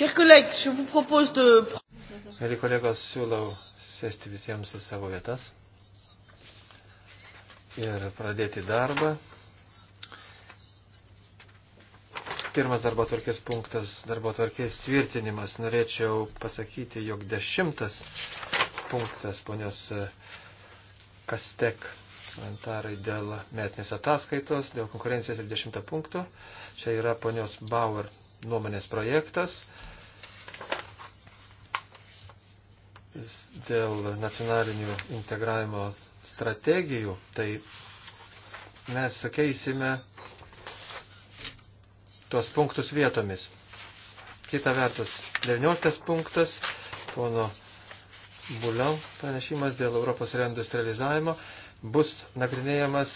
Mėly kolegos, siūlau sėsti visiems į savo vietas ir pradėti darbą. Pirmas darbo tvarkės punktas - darbo tvarkės tvirtinimas. Norėčiau pasakyti, jog dešimtas punktas ponios e, Kastek komentarai dėl metinės ataskaitos, dėl konkurencijos ir dešimto punkto. Čia yra ponios Bauer nuomonės projektas dėl nacionalinių integravimo strategijų, tai mes sukeisime tuos punktus vietomis. Kita vertus, 19 punktas, pono Buliau pranešimas dėl Europos reindustrializavimo bus nagrinėjamas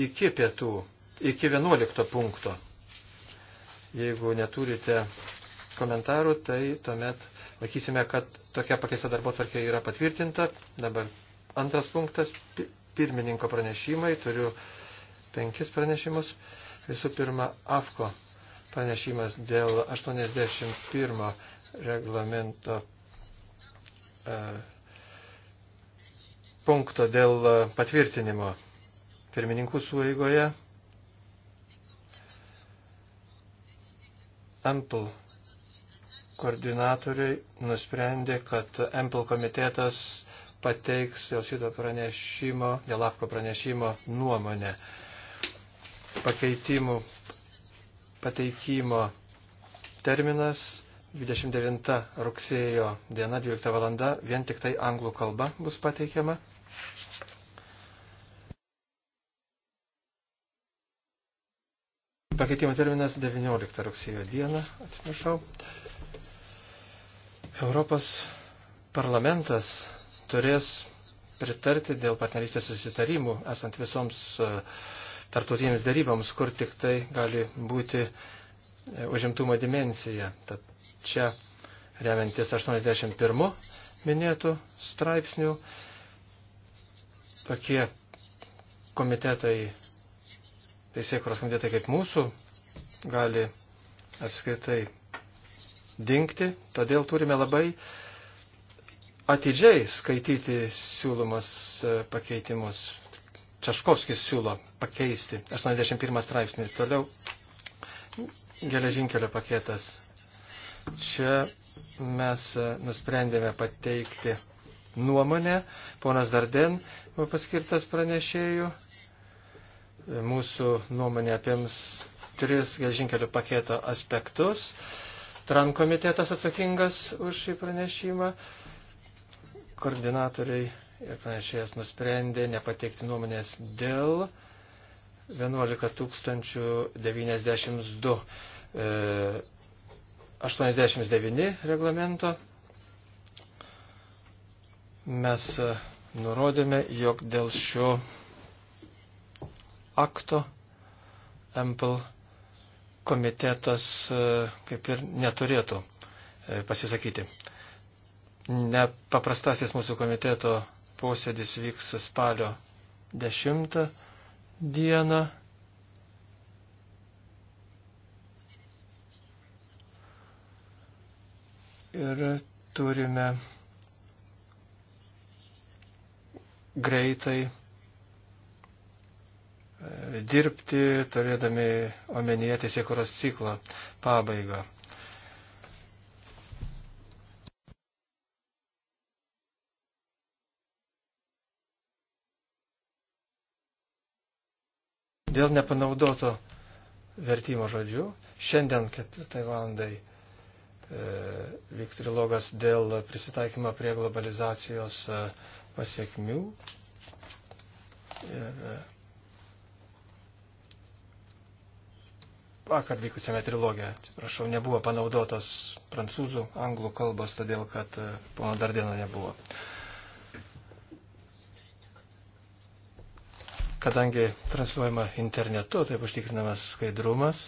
iki pietų, iki 11 punkto. Jeigu neturite komentarų, tai tuomet laikysime, kad tokia pakeista darbo tvarkė yra patvirtinta. Dabar antras punktas - pirmininko pranešimai. Turiu penkis pranešimus. Visų pirma, AFKO pranešimas dėl 81 reglamento e, punkto dėl patvirtinimo pirmininkų suvaigoje. Ample koordinatoriai nusprendė, kad Ample komitetas pateiks dėl šito pranešimo, dėl AFKO pranešimo nuomonę. Pakeitimų pateikimo terminas 29 rugsėjo diena 12 valanda, vien tik tai anglų kalba bus pateikiama. Pakeitimo terminas 19 rugsėjo dieną, atsiprašau. Europos parlamentas turės pritarti dėl partnerystės susitarimų, esant visoms e, tartutinėms daryboms, kur tik tai gali būti e, užimtumo dimensija. Tad čia remiantis 81 minėtų straipsnių, tokie komitetai teisėkuros komitetai kaip mūsų gali apskritai dinkti, todėl turime labai atidžiai skaityti siūlomas e, pakeitimus. Čaškovskis siūlo pakeisti 81 straipsnį. Toliau geležinkelio paketas. Čia mes e, nusprendėme pateikti nuomonę. Ponas Darden buvo paskirtas pranešėjų mūsų nuomonė apims tris gelžinkelių paketo aspektus. Tran komitetas atsakingas už šį pranešimą. Koordinatoriai ir pranešėjas nusprendė nepateikti nuomonės dėl 11 092 89 reglamento. Mes e, nurodėme, jog dėl šio akto. Ample komitetas e, kaip ir neturėtų e, pasisakyti. Nepaprastasis mūsų komiteto posėdis vyks spalio 10 dieną. Ir turime greitai dirbti, turėdami omenyje tiesiekuros ciklo pabaigą. Dėl nepanaudoto vertimo žodžių, šiandien ketvirtai valandai e, vyks trilogas dėl prisitaikymo prie globalizacijos e, pasiekmių. Ir, e, vakar vykusiame trilogė, atsiprašau, nebuvo panaudotos prancūzų, anglų kalbos, todėl kad e, pono Dardino nebuvo. Kadangi transliuojama internetu, taip užtikrinamas skaidrumas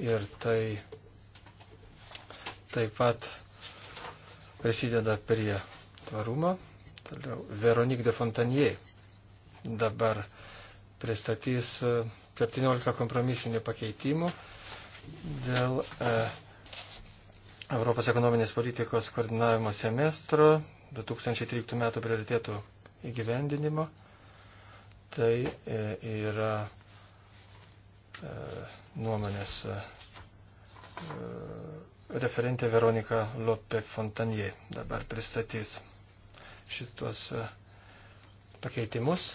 ir tai taip pat prisideda prie tvarumo. Toliau Veronique de Fontanier dabar pristatys e, 17 kompromisinių pakeitimų dėl e, Europos ekonominės politikos koordinavimo semestro 2013 metų prioritėtų įgyvendinimo. Tai e, yra e, nuomonės e, e referentė Veronika Lope Fontanier dabar pristatys šitos e, pakeitimus.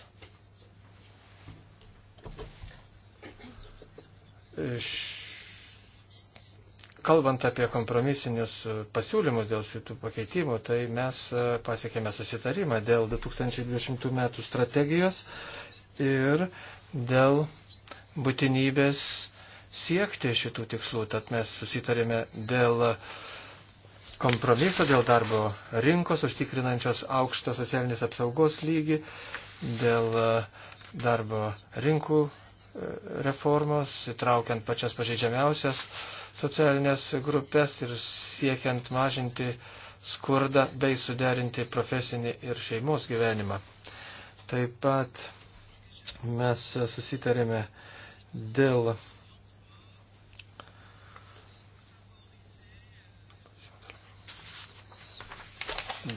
Kalbant apie kompromisinius pasiūlymus dėl šitų pakeitimų, tai mes e, pasiekėme susitarimą dėl 2020 metų strategijos ir dėl būtinybės siekti šitų tikslų. Tad mes susitarėme dėl kompromiso, dėl darbo rinkos, užtikrinančios aukštą socialinės apsaugos lygį, dėl e, darbo rinkų reformos, įtraukiant pačias pažeidžiamiausias socialinės grupės ir siekiant mažinti skurdą bei suderinti profesinį ir šeimos gyvenimą. Taip pat mes susitarėme dėl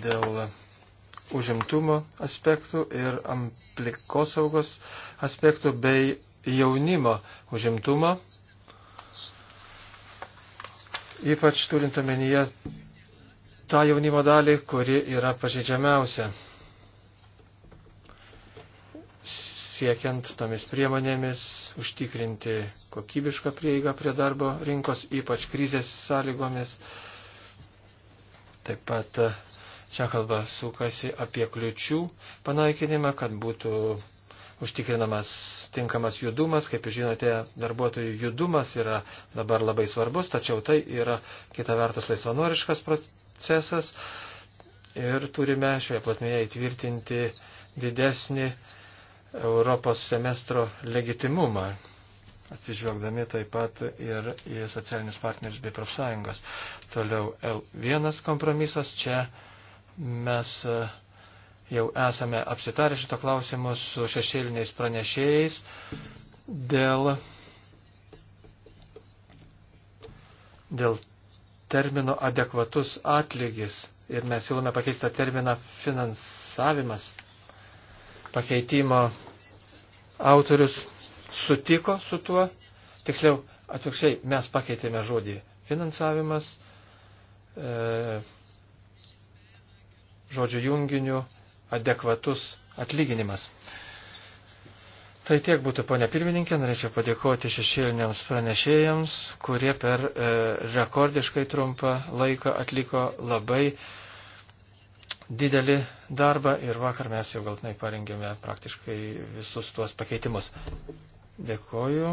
dėl užimtumo aspektų ir aplikosaugos aspektų bei jaunimo užimtumą, ypač turint omenyje tą jaunimo dalį, kuri yra pažeidžiamiausia. Siekiant tomis priemonėmis užtikrinti kokybišką prieigą prie darbo rinkos, ypač krizės sąlygomis. Taip pat e, čia kalba sukasi apie kliučių panaikinimą, kad būtų užtikrinamas tinkamas judumas. Kaip žinote, darbuotojų judumas yra dabar labai svarbus, tačiau tai yra kita vertus laisvanoriškas procesas ir turime šioje platmėje įtvirtinti didesnį Europos semestro legitimumą, atsižvelgdami taip pat ir į socialinius partnerius bei profsąjungas. Toliau L1 kompromisas čia mes. Uh, jau esame apsitarę šito klausimu su šešėliniais pranešėjais dėl, dėl termino adekvatus atlygis ir mes siūlome pakeistą terminą finansavimas. Pakeitimo autorius sutiko su tuo, tiksliau atvirkščiai mes pakeitėme žodį finansavimas, e, žodžių junginiu adekvatus atlyginimas. Tai tiek būtų, ponia pirmininkė, norėčiau padėkoti šešėliniams pranešėjams, kurie per e, rekordiškai trumpą laiką atliko labai didelį darbą ir vakar mes jau galtinai parengėme praktiškai visus tuos pakeitimus. Dėkoju,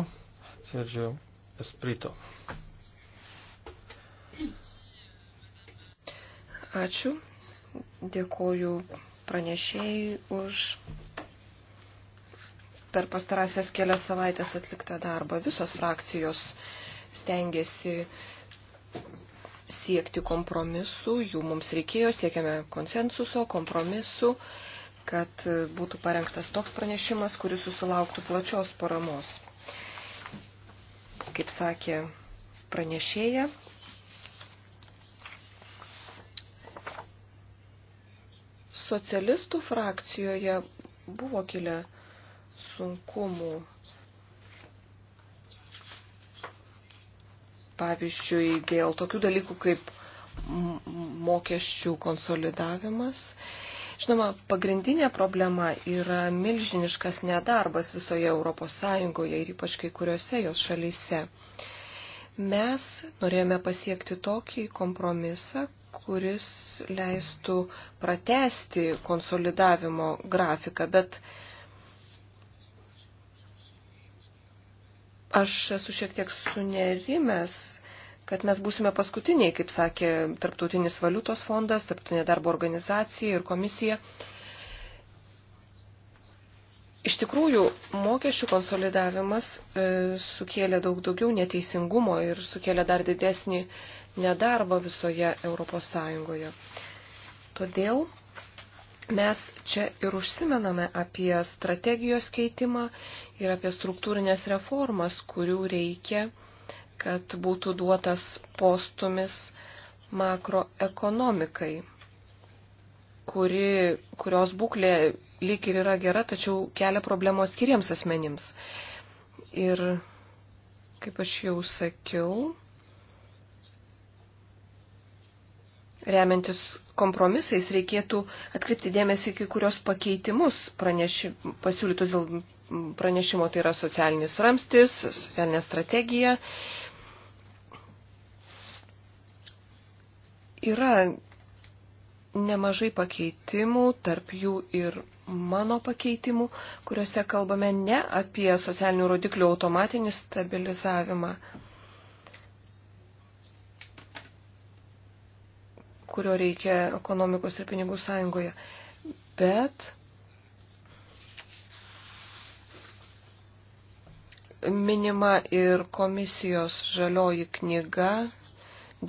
Sergio Esprito. Ačiū, dėkoju pranešėjui už per pastarąsias kelias savaitės atliktą darbą. Visos frakcijos stengiasi siekti kompromisų, jų mums reikėjo, siekiame konsensuso, kompromisų, kad būtų parengtas toks pranešimas, kuris susilauktų plačios paramos. Kaip sakė pranešėja, socialistų frakcijoje buvo kilę sunkumų. Pavyzdžiui, dėl tokių dalykų kaip mokesčių konsolidavimas. Žinoma, pagrindinė problema yra milžiniškas nedarbas visoje Europos Sąjungoje ir ypač kai kuriuose jos šalyse. Mes norėjome pasiekti tokį kompromisą, kuris leistų pratesti konsolidavimo grafiką, bet aš esu šiek tiek sunerimęs, kad mes būsime paskutiniai, kaip sakė Tarptautinis valiutos fondas, Tarptautinė darbo organizacija ir komisija. Iš tikrųjų, mokesčių konsolidavimas e, sukėlė daug daugiau neteisingumo ir sukėlė dar didesnį nedarbo visoje Europos Sąjungoje. Todėl mes čia ir užsimename apie strategijos keitimą ir apie struktūrinės reformas, kurių reikia, kad būtų duotas postumis makroekonomikai, kuri, kurios būklė lyg ir yra gera, tačiau kelia problemos skiriems asmenims. Ir kaip aš jau sakiau, remiantis kompromisais reikėtų atkreipti dėmesį kai kurios pakeitimus praneši, pasiūlytus dėl pranešimo, tai yra socialinis ramstis, socialinė strategija. Yra nemažai pakeitimų, tarp jų ir mano pakeitimų, kuriuose kalbame ne apie socialinių rodiklių automatinį stabilizavimą. kurio reikia ekonomikos ir pinigų sąjungoje. Bet minima ir komisijos žalioji knyga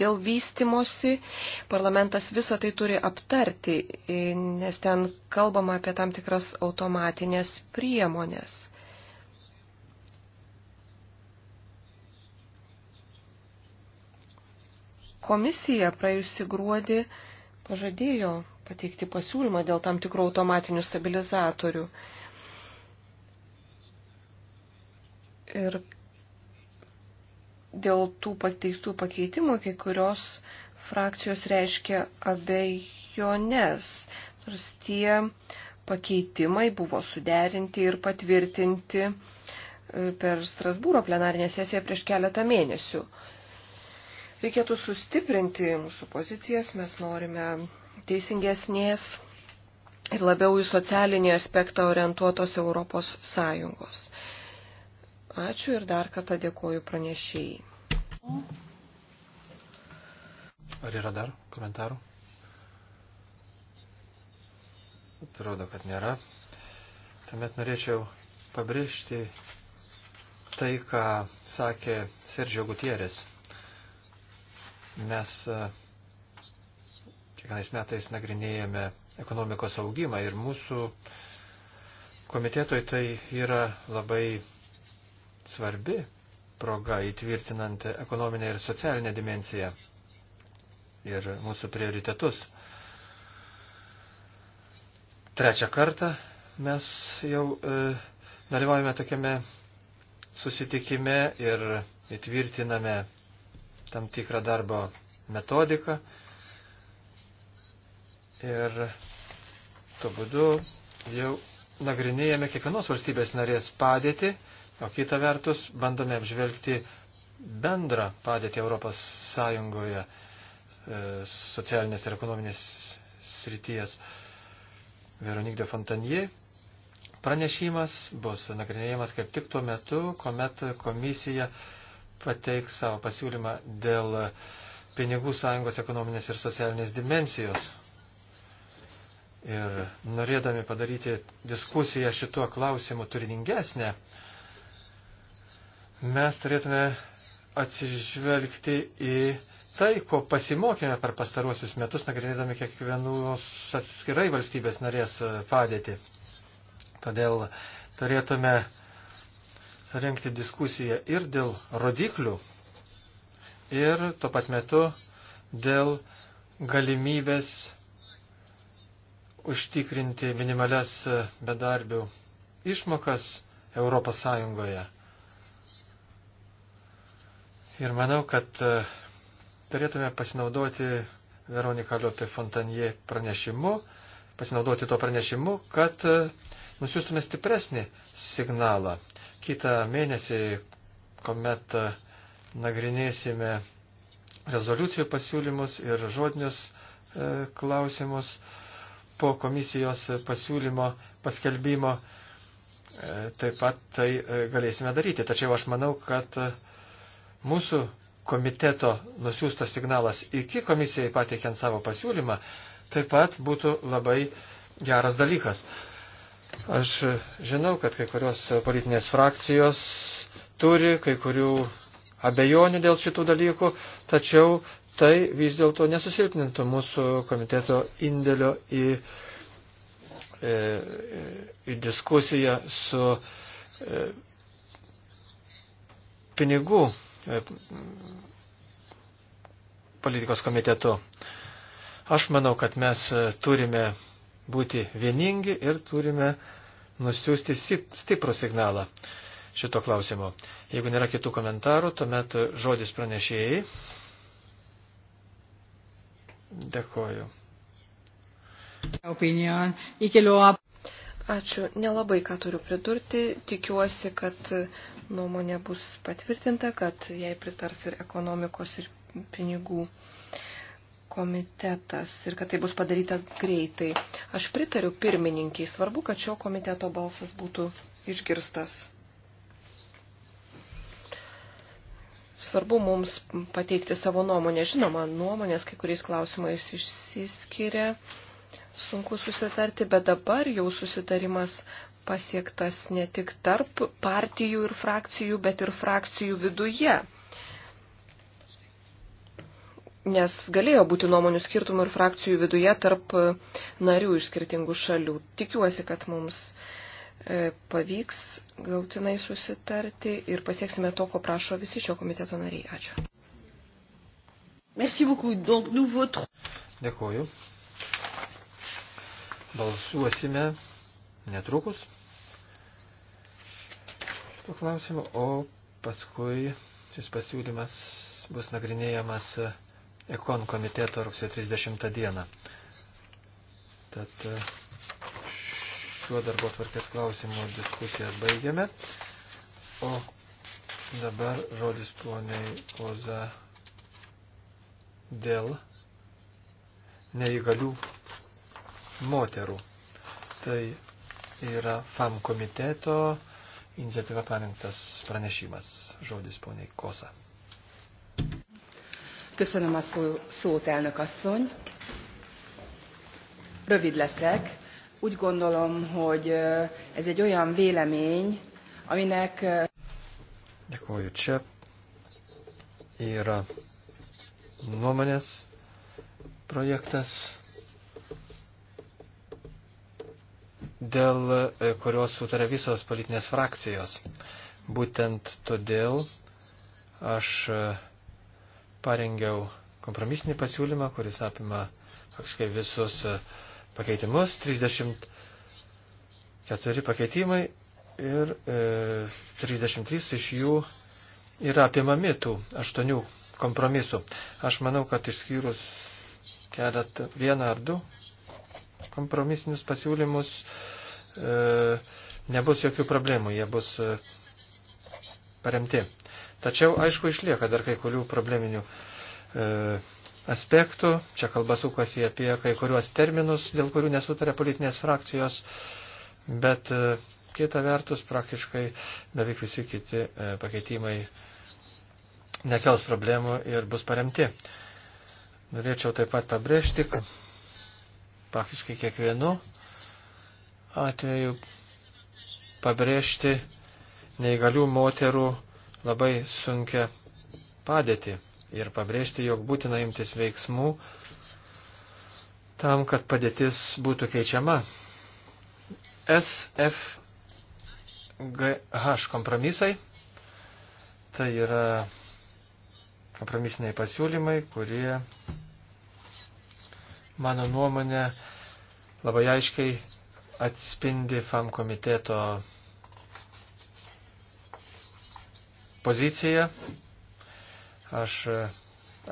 dėl vystimosi. Parlamentas visą tai turi aptarti, nes ten kalbama apie tam tikras automatinės priemonės. Komisija praėjusį gruodį pažadėjo pateikti pasiūlymą dėl tam tikrų automatinių stabilizatorių. Ir dėl tų pateiktų pakeitimų kai kurios frakcijos reiškia abejones, nors tie pakeitimai buvo suderinti ir patvirtinti e, per Strasbūro plenarinę sesiją prieš keletą mėnesių. Reikėtų sustiprinti mūsų pozicijas, mes norime teisingesnės ir labiau į socialinį aspektą orientuotos Europos Sąjungos. Ačiū ir dar kartą dėkoju pranešėjai. Ar yra dar komentarų? Atrodo, kad nėra. Tuomet norėčiau pabrėžti tai, ką sakė Sergio Gutierės. Mes e, kiekvienais metais nagrinėjame ekonomikos augimą ir mūsų komitetoj tai yra labai svarbi proga įtvirtinant ekonominę ir socialinę dimenciją ir mūsų prioritetus. Trečią kartą mes jau e, dalyvaujame tokiame susitikime ir įtvirtiname tam tikrą darbo metodiką ir tuo būdu jau nagrinėjame kiekvienos valstybės narės padėtį, o kita vertus bandome apžvelgti bendrą padėtį Europos Sąjungoje e, socialinės ir ekonominės srities. Veronik de Fontanier pranešimas bus nagrinėjamas kaip tik tuo metu, kuomet komisija uh, pateiks savo pasiūlymą dėl pinigų sąjungos ekonominės ir socialinės dimensijos. Ir norėdami padaryti diskusiją šituo klausimu turiningesnę, mes turėtume atsižvelgti į tai, ko pasimokėme per pastaruosius metus, nagrinėdami kiekvienos atskirai valstybės narės padėtį. Todėl turėtume renkti diskusiją ir dėl rodiklių, ir tuo pat metu dėl galimybės užtikrinti minimalias bedarbių išmokas Europos Sąjungoje. Ir manau, kad e, turėtume pasinaudoti Veronika Liopė Fontanje pranešimu, pasinaudoti to pranešimu, kad e, nusiųstume stipresnį signalą kitą mėnesį, kuomet nagrinėsime rezoliucijų pasiūlymus ir žodinius e, klausimus po komisijos pasiūlymo paskelbimo, e, taip pat tai e, galėsime daryti. Tačiau aš manau, kad mūsų komiteto nusiųstas signalas iki komisijai pateikiant savo pasiūlymą taip pat būtų labai geras dalykas. Aš žinau, kad kai kurios politinės frakcijos turi kai kurių abejonių dėl šitų dalykų, tačiau tai vis dėlto nesusilpnintų mūsų komiteto indėlio į, į, e, į diskusiją su į, e, pinigų e, politikos komitetu. Aš manau, kad mes turime būti vieningi ir turime nusiųsti stiprų signalą šito klausimo. Jeigu nėra kitų komentarų, tuomet žodis pranešėjai. Dėkoju. Ačiū. Nelabai ką turiu pridurti. Tikiuosi, kad nuomonė bus patvirtinta, kad jai pritars ir ekonomikos ir pinigų komitetas ir kad tai bus padaryta greitai. Aš pritariu pirmininkiai, svarbu, kad šio komiteto balsas būtų išgirstas. Svarbu mums pateikti savo nuomonę. Žinoma, nuomonės kai kuriais klausimais išsiskiria, sunku susitarti, bet dabar jau susitarimas pasiektas ne tik tarp partijų ir frakcijų, bet ir frakcijų viduje nes galėjo būti nuomonių skirtumų ir frakcijų viduje tarp e, narių iš skirtingų šalių. Tikiuosi, kad mums e, pavyks galtinai susitarti ir pasieksime to, ko prašo visi šio komiteto nariai. Ačiū. Merci beaucoup. Donc, nous voterons. Dėkuoju. Balsuosime netrukus. Šito klausimu, o paskui šis pasiūlymas bus nagrinėjamas Ekon komiteto rugsėjo 30 dieną. Tad e, šiuo darbo tvarkės klausimu diskusijas baigiame. O dabar žodis poniai Oza dėl neįgalių moterų. Tai yra FAM komiteto iniciatyva parengtas pranešimas. Žodis poniai Kosa. Köszönöm a szó, szót, elnök asszony. Rövid leszek. Úgy gondolom, hogy ez egy olyan vélemény, aminek... Dėkuoju, čia yra nuomonės projektas, dėl e, kurios sutarė visos politinės frakcijos. Būtent todėl aš e, parengiau kompromisinį pasiūlymą, kuris apima faktiškai visus e, pakeitimus, 34 pakeitimai ir e, 33 iš jų yra apimami tų aštuonių kompromisų. Aš manau, kad išskyrus keletą vieną ar du kompromisinius pasiūlymus e, nebus jokių problemų, jie bus e, paremti. Tačiau, aišku, išlieka dar kai kurių probleminių e, aspektų. Čia kalba sukasi apie kai kuriuos terminus, dėl kurių nesutarė politinės frakcijos, bet e, kita vertus praktiškai beveik visi kiti e, pakeitimai nekels problemų ir bus paremti. Norėčiau taip pat pabrėžti, kad praktiškai kiekvienu atveju pabrėžti neįgalių moterų labai sunkia padėtį ir pabrėžti, jog būtina imtis veiksmų tam, kad padėtis būtų keičiama. SFGH kompromisai tai yra kompromisiniai pasiūlymai, kurie, mano nuomonė, labai aiškiai atspindi FAM komiteto poziciją. Aš e,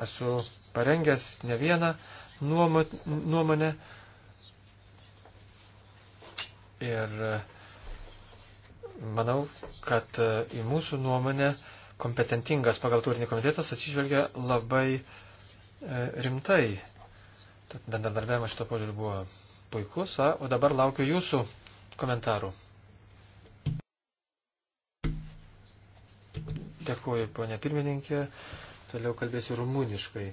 esu parengęs ne vieną nuomonę. Ir e, manau, kad e, į mūsų nuomonę kompetentingas pagal turinį komitetas atsižvelgia labai rimtai. Tad bendradarbiavimas šito požiūriu buvo puikus, a, o dabar laukiu jūsų komentarų. Dėkuoju, ponė pirmininkė. Toliau kalbėsiu rumuniškai.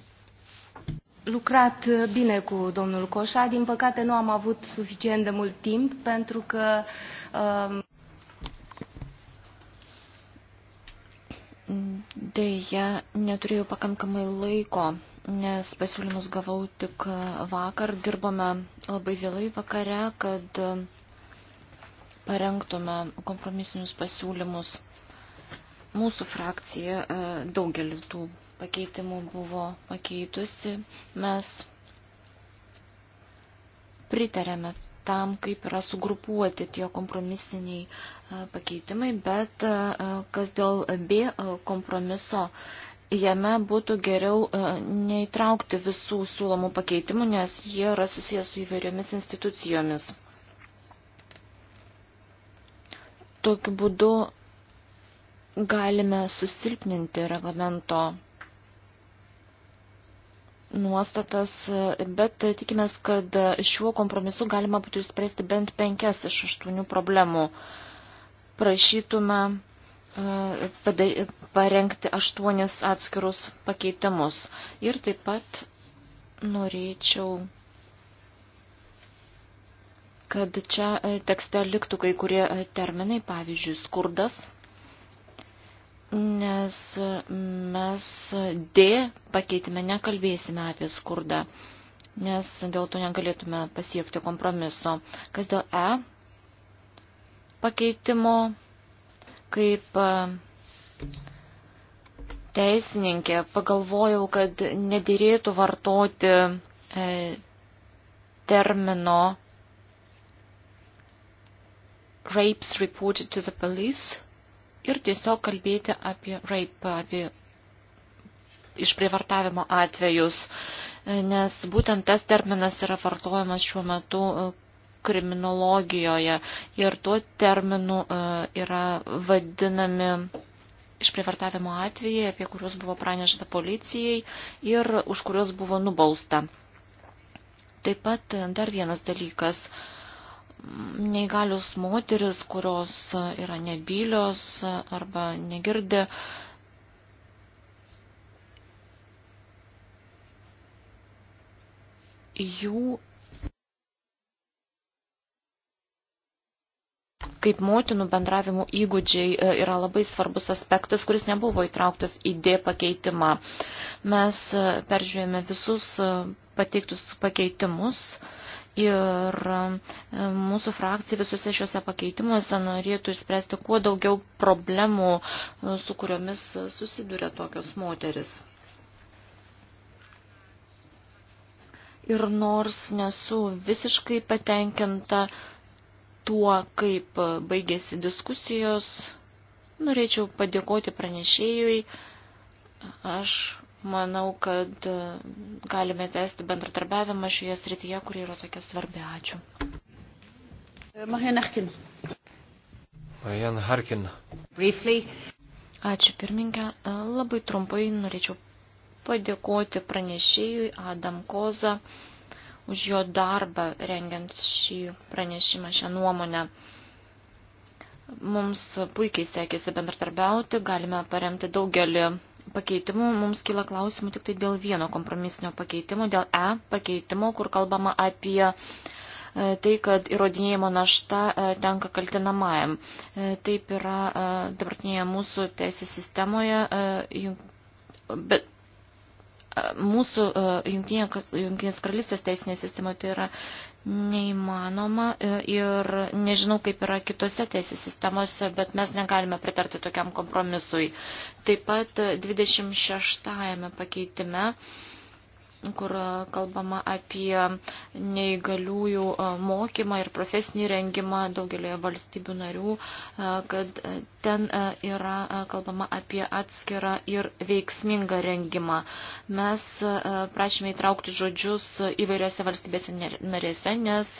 Lucrat bine cu domnul Coșa, din păcate nu am avut suficient de mult timp pentru că... Um... Deja neturėjau pakankamai laiko, nes pasiūlymus gavau tik vakar, dirbome labai vėlai vakare, kad parengtume kompromisinius pasiūlymus. Mūsų frakcija e, daugelį tų pakeitimų buvo pakeitusi. Mes pritarėme tam, kaip yra sugrupuoti tie kompromisiniai e, pakeitimai, bet e, kas dėl B kompromiso, jame būtų geriau neįtraukti visų siūlomų pakeitimų, nes jie yra susijęs su įvairiomis institucijomis. Tokiu būdu galime susilpninti reglamento nuostatas, bet tikimės, kad šiuo kompromisu galima būtų išspręsti bent penkias iš aštuonių problemų. Prašytume e, parengti aštuonis atskirus pakeitimus. Ir taip pat norėčiau, kad čia e, tekste liktų kai kurie e, terminai, pavyzdžiui, skurdas nes mes D pakeitime nekalbėsime apie skurdą, nes dėl to negalėtume pasiekti kompromiso. Kas dėl E pakeitimo, kaip e, teisininkė pagalvojau, kad nedėrėtų vartoti e, termino rapes reported to the police ir tiesiog kalbėti apie rape, apie išprievartavimo atvejus, nes būtent tas terminas yra vartojamas šiuo metu e, kriminologijoje ir tuo terminu e, yra vadinami išprievartavimo atvejai, apie kuriuos buvo pranešta policijai ir už kuriuos buvo nubausta. Taip pat dar vienas dalykas neįgalius moteris, kurios yra nebylios arba negirdi. Jų kaip motinų bendravimo įgūdžiai e, yra labai svarbus aspektas, kuris nebuvo įtrauktas į D pakeitimą. Mes e, peržiūrėjome visus e, pateiktus pakeitimus Ir e, mūsų frakcija visose šiuose pakeitimuose norėtų išspręsti kuo daugiau problemų, e, su kuriomis susiduria tokios moteris. Ir nors nesu visiškai patenkinta tuo, kaip baigėsi diskusijos, norėčiau padėkoti pranešėjui. Aš manau, kad e, galime tęsti bendratarbiavimą šioje srityje, kuri yra tokia svarbi. Ačiū. Marian Harkin. Marian Harkin. Briefly. Ačiū pirmininkė. E, labai trumpai norėčiau padėkoti pranešėjui Adam Koza už jo darbą rengiant šį pranešimą, šią nuomonę. Mums puikiai sekėsi bendratarbiauti, galime paremti daugelį pakeitimų mums kyla klausimų tik tai dėl vieno kompromisinio pakeitimo, dėl E pakeitimo, kur kalbama apie e, tai, kad įrodinėjimo našta e, tenka kaltinamajam. E, taip yra dabartinėje mūsų teisės sistemoje, bet mūsų jungtinės karalystės teisinė sistema tai yra neįmanoma e, ir nežinau, kaip yra kitose teisės sistemose, bet mes negalime pritarti tokiam kompromisui. Taip pat 26 pakeitime kur kalbama apie neįgaliųjų mokymą ir profesinį rengimą daugelioje valstybių narių, kad ten yra kalbama apie atskirą ir veiksmingą rengimą. Mes prašymė įtraukti žodžius įvairiose valstybėse narėse, nes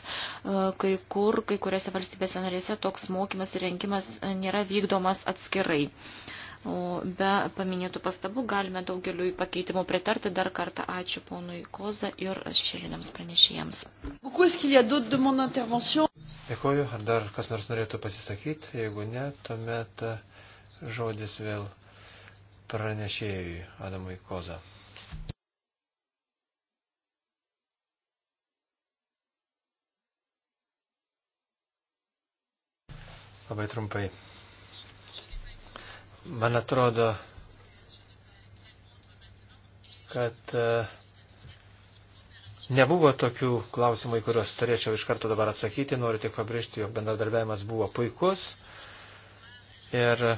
kai kur, kai kuriuose valstybėse narėse toks mokymas ir rengimas nėra vykdomas atskirai. Uh, O be paminėtų pastabų galime daugeliu į pakeitimų pritarti. Dar kartą ačiū ponui Koza ir šešėliniams pranešėjams. Dėkuoju, ar dar kas nors norėtų pasisakyti, jeigu ne, tuomet žodis vėl pranešėjui Adamui Koza. Labai trumpai. Man atrodo, kad e, nebuvo tokių klausimų, į kuriuos turėčiau iš karto dabar atsakyti. Noriu tik pabrėžti, jog bendradarbiavimas buvo puikus. Ir e,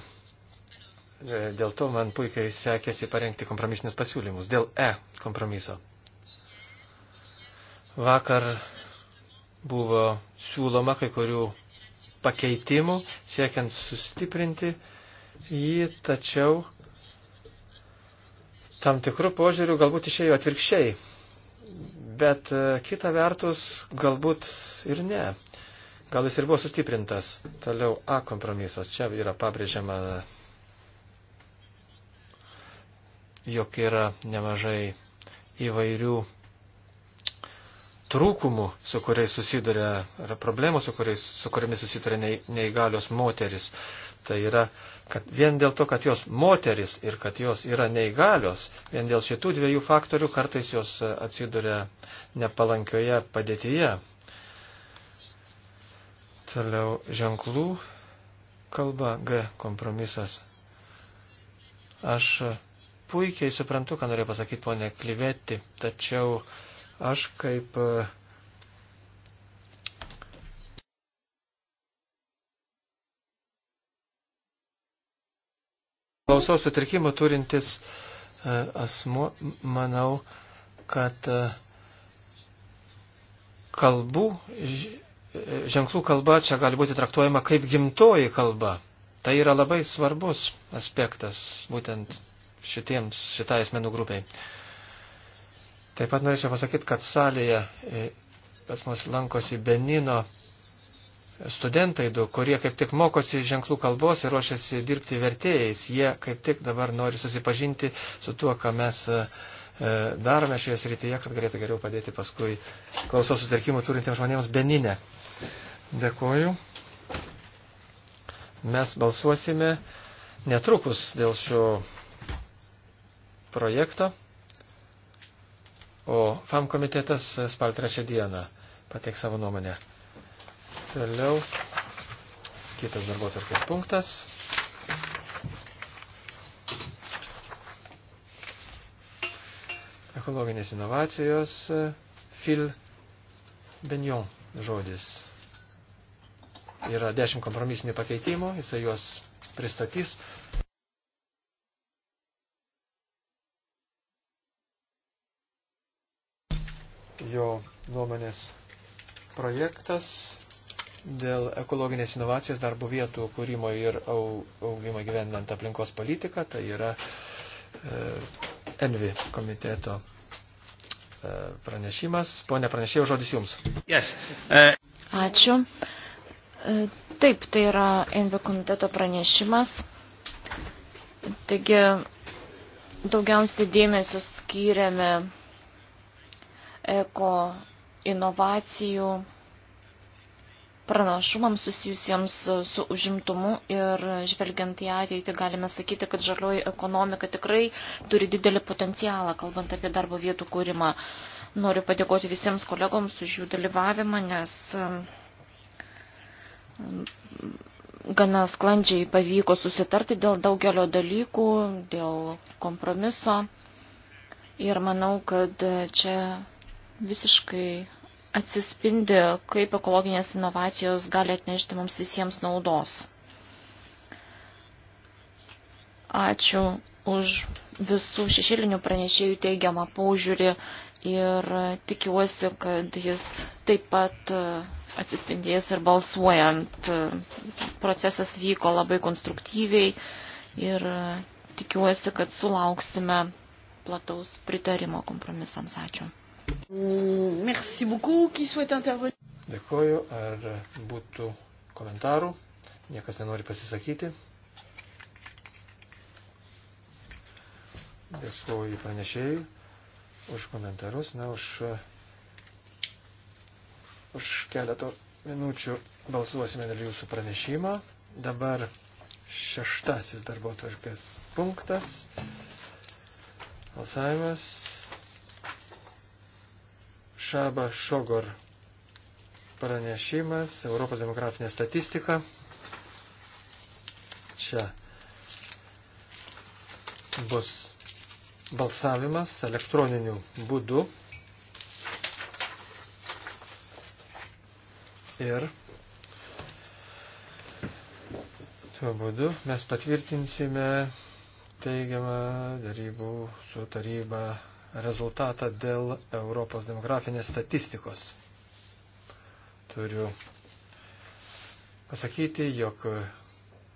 dėl to man puikiai sekėsi parengti kompromisinius pasiūlymus. Dėl E kompromiso. Vakar buvo siūloma kai kurių pakeitimų, siekiant sustiprinti uh, jį, tačiau tam tikrų požiūrių galbūt išėjo atvirkščiai. Bet e, kita vertus, galbūt ir ne. Gal jis ir buvo sustiprintas. Toliau A kompromisas. Čia yra pabrėžiama, jog yra nemažai įvairių trūkumų, su kuriais susiduria, yra problemų, su, kuriais, su kuriamis susiduria neįgalios moteris. Tai yra, kad vien dėl to, kad jos moteris ir kad jos yra neįgalios, vien dėl šitų dviejų faktorių kartais jos e, atsiduria nepalankioje padėtyje. Toliau ženklų kalba G kompromisas. Aš e, puikiai suprantu, ką norėjo pasakyti ponė Klivetti, tačiau Aš kaip e, klausos sutrikimų turintis e, asmo, manau, kad e, kalbų, ženklų kalba čia gali būti traktuojama kaip gimtoji kalba. Tai yra labai svarbus aspektas būtent šitiems, šitai asmenų grupiai. Taip pat norėčiau pasakyti, kad salėje e, pas mus lankosi Benino studentai du, kurie kaip tik mokosi ženklų kalbos ir ruošiasi dirbti vertėjais. Jie kaip tik dabar nori susipažinti su tuo, ką mes e, e, darome šioje srityje, kad galėtų geriau padėti paskui klausos sutarkimų turintiems žmonėms Beninę. Dėkuoju. Mes balsuosime netrukus dėl šio projekto o FAM komitetas spalio trečią dieną pateik savo nuomonę. Toliau kitas darbo tarkės punktas. Ekologinės inovacijos Phil Benjon žodis. Yra dešimt kompromisinių pakeitimų, jisai juos pristatys. jo nuomonės projektas dėl ekologinės inovacijos darbo vietų kūrimo ir augimo gyvenant aplinkos politiką. Tai yra e, Envi komiteto e, pranešimas. Pone pranešėjau, žodis Jums. Yes. Uh... Ačiū. Taip, tai yra Envi komiteto pranešimas. Taigi, daugiausiai dėmesio skyrėme eko inovacijų pranašumams susijusiems su užimtumu ir žvelgiant į ateitį galime sakyti, kad žalioji ekonomika tikrai turi didelį potencialą, kalbant apie darbo vietų kūrimą. Noriu padėkoti visiems kolegoms už jų dalyvavimą, nes mm, gana sklandžiai pavyko susitarti dėl daugelio dalykų, dėl kompromiso. Ir manau, kad čia visiškai atsispindi, kaip ekologinės inovacijos gali atnešti mums visiems naudos. Ačiū už visų šešėlinių pranešėjų teigiamą paužiūrį ir tikiuosi, kad jis taip pat atsispindės ir balsuojant. Procesas vyko labai konstruktyviai ir tikiuosi, kad sulauksime plataus pritarimo kompromisams. Ačiū. Mm, merci beaucoup, qui souhaite intervenir. Dėkoju, ar būtų komentarų, niekas nenori pasisakyti. Dėkoju pranešėjai už komentarus, na, už, už keletą minučių balsuosime dėl jūsų pranešimo. Dabar šeštasis darbo tvarkės punktas. Balsavimas Šaba Šogor pranešimas, Europos demografinė statistika. Čia bus balsavimas elektroniniu būdu. Ir tuo būdu mes patvirtinsime teigiamą darybų su taryba rezultatą dėl Europos demografinės statistikos. Turiu pasakyti, jog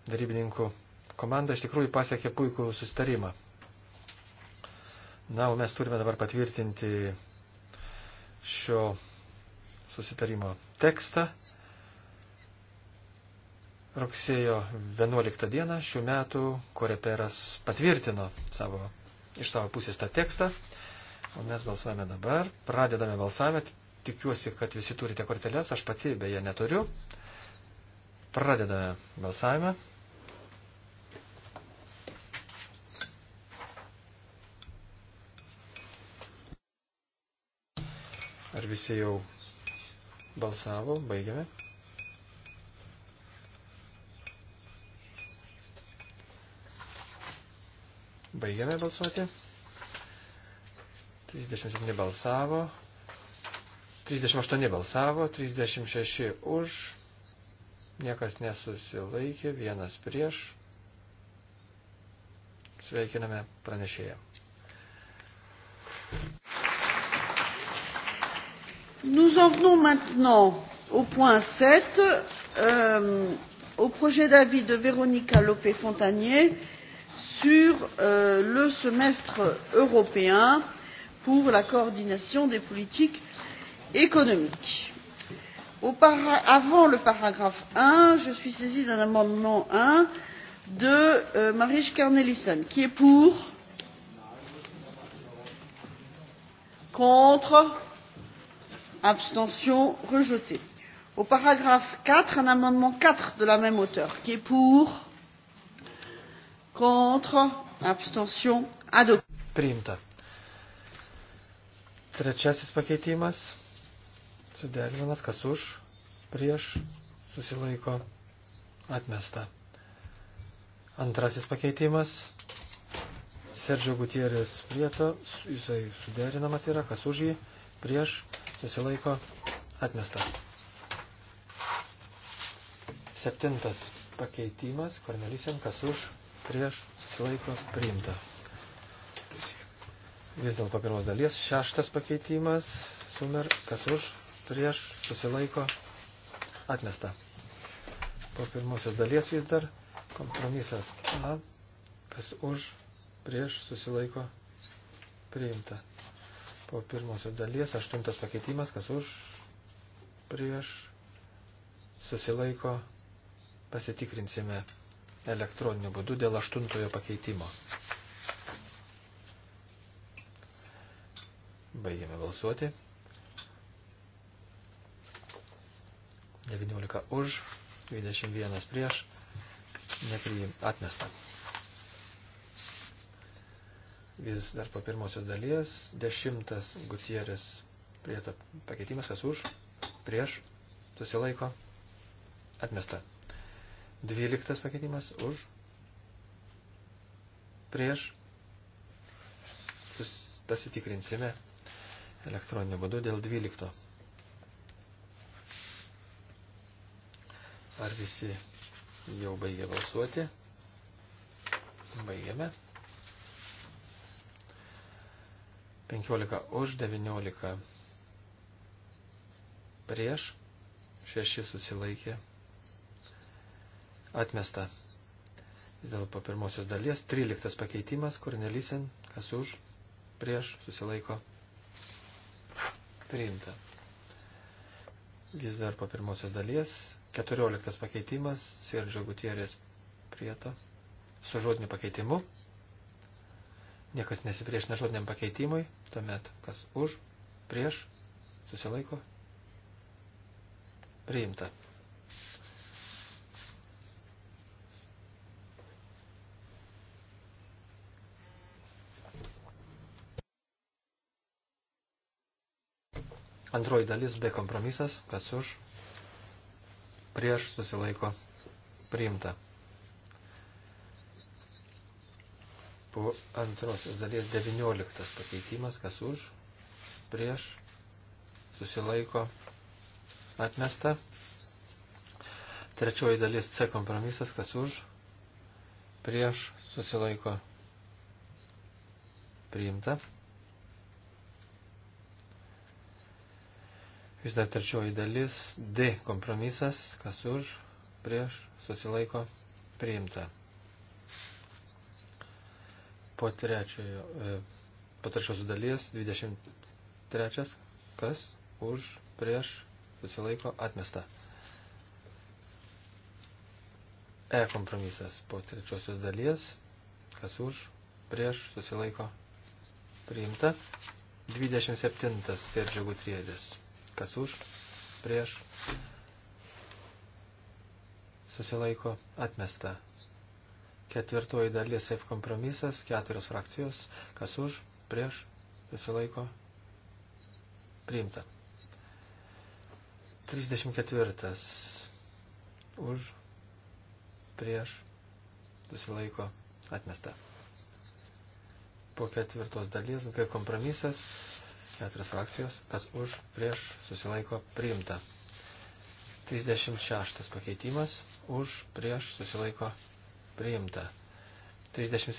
darybininkų komanda iš tikrųjų pasiekė puikų sustarimą. Na, o mes turime dabar patvirtinti šio susitarimo tekstą. Rugsėjo 11 dieną šių metų Koreperas patvirtino savo, iš savo pusės tą tekstą. O mes balsuojame dabar. Pradedame balsavimą. Tikiuosi, kad visi turite korteles. Aš pati beje neturiu. Pradedame balsavimą. Ar visi jau balsavo? Baigiame. Baigiame balsuoti. 37 balsavo, 38 balsavo, 36 už, niekas nesusilaikė, vienas prieš. Sveikiname pranešėją. Nous en venons maintenant au point 7, euh, au projet d'avis de Véronica Lopé-Fontanier sur euh, le semestre européen euh, pour la coordination des politiques économiques. Para... avant le paragraphe un je suis saisie d'un amendement un de euh, marietje cornelissen qui est pour? contre? abstention rejeté. au paragraphe quatre un amendement quatre de la même auteure qui est pour? contre? abstention adopté. Trečiasis pakeitimas. Suderinamas, kas už, prieš, susilaiko, atmesta. Antrasis pakeitimas. Sergio Gutierrez prieto, jisai suderinamas yra, kas už jį, prieš, susilaiko, atmesta. Septintas pakeitimas, Kornelisiam, kas už, prieš, susilaiko, priimta. Vis dėlto pirmos dalies, šeštas pakeitimas, sumer, kas už, prieš, susilaiko, atmesta. Po pirmosios dalies vis dar kompromisas A, kas už, prieš, susilaiko, priimta. Po pirmosios dalies aštuntas pakeitimas, kas už, prieš, susilaiko, pasitikrinsime elektroniniu būdu dėl aštuntojo pakeitimo. Baigiame balsuoti. 19 už, 21 prieš, nepriim, atmesta. Vis dar po pirmosios dalies, 10 Gutierės prieto pakeitimas, kas už, prieš, susilaiko, atmesta. 12 pakeitimas už, prieš, sus, pasitikrinsime, elektroniniu būdu dėl 12. Ar visi jau baigė balsuoti? Baigėme. 15 už, 19 prieš, 6 susilaikė, atmesta. Vis dėlto po pirmosios dalies 13 pakeitimas, Kornelysin, kas už, prieš, susilaiko, priimta. Vis dar po pirmosios dalies, 14 pakeitimas, Sirdžio Gutierės prieto, su žodiniu pakeitimu. Niekas nesipriešina žodiniam pakeitimui, tuomet kas už, prieš, susilaiko, priimta. Antroji dalis B kompromisas, kas už, prieš susilaiko priimta. Po antrosios dalies 19 pakeitimas, kas už, prieš susilaiko atmesta. Trečioji dalis C kompromisas, kas už, prieš susilaiko priimta. Vis dar trečioji dalis, D kompromisas, kas už, prieš, susilaiko, priimta. Po, trečiojo, e, po trečios dalies, 23, kas už, prieš, susilaiko, atmesta. E kompromisas po trečiosios dalies, kas už, prieš, susilaiko, priimta. 27 Sergio Gutriedės kas už, prieš, susilaiko atmesta. Ketvirtoji dalis F kompromisas, keturios frakcijos, kas už, prieš, susilaiko priimta. 34. Už, prieš, susilaiko atmesta. Po ketvirtos dalies, kai kompromisas, keturias frakcijos, kas už, prieš, susilaiko, priimta. 36 pakeitimas, už, prieš, susilaiko, priimta. 37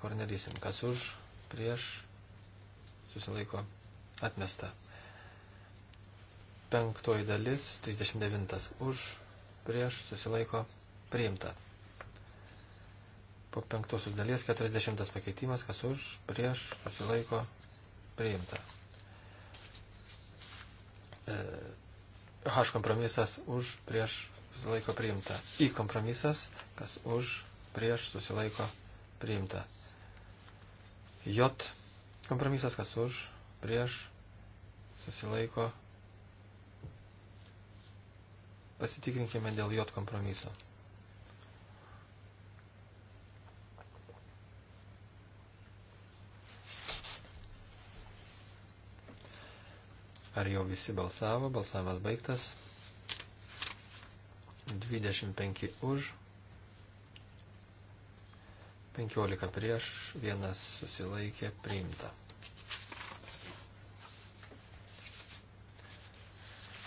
Kornelysim, kas už, prieš, susilaiko, atmesta. Penktoji dalis, 39 už, prieš, susilaiko, priimta. Po penktosios dalies 40 pakeitimas, kas už, prieš, susilaiko, priimta. E, H kompromisas už prieš susilaiko priimta. I kompromisas, kas už prieš susilaiko priimta. J kompromisas, kas už prieš susilaiko. Pasitikrinkime dėl J kompromiso. Ar jau visi balsavo? Balsavimas baigtas. 25 už, 15 prieš, vienas susilaikė priimta.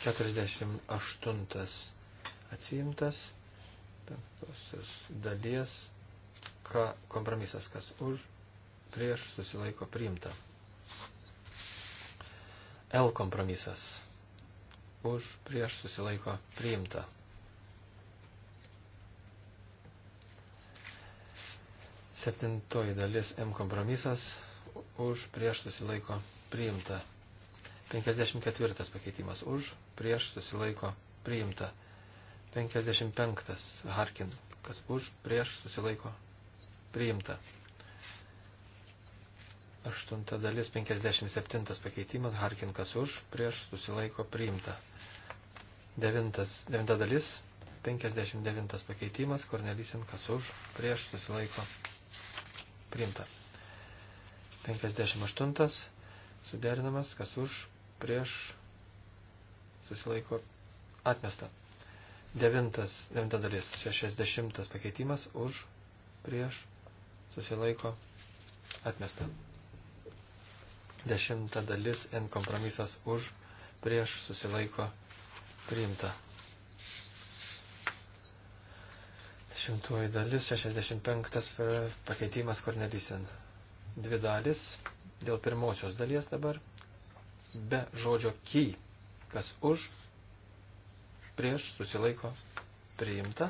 48 atsiimtas, penktosios dalies, kompromisas kas už, prieš susilaiko priimta. L kompromisas. Už prieš susilaiko priimta. Septintoji dalis M kompromisas. Už prieš susilaiko priimta. 54 pakeitimas. Už prieš susilaiko priimta. 55 Harkin. Kas už prieš susilaiko priimta. Aštunta dalis 57 pakeitimas, Harkinkas už, prieš susilaiko priimta. Devintas, devinta dalis 59 pakeitimas, Kornelisinkas už, prieš susilaiko priimta. 58 suderinamas, kas už, prieš susilaiko atmesta. Devintas, devinta dalis, 60 pakeitimas, už, prieš susilaiko atmesta. Dešimta dalis N kompromisas už prieš susilaiko priimta. Dešimtuoji dalis 65 pakeitimas Kornelysin. Dvi dalis dėl pirmosios dalies dabar be žodžio ky, kas už prieš susilaiko priimta.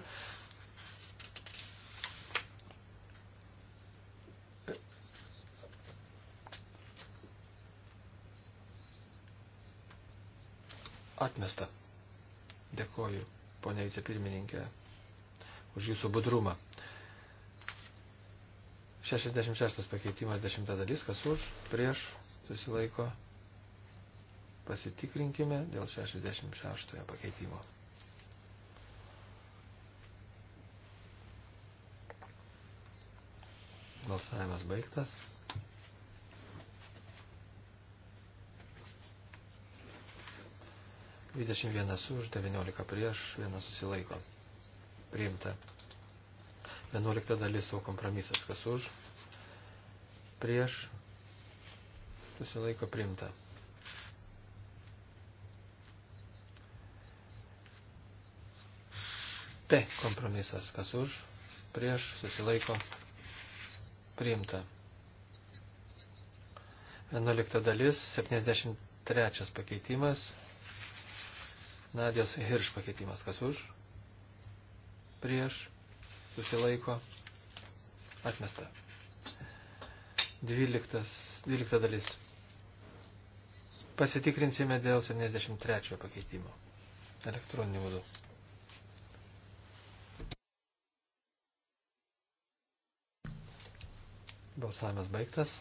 atmesta. Dėkoju, ponia vicepirmininkė, už jūsų budrumą. 66 pakeitimas 10 dalis, kas už, prieš, susilaiko. Pasitikrinkime dėl 66 pakeitimo. Balsavimas baigtas. 21 už, 19 prieš, 1 susilaiko. Priimta. 11 dalis savo kompromisas, kas už, prieš, susilaiko priimta. P kompromisas, kas už, prieš, susilaiko priimta. 11 dalis, 73 pakeitimas, Nadijos Hirš pakeitimas. Kas už? Prieš. Susilaiko. Atmesta. Dvyliktas, dvylikta dalis. Pasitikrinsime dėl 73 pakeitimo. Elektroninį būdų. Balsavimas baigtas.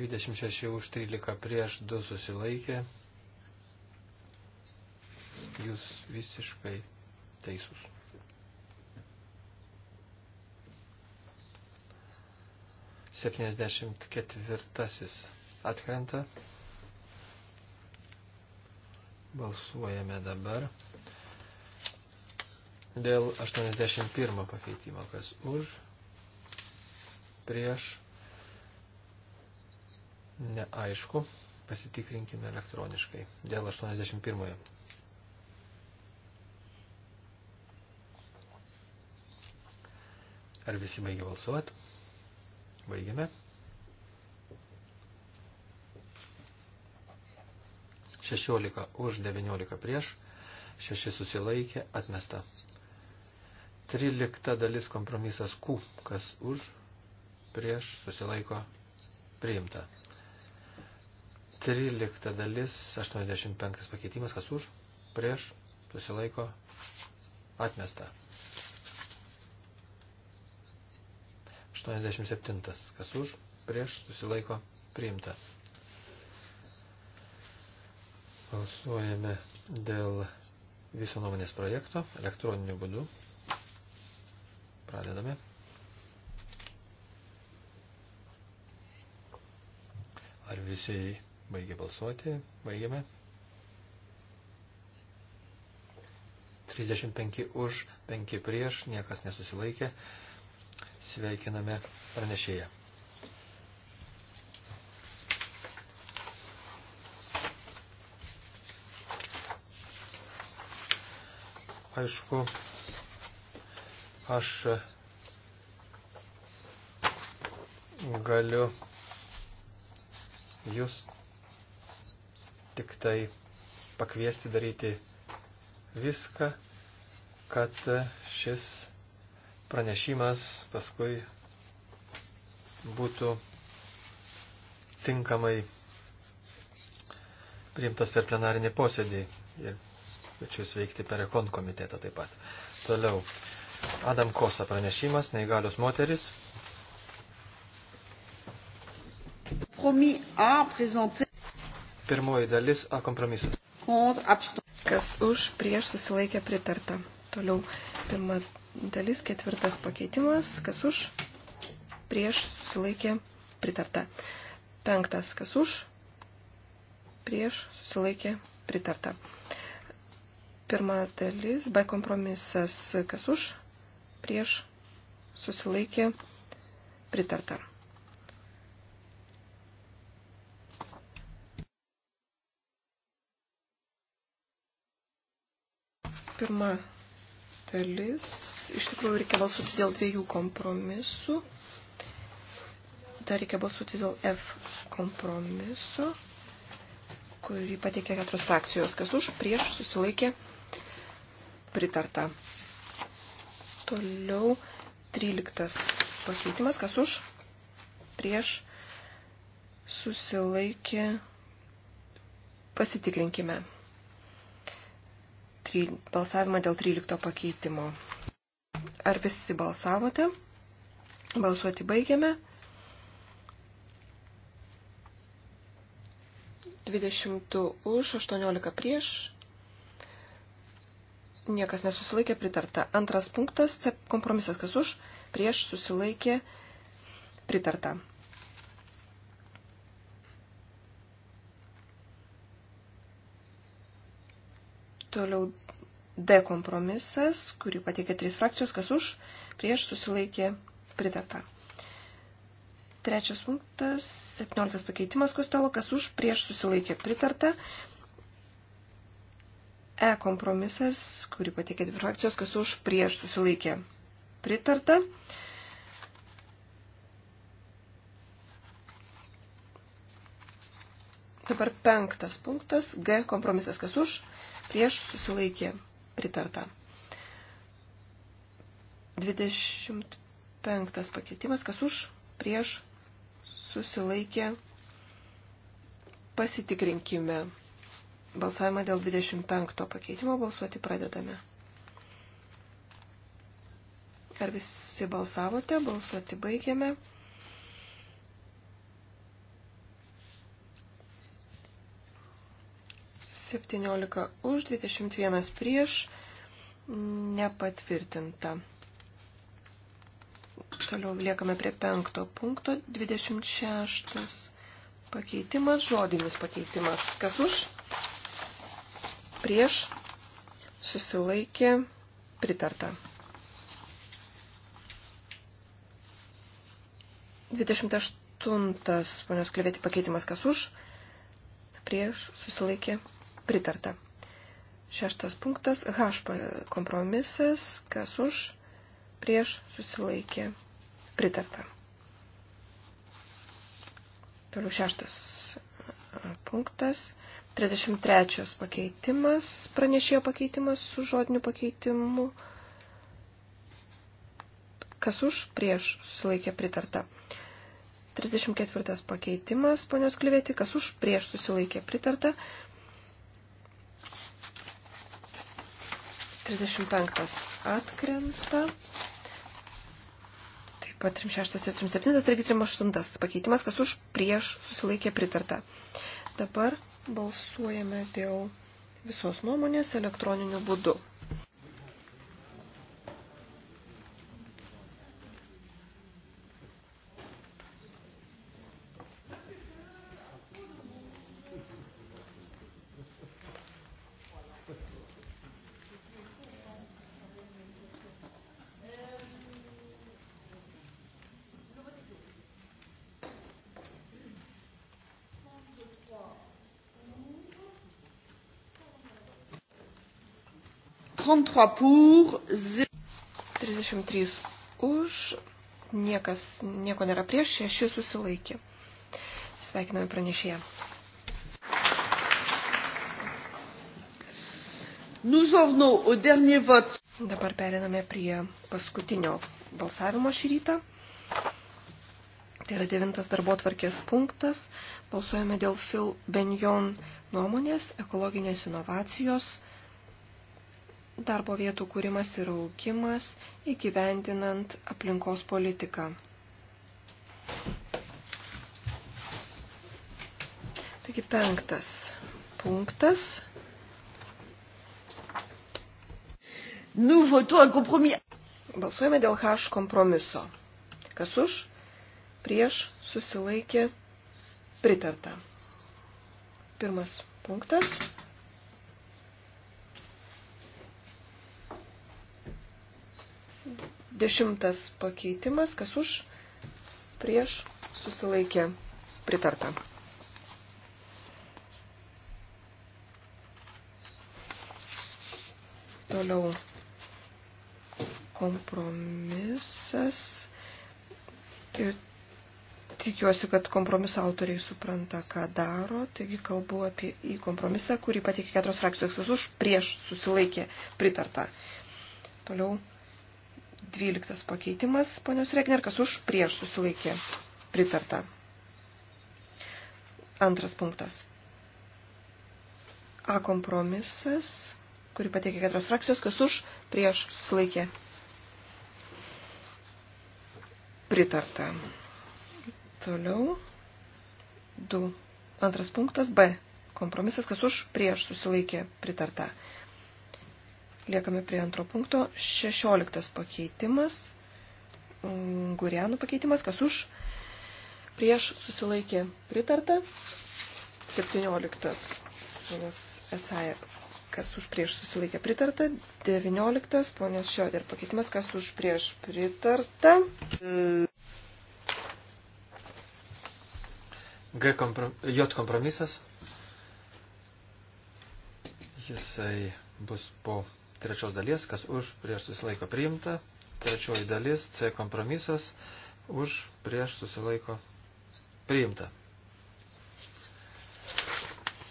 26 už 13 prieš 2 susilaikė. Jūs visiškai teisūs. Septyniasdešimt ketvirtasis atkrenta. Balsuojame dabar. Dėl 81 pakeitimo, kas už, prieš, neaišku, pasitikrinkime elektroniškai. Dėl 81. -ojo. Ar visi baigė balsuoti? Baigėme. Šešiolika už, devyniolika prieš, šeši susilaikė, atmesta. Trylikta dalis kompromisas Q, kas už, prieš, susilaiko, priimta. Trylikta dalis, 85 pakeitimas, kas už, prieš, susilaiko, atmesta. 87. Kas už, prieš, susilaiko, priimta. Balsuojame dėl viso nuomonės projekto elektroniniu būdu. Pradedame. Ar visi baigė balsuoti? Baigėme. 35 už, 5 prieš, niekas nesusilaikė. Sveikiname pranešėją. Aišku, aš galiu jūs tik tai pakviesti daryti viską, kad šis pranešimas paskui būtų tinkamai priimtas per plenarinį posėdį ir kviečius veikti per ekon komitetą taip pat. Toliau. Adam Kosa pranešimas, neįgalios moteris. Pirmoji dalis A kompromisas. Kas už prieš susilaikė pritarta. Toliau pirma dalis ketvirtas pakeitimas, kas už, prieš, susilaikė, pritarta. Penktas, kas už, prieš, susilaikė, pritarta. Pirma dalis, B kompromisas, kas už, prieš, susilaikė, pritarta. Pirma dalis. Iš tikrųjų reikia balsuoti dėl dviejų kompromisų. Dar reikia balsuoti dėl F kompromiso, kurį pateikė keturios frakcijos. Kas už, prieš, susilaikė, pritarta. Toliau 13 pakeitimas, kas už, prieš, susilaikė, pasitikrinkime balsavimą dėl 13 pakeitimo. Ar visi balsavote? Balsuoti baigiame. 20 už, 18 prieš. Niekas nesusilaikė pritarta. Antras punktas, kompromisas kas už, prieš susilaikė pritarta. Toliau D kompromisas, kurį pateikė trys frakcijos, kas už, prieš susilaikė pritarta. Trečias punktas, 17 pakeitimas kostelo, kas už, prieš susilaikė pritarta. E kompromisas, kurį pateikė dvi frakcijos, kas už, prieš susilaikė pritarta. Dabar penktas punktas, G kompromisas, kas už, prieš susilaikė pritarta. 25 pakeitimas, kas už, prieš susilaikė pasitikrinkime. Balsavimą dėl 25 pakeitimo balsuoti pradedame. Ar visi balsavote? Balsuoti baigiame. 17 už, 21 prieš, nepatvirtinta. Toliau liekame prie penkto punkto, 26 pakeitimas, žodinis pakeitimas. Kas už? Prieš susilaikė pritarta. 28 ponios klivėti pakeitimas kas už, prieš susilaikė pritarta. Šeštas punktas H kompromisas, kas už, prieš susilaikė pritarta. Toliau šeštas punktas. 33 pakeitimas, pranešėjo pakeitimas su žodiniu pakeitimu. Kas už prieš susilaikė pritarta. 34 pakeitimas, ponios klivėti, kas už prieš susilaikė pritarta. 35 atkrenta. Taip pat 36, 37, taigi 38 pakeitimas, kas už prieš susilaikė pritarta. Dabar balsuojame dėl visos nuomonės elektroniniu būdu. 33 pour, 0. 33 už, niekas, nieko nėra prieš, šeši susilaikė. Sveikiname pranešėją. Nous en venons au dernier vote. Dabar periname prie paskutinio balsavimo šį rytą. Tai yra devintas darbo tvarkės punktas. Balsuojame dėl Phil Benjon nuomonės ekologinės inovacijos darbo vietų kūrimas ir augimas įgyvendinant aplinkos politiką. Taigi penktas punktas. Balsuojame dėl H kompromiso. Kas už, prieš, susilaikė, pritarta. Pirmas punktas. Dešimtas pakeitimas, kas už, prieš, susilaikė, pritarta. Toliau kompromisas. Ir tikiuosi, kad kompromiso autoriai supranta, ką daro. Taigi kalbu apie į kompromisą, kurį pateikė keturios frakcijos už, prieš susilaikė pritarta. Toliau 12 pakeitimas, ponios Regner, kas už prieš susilaikė pritarta. Antras punktas. A kompromisas, kurį pateikė keturios frakcijos, kas už prieš susilaikė pritarta. Toliau. Du. Antras punktas B. Kompromisas, kas už prieš susilaikė pritarta. Liekame prie antro punkto. Šešioliktas pakeitimas. Gurianų pakeitimas. Kas už? Prieš susilaikė pritarta. Septynioliktas. Esai kas už prieš susilaikė pritarta. 19. Ponios Šioder pakeitimas, kas už prieš pritarta. G komprom, J kompromisas. Jisai bus po trečios dalies, kas už prieš susilaiko priimta, trečioji dalis C kompromisas už prieš susilaiko priimta.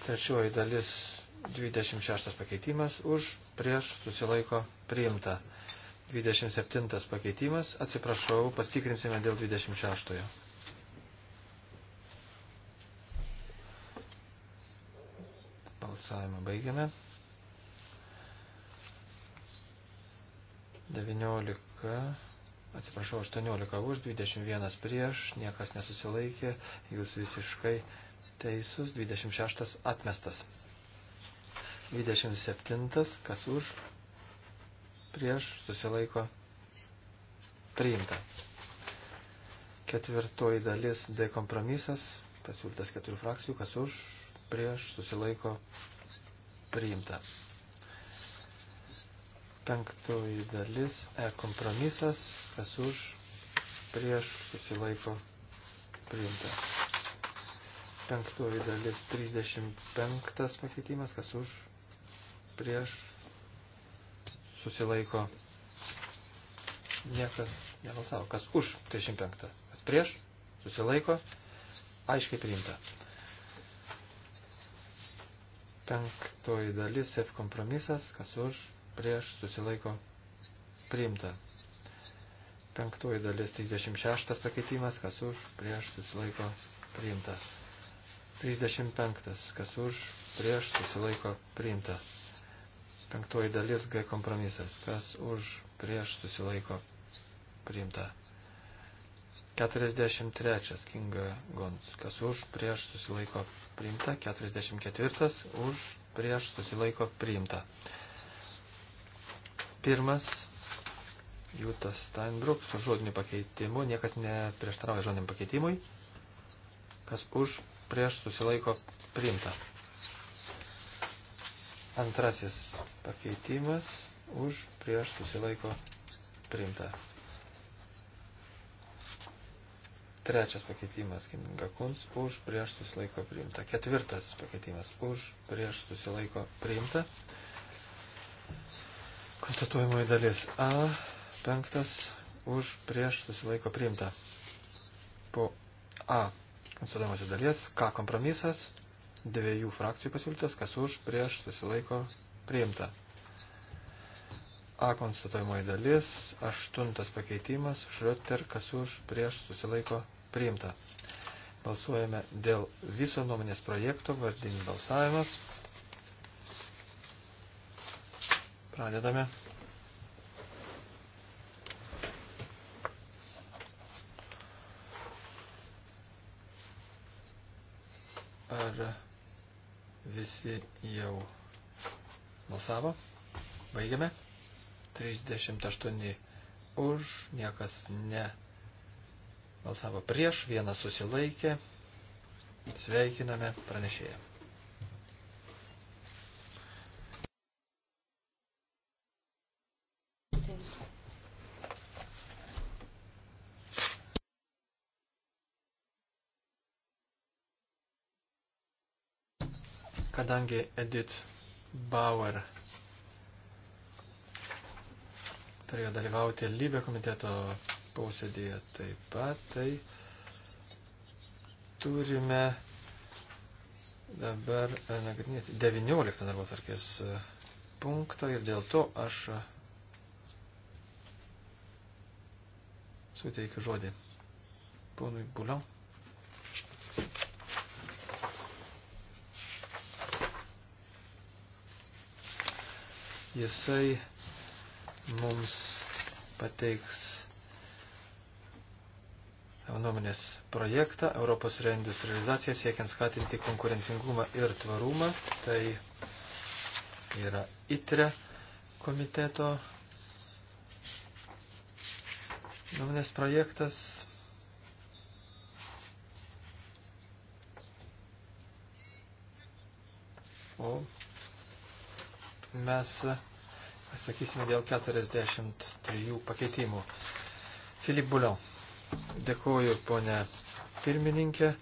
Trečioji dalis 26 pakeitimas už prieš susilaiko priimta. 27 pakeitimas, atsiprašau, pastikrinsime dėl 26. -ojo. Balsavimą baigiame. 19, atsiprašau, 18 už, 21 prieš, niekas nesusilaikė, jūs visiškai teisus, 26 atmestas. 27, kas už, prieš, susilaiko, priimta. Ketvirtoji dalis D kompromisas, pasiūlytas keturių frakcijų, kas už, prieš, susilaiko, priimta. Penktoji dalis, E kompromisas, kas už, prieš, susilaiko, priimta. Penktoji dalis, 35 pakeitimas, kas už, prieš, susilaiko, niekas nebalsavo, kas už 35, kas prieš, susilaiko, aiškiai priimta. Penktoji dalis, F kompromisas, kas už, prieš susilaiko priimta. Penktoji dalis 36 pakeitimas, kas už, prieš susilaiko priimta. 35, kas už, prieš susilaiko priimta. Penktoji dalis G kompromisas, kas už, prieš susilaiko priimta. 43 Kinga Gons. Kas už, prieš susilaiko priimta. 44 už, prieš susilaiko priimta. Pirmas, Jūtas Steinbrück su žodiniu pakeitimu, niekas neprieštarauja žodiniam pakeitimui, kas už prieš susilaiko priimta. Antrasis pakeitimas už prieš susilaiko priimta. Trečias pakeitimas Kingakuns už prieš susilaiko priimta. Ketvirtas pakeitimas už prieš susilaiko priimta. Konstatuojamoji dalis A, penktas, už, prieš, susilaiko priimta. Po A konstatuojamosios dalies K kompromisas, dviejų frakcijų pasiūlytas, kas už, prieš, susilaiko priimta. A konstatuojamoji dalis, aštuntas pakeitimas, Šrioter, kas už, prieš, susilaiko priimta. Balsuojame dėl viso nuomonės projekto, vardinį balsavimas. Pradedame. Ar visi jau balsavo? Baigiame. 38 už, niekas ne balsavo prieš, vienas susilaikė. Sveikiname pranešėją. kadangi Edith Bauer turėjo dalyvauti lybė komiteto posėdėje taip pat, tai turime dabar e, nagrinėti 19 darbo tarkės e, punktą ir dėl to aš suteikiu žodį ponui Buliau. Jisai mums pateiks nuomonės projektą Europos reindustrializacija siekiant skatinti konkurencingumą ir tvarumą. Tai yra ITRE komiteto nuomonės projektas. O mes sakysime, dėl 43 pakeitimų. Filip Bulio. Dėkuoju, ponė pirmininkė.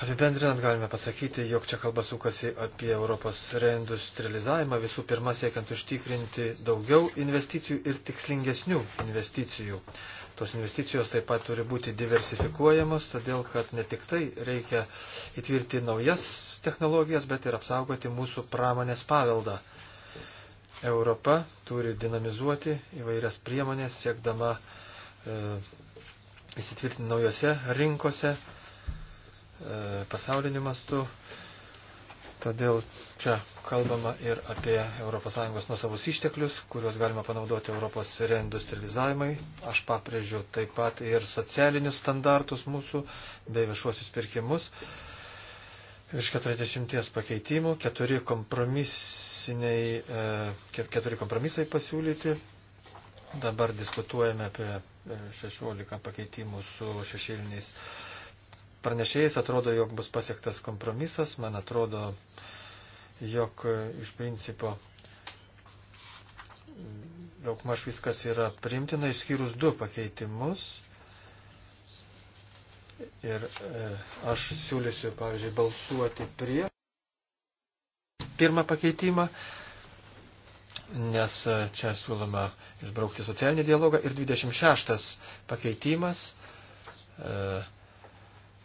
Apibendrinant galime pasakyti, jog čia kalba sukasi apie Europos reindustrializavimą, visų pirma siekiant užtikrinti daugiau investicijų ir tikslingesnių investicijų. Tos investicijos taip pat turi būti diversifikuojamos, todėl kad ne tik tai reikia įtvirti naujas technologijas, bet ir apsaugoti mūsų pramonės paveldą. Europa turi dinamizuoti įvairias priemonės, siekdama e, įsitvirtinti naujose rinkose, e, pasauliniu mastu. Todėl čia kalbama ir apie ES nuosavus išteklius, kuriuos galima panaudoti Europos reindustrializavimai. Aš paprėžiu taip pat ir socialinius standartus mūsų bei viešuosius pirkimus. E, Virš 40 pakeitimų, keturi, e, keturi kompromisai pasiūlyti. Dabar diskutuojame apie 16 e, pakeitimų su šešėliniais pranešėjais. Atrodo, jog bus pasiektas kompromisas. Man atrodo, jog e, iš principo daugmaž viskas yra primtina, išskyrus du pakeitimus Ir e, aš siūlysiu, pavyzdžiui, balsuoti prie pirmą pakeitimą, nes e, čia siūloma išbraukti socialinį dialogą. Ir 26 pakeitimas, e,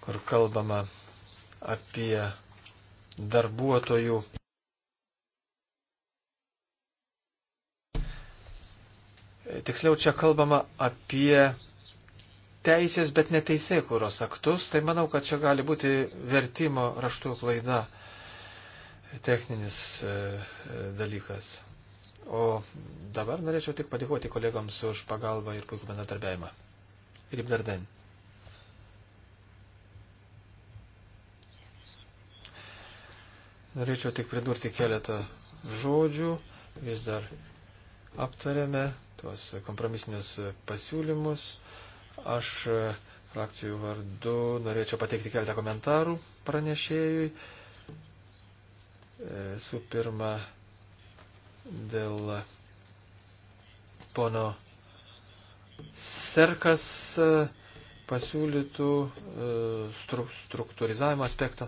kur kalbama apie darbuotojų. Tiksliau, čia kalbama apie teisės, bet neteisė kūros aktus, tai manau, kad čia gali būti vertimo raštų klaida, techninis e, e, dalykas. O dabar norėčiau tik padėkoti kolegams už pagalbą ir puikų bendradarbiavimą. Ir Ibdarden. Norėčiau tik pridurti keletą žodžių. Vis dar aptarėme tuos kompromisinius pasiūlymus. Aš e, frakcijų vardu norėčiau pateikti keletą komentarų pranešėjui. E, su pirma, dėl pono Serkas e, pasiūlytų stru, struktūrizavimo aspekto.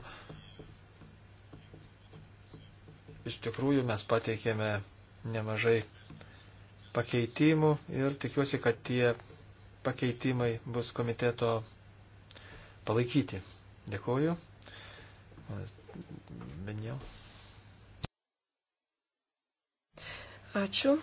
Iš tikrųjų mes pateikėme nemažai pakeitimų ir tikiuosi, kad tie pakeitimai bus komiteto palaikyti. Dėkuoju. Beniau. Ačiū.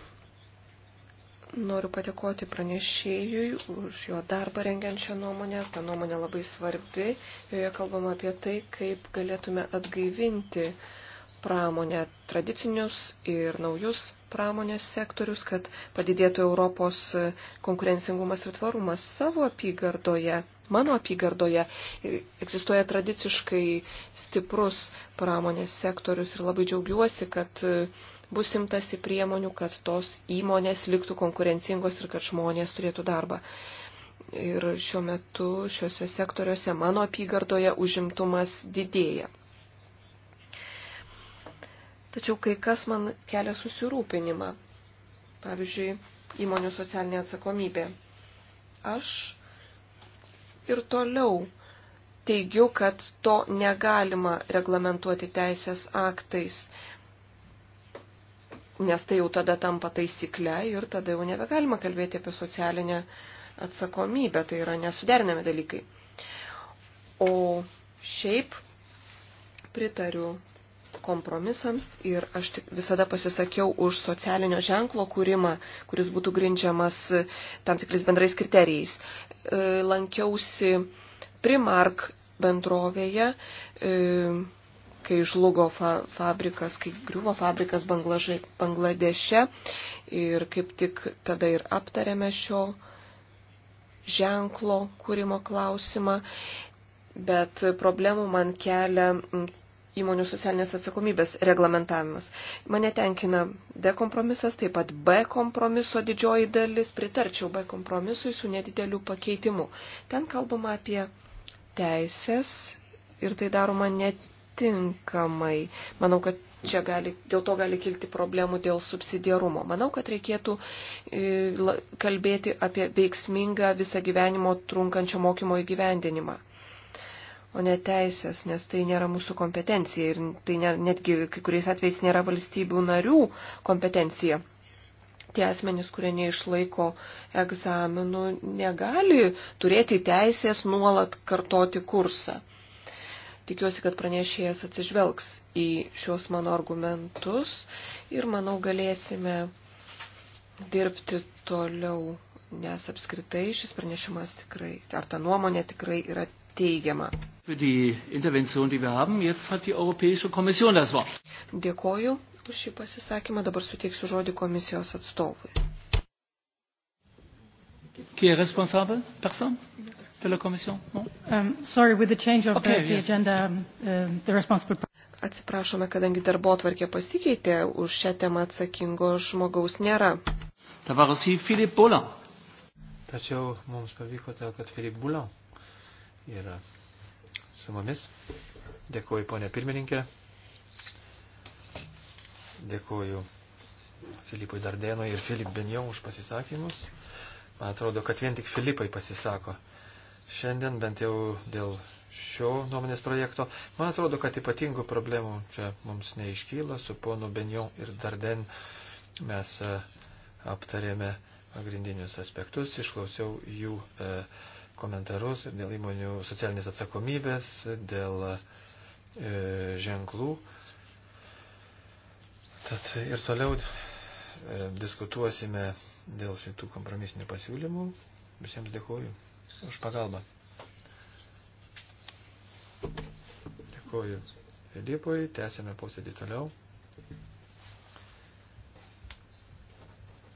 Noriu padėkoti pranešėjui už jo darbą rengiančią nuomonę. Ta nuomonė labai svarbi. Joje kalbama apie tai, kaip galėtume atgaivinti uh, pramonę, tradicinius ir naujus pramonės sektorius, kad padidėtų Europos konkurencingumas ir tvarumas savo apygardoje. Mano apygardoje egzistuoja tradiciškai stiprus pramonės sektorius ir labai džiaugiuosi, kad bus imtasi priemonių, kad tos įmonės liktų konkurencingos ir kad žmonės turėtų darbą. Ir šiuo metu šiuose sektoriuose mano apygardoje užimtumas didėja. Tačiau kai kas man kelia susirūpinimą. Pavyzdžiui, įmonių socialinė atsakomybė. Aš ir toliau teigiu, kad to negalima reglamentuoti teisės aktais, nes tai jau tada tampa taisykle ir tada jau nebegalima kalbėti apie socialinę atsakomybę, tai yra nesuderinami dalykai. O šiaip pritariu kompromisams ir aš visada pasisakiau už socialinio ženklo kūrimą, kuris būtų grindžiamas e, tam tikrais bendrais kriterijais. E, lankiausi Primark bendrovėje, e, kai žlugo fa fabrikas, kai griuvo fabrikas Banglažai, Bangladeše ir kaip tik tada ir aptarėme šio ženklo kūrimo klausimą bet problemų man kelia įmonių socialinės atsakomybės reglamentavimas. Mane tenkina D kompromisas, taip pat B kompromiso didžioji dalis, pritarčiau B kompromisui su nedideliu pakeitimu. Ten kalbama apie teisės ir tai daroma netinkamai. Manau, kad čia gali, dėl to gali kilti problemų dėl subsidiarumo. Manau, kad reikėtų e, kalbėti apie veiksmingą visą gyvenimo trunkančio mokymo įgyvendinimą o ne teisės, nes tai nėra mūsų kompetencija ir tai ne, netgi kai kuriais atvejais nėra valstybių narių kompetencija. Tie asmenys, kurie neišlaiko egzaminų, negali turėti teisės nuolat kartoti kursą. Tikiuosi, kad pranešėjas atsižvelgs į šios mano argumentus ir manau galėsime dirbti toliau, nes apskritai šis pranešimas tikrai, ar ta nuomonė tikrai yra teigiama. Dėkoju už šį pasisakymą, dabar suteiksiu žodį komisijos atstovui. Qui est responsable Personne de la Commission non? um, Sorry, with the change of okay, uh, the, yes. the agenda, um, uh, the responsible Atsiprašome, kadangi darbo tvarkė pasikeitė, už šią temą atsakingo žmogaus nėra. Tačiau mums pavyko, tėl, kad Filip Bulan yra su mumis. Dėkuoju, ponė pirmininkė. Dėkuoju Filipui Dardenui ir Filip Benjau už pasisakymus. Man atrodo, kad vien tik Filipai pasisako. Šiandien bent jau dėl šio nuomonės projekto. Man atrodo, kad ypatingų problemų čia mums neiškyla. Su ponu Benjau ir Darden mes e, aptarėme pagrindinius aspektus, išklausiau jų e, komentarus ir dėl įmonių socialinės atsakomybės, dėl e, ženklų. Tad ir toliau e, diskutuosime dėl šitų kompromisinių pasiūlymų. Visiems dėkuoju už pagalbą. Dėkuoju Filipui, tęsime posėdį toliau.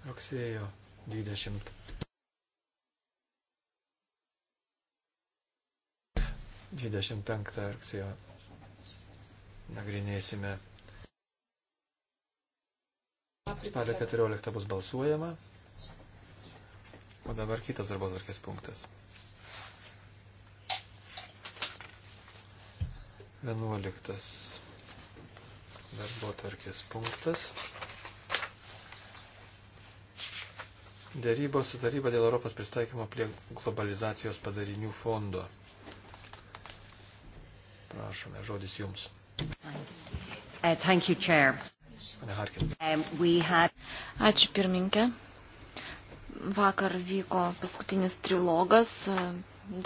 Rugsėjo 20. 25 rugsėjo nagrinėsime. Spalio 14 bus balsuojama. O dabar kitas darbo tvarkės punktas. 11 darbo tvarkės punktas. Dėrybos su taryba dėl Europos pristaikymo prie globalizacijos padarinių fondo. Prašome, žodis jums. Uh, thank you, Chair. Pane Harkin. Um, Ačiū pirminkė. Vakar vyko paskutinis trilogas,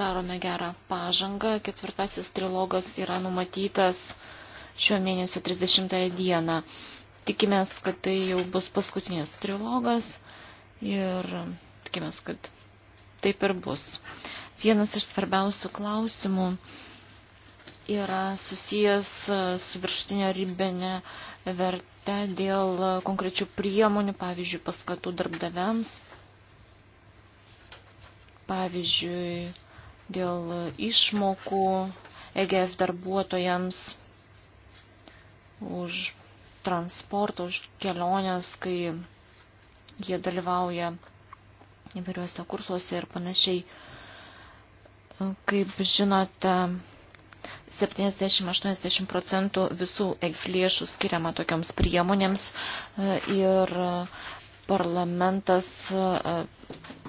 darome gerą pažangą. Ketvirtasis trilogas yra numatytas šio mėnesio 30 dieną. Tikimės, kad tai jau bus paskutinis trilogas ir tikimės, kad taip ir bus. Vienas iš svarbiausių klausimų yra susijęs e, su viršutinė ribinė verte dėl e, konkrečių priemonių, pavyzdžiui, paskatų darbdaviams, pavyzdžiui, dėl e, išmokų EGF darbuotojams už transportą, už keliones, kai jie dalyvauja įvairiuose kursuose ir panašiai. Kaip žinote, 70-80 procentų visų EIF lėšų skiriama tokioms priemonėms e, ir e, parlamentas e,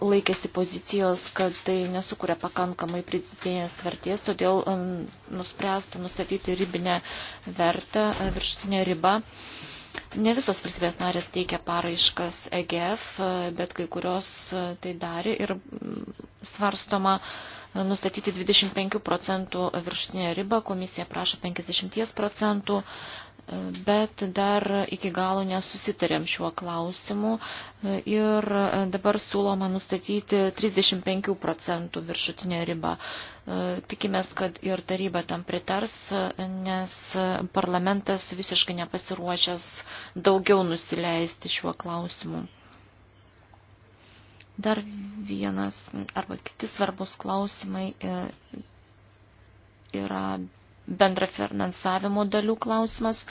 laikėsi pozicijos, kad tai nesukuria pakankamai pridėtinės vertės, todėl nuspręsta nustatyti ribinę vertę, viršutinę ribą Ne visos valstybės narės teikia paraiškas EGF, bet kai kurios e, tai darė ir mm, svarstoma e, nustatyti 25 procentų viršutinę ribą, komisija prašo 50 procentų, bet dar iki galo nesusitarėm šiuo klausimu ir dabar siūloma nustatyti 35 procentų viršutinę ribą. Tikimės, kad ir taryba tam pritars, nes parlamentas visiškai nepasiruošęs daugiau nusileisti šiuo klausimu. Dar vienas arba kiti svarbus klausimai e, yra bendra finansavimo dalių klausimas.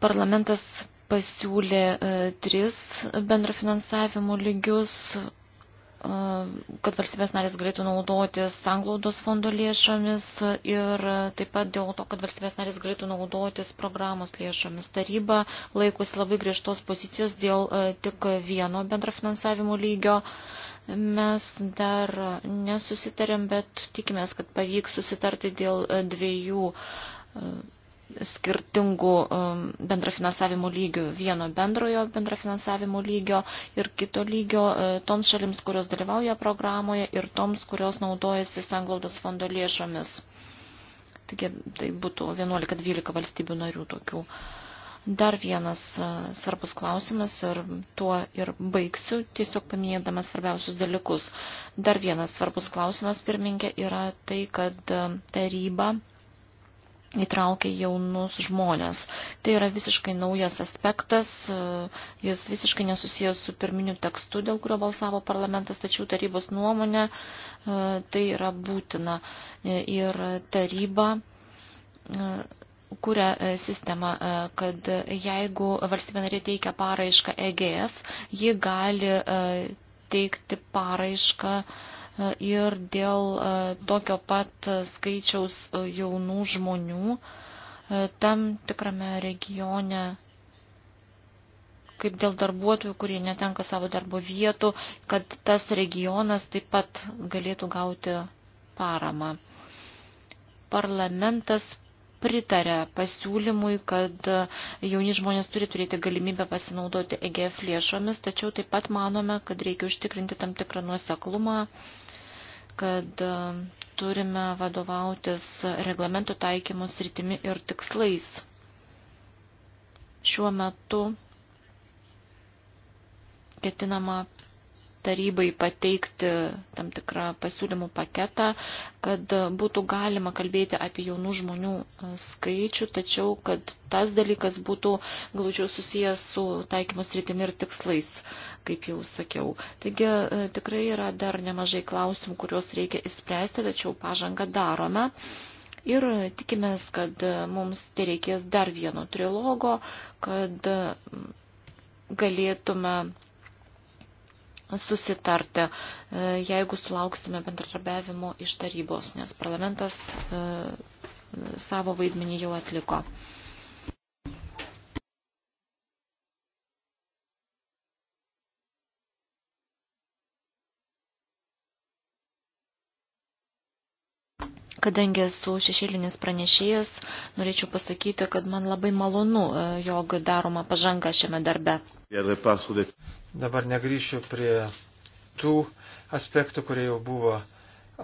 Parlamentas pasiūlė e, tris bendra finansavimo lygius, e, kad valstybės narės galėtų naudoti sanglaudos fondo lėšomis ir e, taip pat dėl to, kad valstybės narės galėtų naudotis programos lėšomis. Taryba laikosi labai griežtos pozicijos dėl tik vieno bendrafinansavimo lygio. Mes dar nesusitarėm, bet tikimės, kad pavyks susitarti dėl e, dviejų e, skirtingų e, bendrafinansavimo lygių. Vieno bendrojo bendrafinansavimo lygio ir kito lygio toms šalims, kurios dalyvauja programoje ir toms, kurios naudojasi sanglaudos fondo lėšomis. Taigi tai būtų 11-12 valstybių narių tokių. Uh, Dar vienas e, svarbus klausimas ir tuo ir baigsiu, tiesiog paminėdamas svarbiausius dalykus. Dar vienas svarbus klausimas, pirmininkė, yra tai, kad e, taryba įtraukia jaunus žmonės. Tai yra visiškai naujas aspektas, e, jis visiškai nesusijęs su pirminiu tekstu, dėl kurio balsavo parlamentas, tačiau tarybos nuomonė tai yra būtina. Ir taryba kuria e, sistemą, e, kad jeigu valstybė narė teikia paraišką EGF, ji gali e, teikti paraišką ir dėl tokio pat skaičiaus jaunų žmonių tam tikrame regione kaip dėl darbuotojų, kurie netenka savo darbo vietų, kad tas regionas taip pat galėtų gauti paramą. Parlamentas pritarė pasiūlymui, kad jauni žmonės turi turėti galimybę pasinaudoti EGF lėšomis, tačiau taip pat manome, kad reikia užtikrinti tam tikrą nuoseklumą, kad e, turime vadovautis reglamento taikymus rytimi ir tikslais. Šiuo metu ketinama tarybai pateikti tam tikrą pasiūlymų paketą, kad būtų galima kalbėti apie jaunų žmonių e, skaičių, tačiau kad tas dalykas būtų glaudžiau susijęs su taikymus rytimi ir tikslais, kaip jau sakiau. Taigi e, tikrai yra dar nemažai klausimų, kuriuos reikia įspręsti, tačiau pažangą darome. Ir tikimės, kad mums tai reikės dar vieno trilogo, kad galėtume susitarti, e, jeigu sulauksime bendradarbiavimo iš tarybos, nes parlamentas e, savo vaidmenį jau atliko. Kadangi esu šešėlinis pranešėjas, norėčiau pasakyti, kad man labai malonu, e, jog daroma pažanga šiame darbe. Dabar negryšiu prie tų aspektų, kurie jau buvo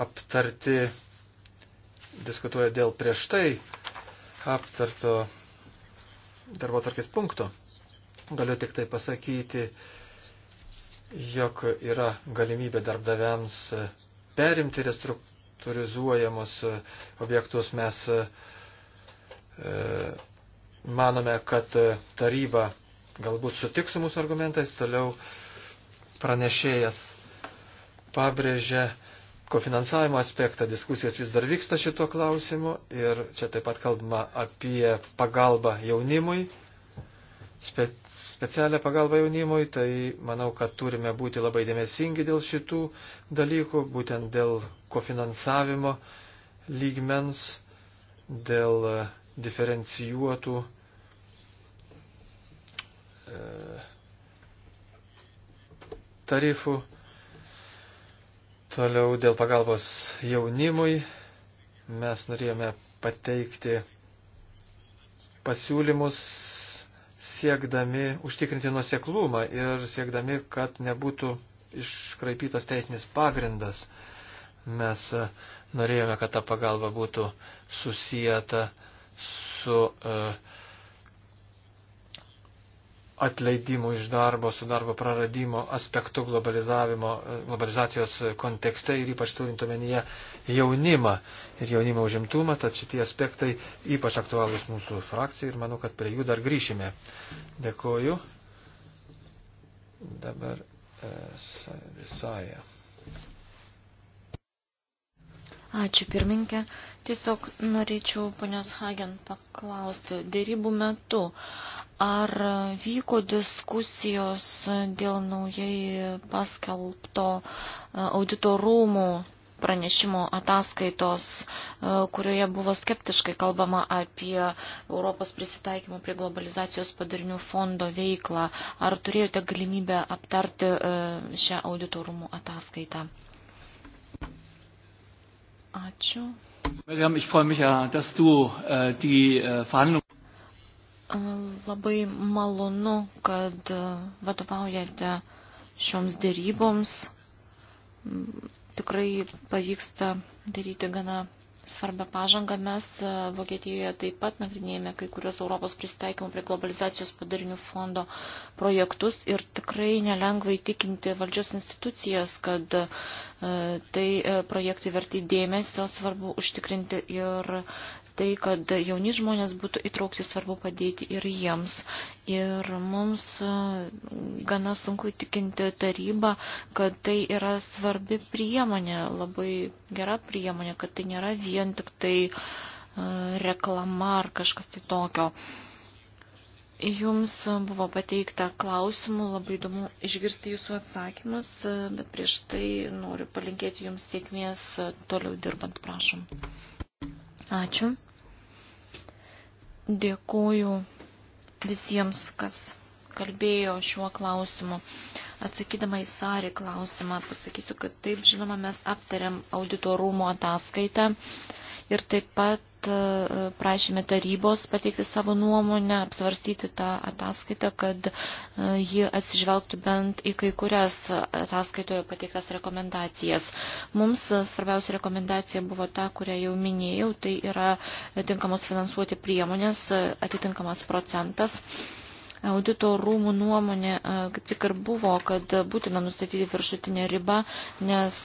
aptarti, diskutuoja dėl prieš tai aptarto darbo tarkės punkto. Galiu tik tai pasakyti, jog yra galimybė darbdaviams perimti restruktūrą autorizuojamus objektus. Mes e, e, manome, kad taryba galbūt sutiks su mūsų argumentais. Toliau pranešėjas pabrėžė kofinansavimo aspektą. Diskusijos vis dar vyksta šituo klausimu ir čia taip pat kalbama apie pagalbą jaunimui. Spe specialią pagalbą jaunimui, tai manau, kad turime būti labai dėmesingi dėl šitų dalykų, būtent dėl kofinansavimo lygmens, dėl e, diferencijuotų e, tarifų, toliau dėl pagalbos jaunimui mes norėjome pateikti pasiūlymus siekdami užtikrinti nuoseklumą ir siekdami, kad nebūtų iškraipytas teisinis pagrindas. Mes e, norėjome, kad ta pagalba būtų susijęta su uh, atleidimų iš darbo su darbo praradimo aspektu globalizacijos kontekste ir ypač turint omenyje jaunimą ir jaunimo užimtumą, tad šitie aspektai ypač aktualūs mūsų frakcijai ir manau, kad prie jų dar grįšime. Dėkuoju. Dabar visai. E, Ačiū pirminkė. Tiesiog norėčiau ponios Hagen paklausti dėrybų metu, ar vyko diskusijos dėl naujai paskelbto e, auditorumų pranešimo ataskaitos, e, kurioje buvo skeptiškai kalbama apie Europos prisitaikymo prie globalizacijos padarinių fondo veiklą. Ar turėjote galimybę aptarti e, šią auditorumų ataskaitą? Ačiū. Miriam, ich freue mich, äh, dass du äh, die äh, Verhandlungen. Labai malonu, kad äh, vadovaujate šioms dėryboms. Tikrai pavyksta daryti gana svarbę pažangą mes e, Vokietijoje taip pat nagrinėjame kai kurios Europos pristaikymų prie globalizacijos padarinių fondo projektus ir tikrai nelengva įtikinti valdžios institucijas, kad e, tai e, projektai vertai dėmesio svarbu užtikrinti ir tai, kad jauni žmonės būtų įtraukti, svarbu padėti ir jiems. Ir mums e, gana sunku įtikinti tarybą, kad tai yra svarbi priemonė, labai gera priemonė, kad tai nėra vien tik tai e, reklama ar kažkas tai tokio. Jums buvo pateikta klausimų, labai įdomu išgirsti jūsų atsakymus, e, bet prieš tai noriu palinkėti jums sėkmės toliau dirbant, prašom. Ačiū. Dėkuoju visiems, kas kalbėjo šiuo klausimu. Atsakydama į Sarį klausimą, pasakysiu, kad taip, žinoma, mes aptariam auditorumo ataskaitą. ataskaitą ir taip pat e, prašėme tarybos pateikti savo nuomonę, apsvarstyti tą ataskaitą, kad e, ji atsižvelgtų bent į kai kurias ataskaitoje pateiktas rekomendacijas. Mums svarbiausia rekomendacija buvo ta, kurią jau minėjau, tai yra tinkamos finansuoti priemonės, atitinkamas procentas. Audito rūmų nuomonė e, kaip tik ir buvo, kad būtina nustatyti viršutinę ribą, nes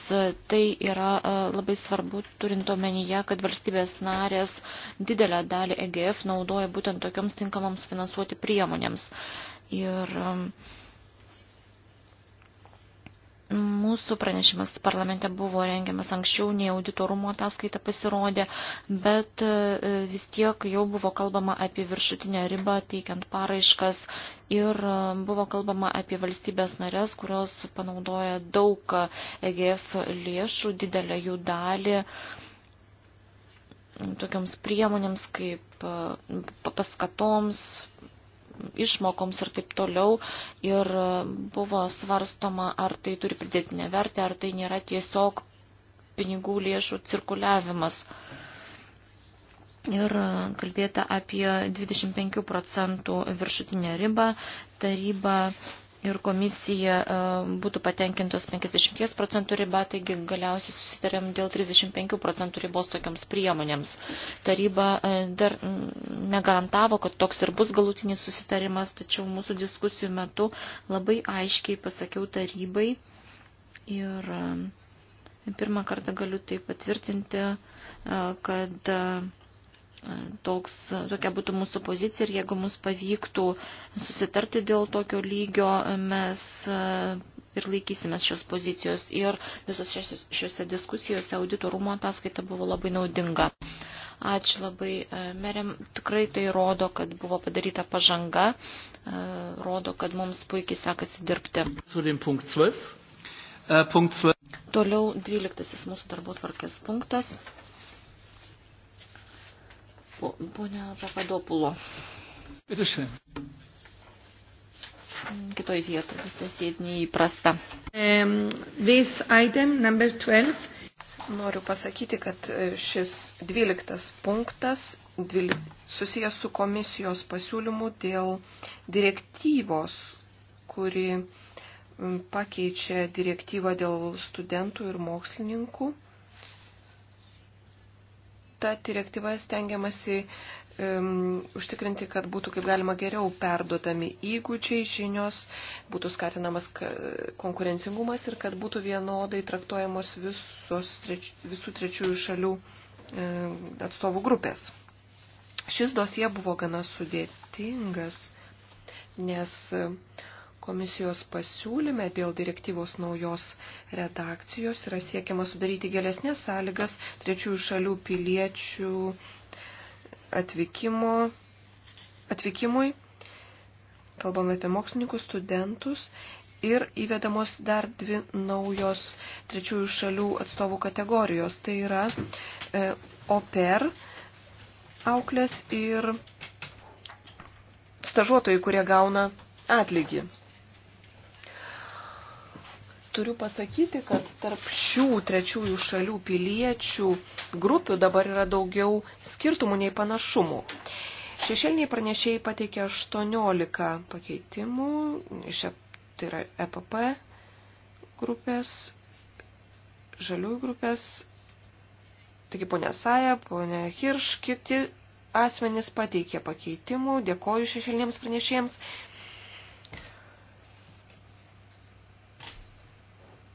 tai yra e, labai svarbu turint omenyje, kad valstybės narės didelę dalį EGF naudoja būtent tokioms tinkamoms finansuoti priemonėms. Ir um, Mūsų pranešimas parlamente buvo rengiamas anksčiau, nei auditorumo ataskaita pasirodė, bet e, vis tiek jau buvo kalbama apie viršutinę ribą, teikiant paraiškas ir e, buvo kalbama apie valstybės narės, kurios panaudoja daug EGF lėšų, didelę jų dalį tokiams priemonėms kaip e, paskatoms, išmokoms ir taip toliau. Ir e, buvo svarstoma, ar tai turi pridėtinę vertę, ar tai nėra tiesiog pinigų lėšų cirkuliavimas. Ir e, kalbėta apie 25 procentų viršutinę ribą. Taryba ir komisija e, būtų patenkintos 50 procentų riba, taigi galiausiai susitarėm dėl 35 procentų ribos tokiams priemonėms. Taryba e, dar mm, negarantavo, kad toks ir bus galutinis susitarimas, tačiau mūsų diskusijų metu labai aiškiai pasakiau tarybai ir e, pirmą kartą galiu tai patvirtinti, kad Toks, tokia būtų mūsų pozicija ir jeigu mums pavyktų susitarti dėl tokio lygio, mes e, ir laikysimės šios pozicijos ir visos šiose diskusijose audito rūmo ataskaita buvo labai naudinga. Ačiū labai, e, merėm, tikrai tai rodo, kad buvo padaryta pažanga, e, rodo, kad mums puikiai sekasi dirbti. Äh, Toliau 12 mūsų darbo tvarkės punktas. Pone Papadopulo. Ir šiandien. Kitoj vietoje viskas neįprasta. Um, this item, number 12. Noriu pasakyti, kad e, šis 12 punktas 12, susijęs su komisijos pasiūlymu dėl direktyvos, kuri pakeičia direktyvą dėl studentų ir mokslininkų ta direktyva stengiamasi um, užtikrinti, kad būtų kaip galima geriau perduodami įgūdžiai, žinios, būtų skatinamas konkurencingumas ir kad būtų vienodai traktuojamos visos, treč, visų trečiųjų šalių um, atstovų grupės. Šis dosie buvo gana sudėtingas, nes uh, Komisijos pasiūlyme dėl direktyvos naujos redakcijos yra siekiama sudaryti gelesnės sąlygas trečiųjų šalių piliečių atvykimo, atvykimui. Kalbame apie mokslininkus, studentus ir įvedamos dar dvi naujos trečiųjų šalių atstovų kategorijos. Tai yra e, oper auklės ir stažuotojai, kurie gauna atlygį turiu pasakyti, kad tarp šių trečiųjų šalių piliečių grupių dabar yra daugiau skirtumų nei panašumų. Šešėliniai pranešėjai pateikė 18 pakeitimų iš tai yra EPP grupės, žaliųjų grupės, taigi ponė Saja, ponė Hirš, kiti asmenys pateikė pakeitimų, dėkoju šešėlinėms pranešėjams.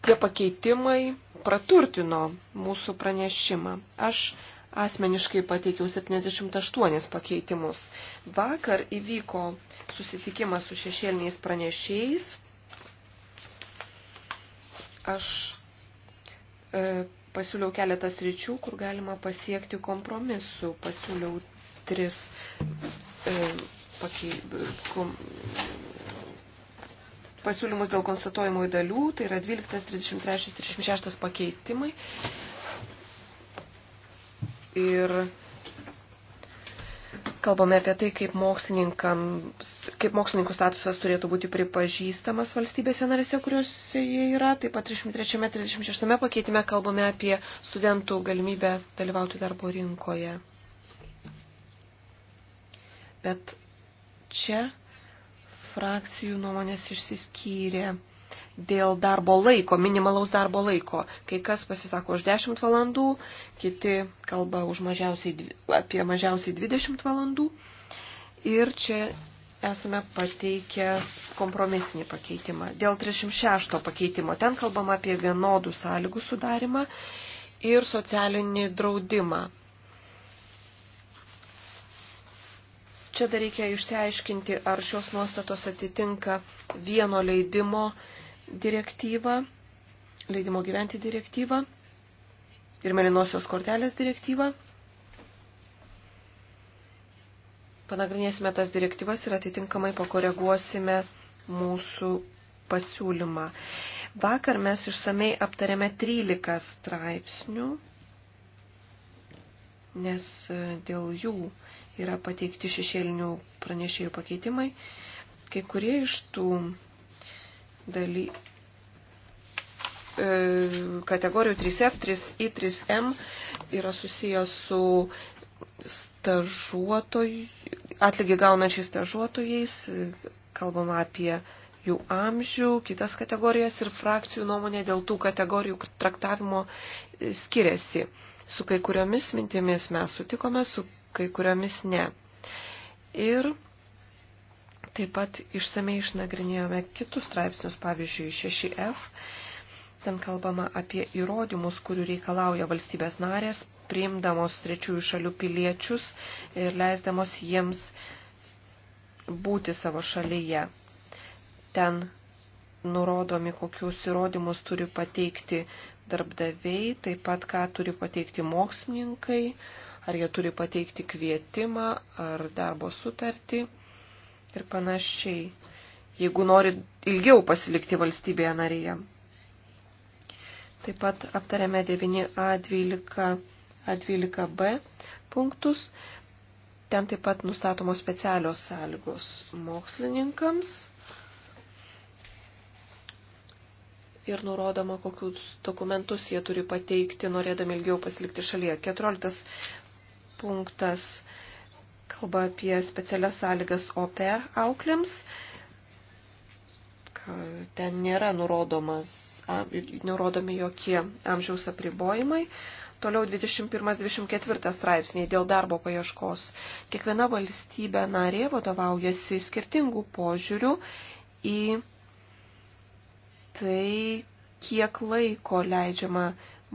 tie pakeitimai praturtino mūsų pranešimą. Aš asmeniškai pateikiau 78 pakeitimus. Vakar įvyko susitikimas su šešėliniais pranešėjais. Aš e, pasiūliau keletą sričių, kur galima pasiekti kompromisų. Pasiūliau tris e, pakei, kom, pasiūlymus dėl konstatuojamų dalių, tai yra 12, 33, 36 pakeitimai. Ir kalbame apie tai, kaip, kaip mokslininkų statusas turėtų būti pripažįstamas valstybėse narėse, kuriuose jie yra. Taip pat 33-36 pakeitime kalbame apie studentų galimybę dalyvauti darbo rinkoje. Bet čia frakcijų nuomonės išsiskyrė dėl darbo laiko, minimalaus darbo laiko. Kai kas pasisako už 10 valandų, kiti kalba už mažiausiai, apie mažiausiai 20 valandų. Ir čia esame pateikę kompromisinį pakeitimą. Dėl 36 pakeitimo ten kalbama apie vienodų sąlygų sudarimą ir socialinį draudimą. Čia dar reikia išsiaiškinti, ar šios nuostatos atitinka vieno leidimo direktyvą, leidimo gyventi direktyvą ir melinosios kortelės direktyvą. Panagrinėsime tas direktyvas ir atitinkamai pakoreguosime mūsų pasiūlymą. Vakar mes išsamei aptarėme 13 straipsnių nes e, dėl jų yra pateikti šešėlinių pranešėjų pakeitimai. Kai kurie iš tų daly... E, kategorijų 3F, 3I, 3M yra susijęs su stažuotojų, atlygį gaunančiais stažuotojais, kalbama apie jų amžių, kitas kategorijas ir frakcijų nuomonė dėl tų kategorijų traktavimo skiriasi. Su kai kuriomis mintimis mes sutikome, su kai kuriomis ne. Ir taip pat išsamei išnagrinėjome kitus straipsnius, pavyzdžiui, 6F. Ten kalbama apie įrodymus, kurių reikalauja valstybės narės, priimdamos trečiųjų šalių piliečius ir leisdamos jiems būti savo šalyje. Ten nurodomi, kokius įrodymus turi pateikti darbdaviai, taip pat ką turi pateikti mokslininkai, ar jie turi pateikti kvietimą ar darbo sutartį ir panašiai, jeigu nori ilgiau pasilikti valstybėje narėje. Taip pat aptarėme 9A12, A12B punktus. Ten taip pat nustatomos specialios sąlygos mokslininkams ir nurodoma, kokius dokumentus jie turi pateikti, norėdami ilgiau pasilikti šalyje. 14 punktas kalba apie specialias sąlygas OPER auklėms. Ten nėra nurodomas, nurodomi jokie amžiaus apribojimai. Toliau 21-24 straipsniai dėl darbo paieškos. Kiekviena valstybė narė vadovaujasi skirtingų požiūrių į tai, kiek laiko leidžiama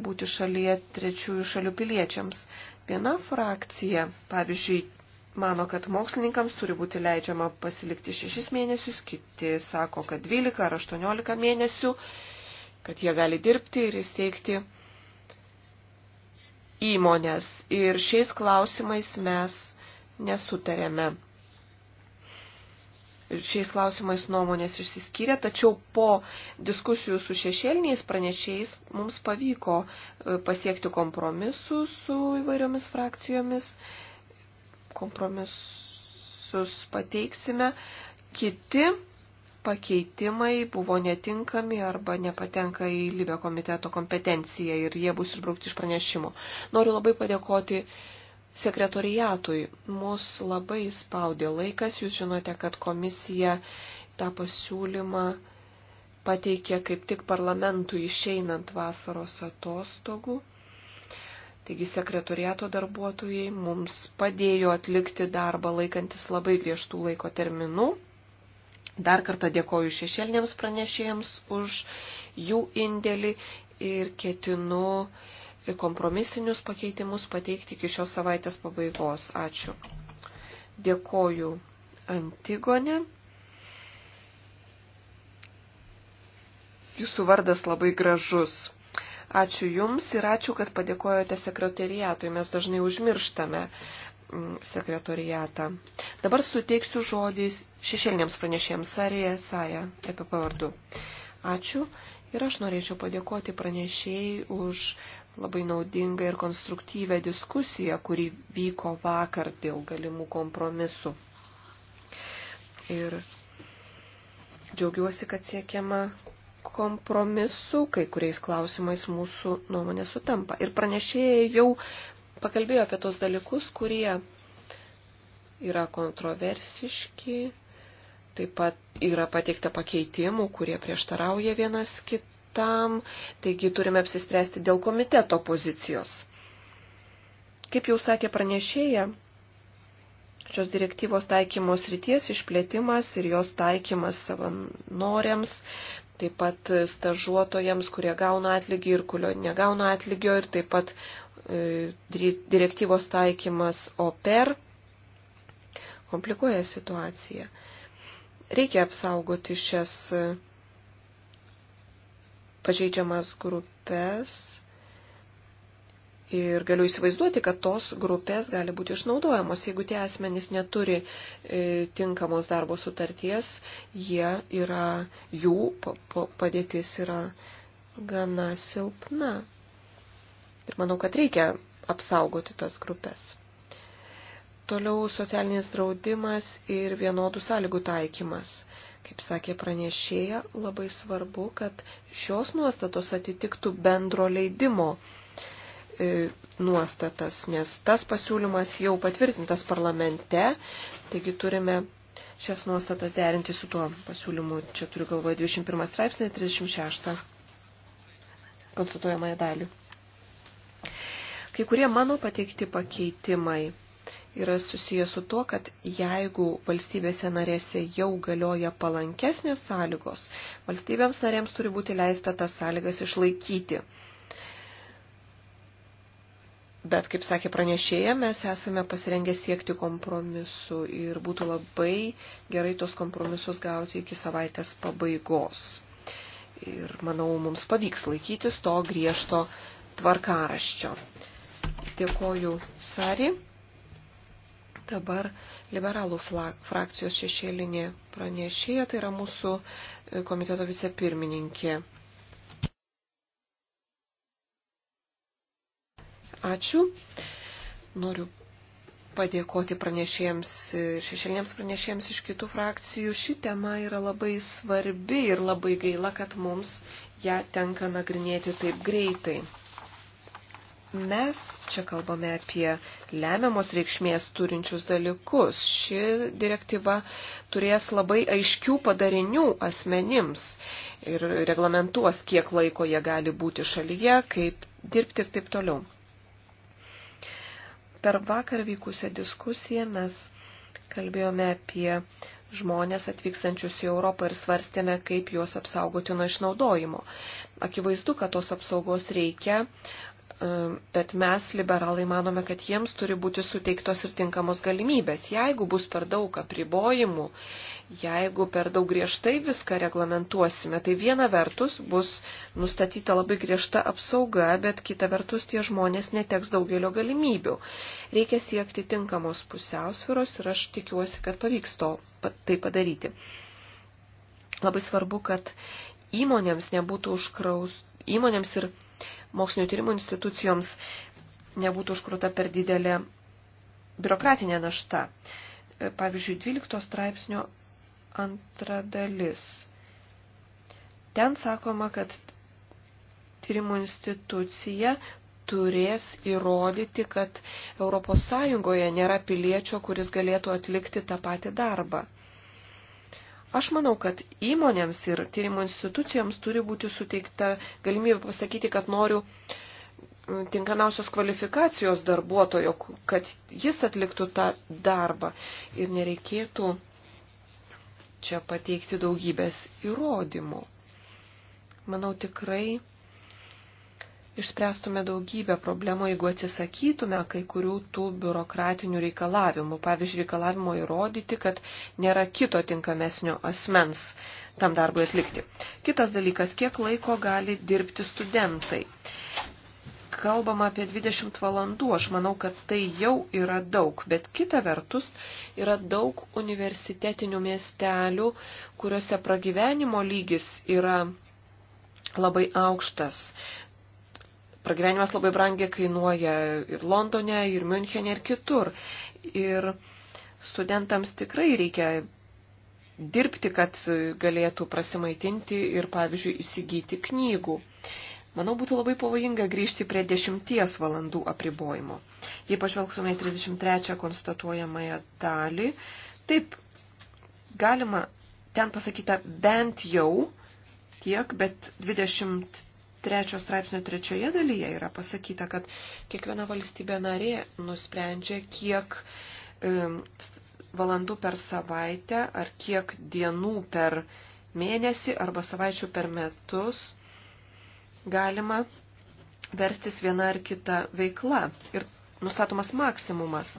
būti šalyje trečiųjų šalių piliečiams. Viena frakcija, pavyzdžiui, mano, kad mokslininkams turi būti leidžiama pasilikti šešis mėnesius, kiti sako, kad 12 ar 18 mėnesių, kad jie gali dirbti ir įsteigti įmonės. Ir šiais klausimais mes nesutarėme šiais klausimais nuomonės išsiskyrė, tačiau po diskusijų su šešėliniais pranešiais mums pavyko e, pasiekti kompromisų su įvairiomis frakcijomis. Kompromisus pateiksime. Kiti pakeitimai buvo netinkami arba nepatenka į Libio komiteto kompetenciją ir jie bus išbraukti iš pranešimo. Noriu labai padėkoti sekretoriatui. Mus labai spaudė laikas, jūs žinote, kad komisija tą pasiūlymą pateikė kaip tik parlamentui išeinant vasaros atostogų. Taigi sekretoriato darbuotojai mums padėjo atlikti darbą laikantis labai griežtų laiko terminų. Dar kartą dėkoju šešėlinėms pranešėjams už jų indėlį ir ketinu uh, kompromisinius pakeitimus pateikti iki šios savaitės pabaigos. Ačiū. Dėkoju Antigonė. Jūsų vardas labai gražus. Ačiū Jums ir ačiū, kad padėkojote sekretariatui. Mes dažnai užmirštame mm, sekretariatą. Dabar suteiksiu žodis šešėliniams pranešėjams Sarija Saja, apie pavardų. Ačiū ir aš norėčiau padėkoti pranešėjai už labai naudingą ir konstruktyvę diskusiją, kuri vyko vakar dėl galimų kompromisų. Ir džiaugiuosi, kad siekiama kompromisu, kai kuriais klausimais mūsų nuomonė sutampa. Ir pranešėjai jau pakalbėjo apie tos dalykus, kurie yra kontroversiški, taip pat yra pateikta pakeitimų, kurie prieštarauja vienas kitam tam, taigi turime apsispręsti dėl komiteto pozicijos. Kaip jau sakė pranešėja, šios direktyvos taikymos ryties išplėtimas ir jos taikymas savanoriams, taip pat stažuotojams, kurie gauna atlygį ir kurio negauna atlygio, ir taip pat e, direktyvos taikymas oper komplikuoja situaciją. Reikia apsaugoti šias pažeidžiamas grupės ir galiu įsivaizduoti, kad tos grupės gali būti išnaudojamos. Jeigu tie asmenys neturi e, tinkamos darbo sutarties, jie yra, jų padėtis yra gana silpna. Ir manau, kad reikia apsaugoti tas grupės. Toliau socialinis draudimas ir vienodų sąlygų taikymas. Kaip sakė pranešėja, labai svarbu, kad šios nuostatos atitiktų bendro leidimo e, nuostatas, nes tas pasiūlymas jau patvirtintas parlamente, taigi turime šias nuostatas derinti su tuo pasiūlymu. Čia turiu galvoje 21 straipsnį, 36 konstatuojamąją dalį. Kai kurie mano pateikti pakeitimai yra susijęs su tuo, kad jeigu valstybėse narėse jau galioja palankesnės sąlygos, valstybėms narėms turi būti leista tas sąlygas išlaikyti. Bet, kaip sakė pranešėja, mes esame pasirengę siekti kompromisu ir būtų labai gerai tos kompromisus gauti iki savaitės pabaigos. Ir manau, mums pavyks laikytis to griežto tvarkaraščio. Dėkoju, Sari dabar liberalų frakcijos šešėlinė pranešėja, tai yra mūsų e, komiteto vicepirmininkė. Ačiū. Noriu padėkoti pranešėjams ir e, šešėliniams pranešėjams iš kitų frakcijų. Ši tema yra labai svarbi ir labai gaila, kad mums ją tenka nagrinėti taip greitai. Mes čia kalbame apie lemiamos reikšmės turinčius dalykus. Ši direktyva turės labai aiškių padarinių asmenims ir reglamentuos, kiek laiko jie gali būti šalyje, kaip dirbti ir taip toliau. Per vakar vykusią diskusiją mes kalbėjome apie žmonės atvykstančius į Europą ir svarstėme, kaip juos apsaugoti nuo išnaudojimo. Akivaizdu, kad tos apsaugos reikia bet mes, liberalai, manome, kad jiems turi būti suteiktos ir tinkamos galimybės. Jeigu bus per daug apribojimų, jeigu per daug griežtai viską reglamentuosime, tai viena vertus bus nustatyta labai griežta apsauga, bet kita vertus tie žmonės neteks daugelio galimybių. Reikia siekti tinkamos pusiausviros ir aš tikiuosi, kad pavyks to tai padaryti. Labai svarbu, kad įmonėms nebūtų užkraus, įmonėms ir mokslinio tyrimų institucijoms nebūtų užkruta per didelė biurokratinė našta. E, pavyzdžiui, 12 straipsnio antra dalis. Ten sakoma, kad tyrimų institucija turės įrodyti, kad ES nėra piliečio, kuris galėtų atlikti tą patį darbą. Aš manau, kad įmonėms ir tyrimo institucijoms turi būti suteikta galimybė pasakyti, kad noriu mm, tinkamiausios kvalifikacijos darbuotojo, kad jis atliktų tą darbą ir nereikėtų čia pateikti daugybės įrodymų. Manau, tikrai išspręstume daugybę problemų, jeigu atsisakytume kai kurių tų biurokratinių reikalavimų. Pavyzdžiui, reikalavimo įrodyti, kad nėra kito tinkamesnio asmens tam darbui atlikti. Kitas dalykas, kiek laiko gali dirbti studentai. Kalbama apie 20 valandų, aš manau, kad tai jau yra daug, bet kita vertus yra daug universitetinių miestelių, kuriuose pragyvenimo lygis yra labai aukštas pragyvenimas labai brangiai kainuoja ir Londone, ir Münchenė, ir kitur. Ir studentams tikrai reikia dirbti, kad galėtų prasimaitinti ir, pavyzdžiui, įsigyti knygų. Manau, būtų labai pavojinga grįžti prie 10 valandų apribojimo. Jei pažvelgtume į 33 konstatuojamąją dalį, taip, galima ten pasakyta bent jau tiek, bet 20 trečios straipsnio trečioje dalyje yra pasakyta, kad kiekviena valstybė narė nusprendžia, kiek valandų per savaitę ar kiek dienų per mėnesį arba savaičių per metus galima verstis viena ar kita veikla ir nustatomas maksimumas.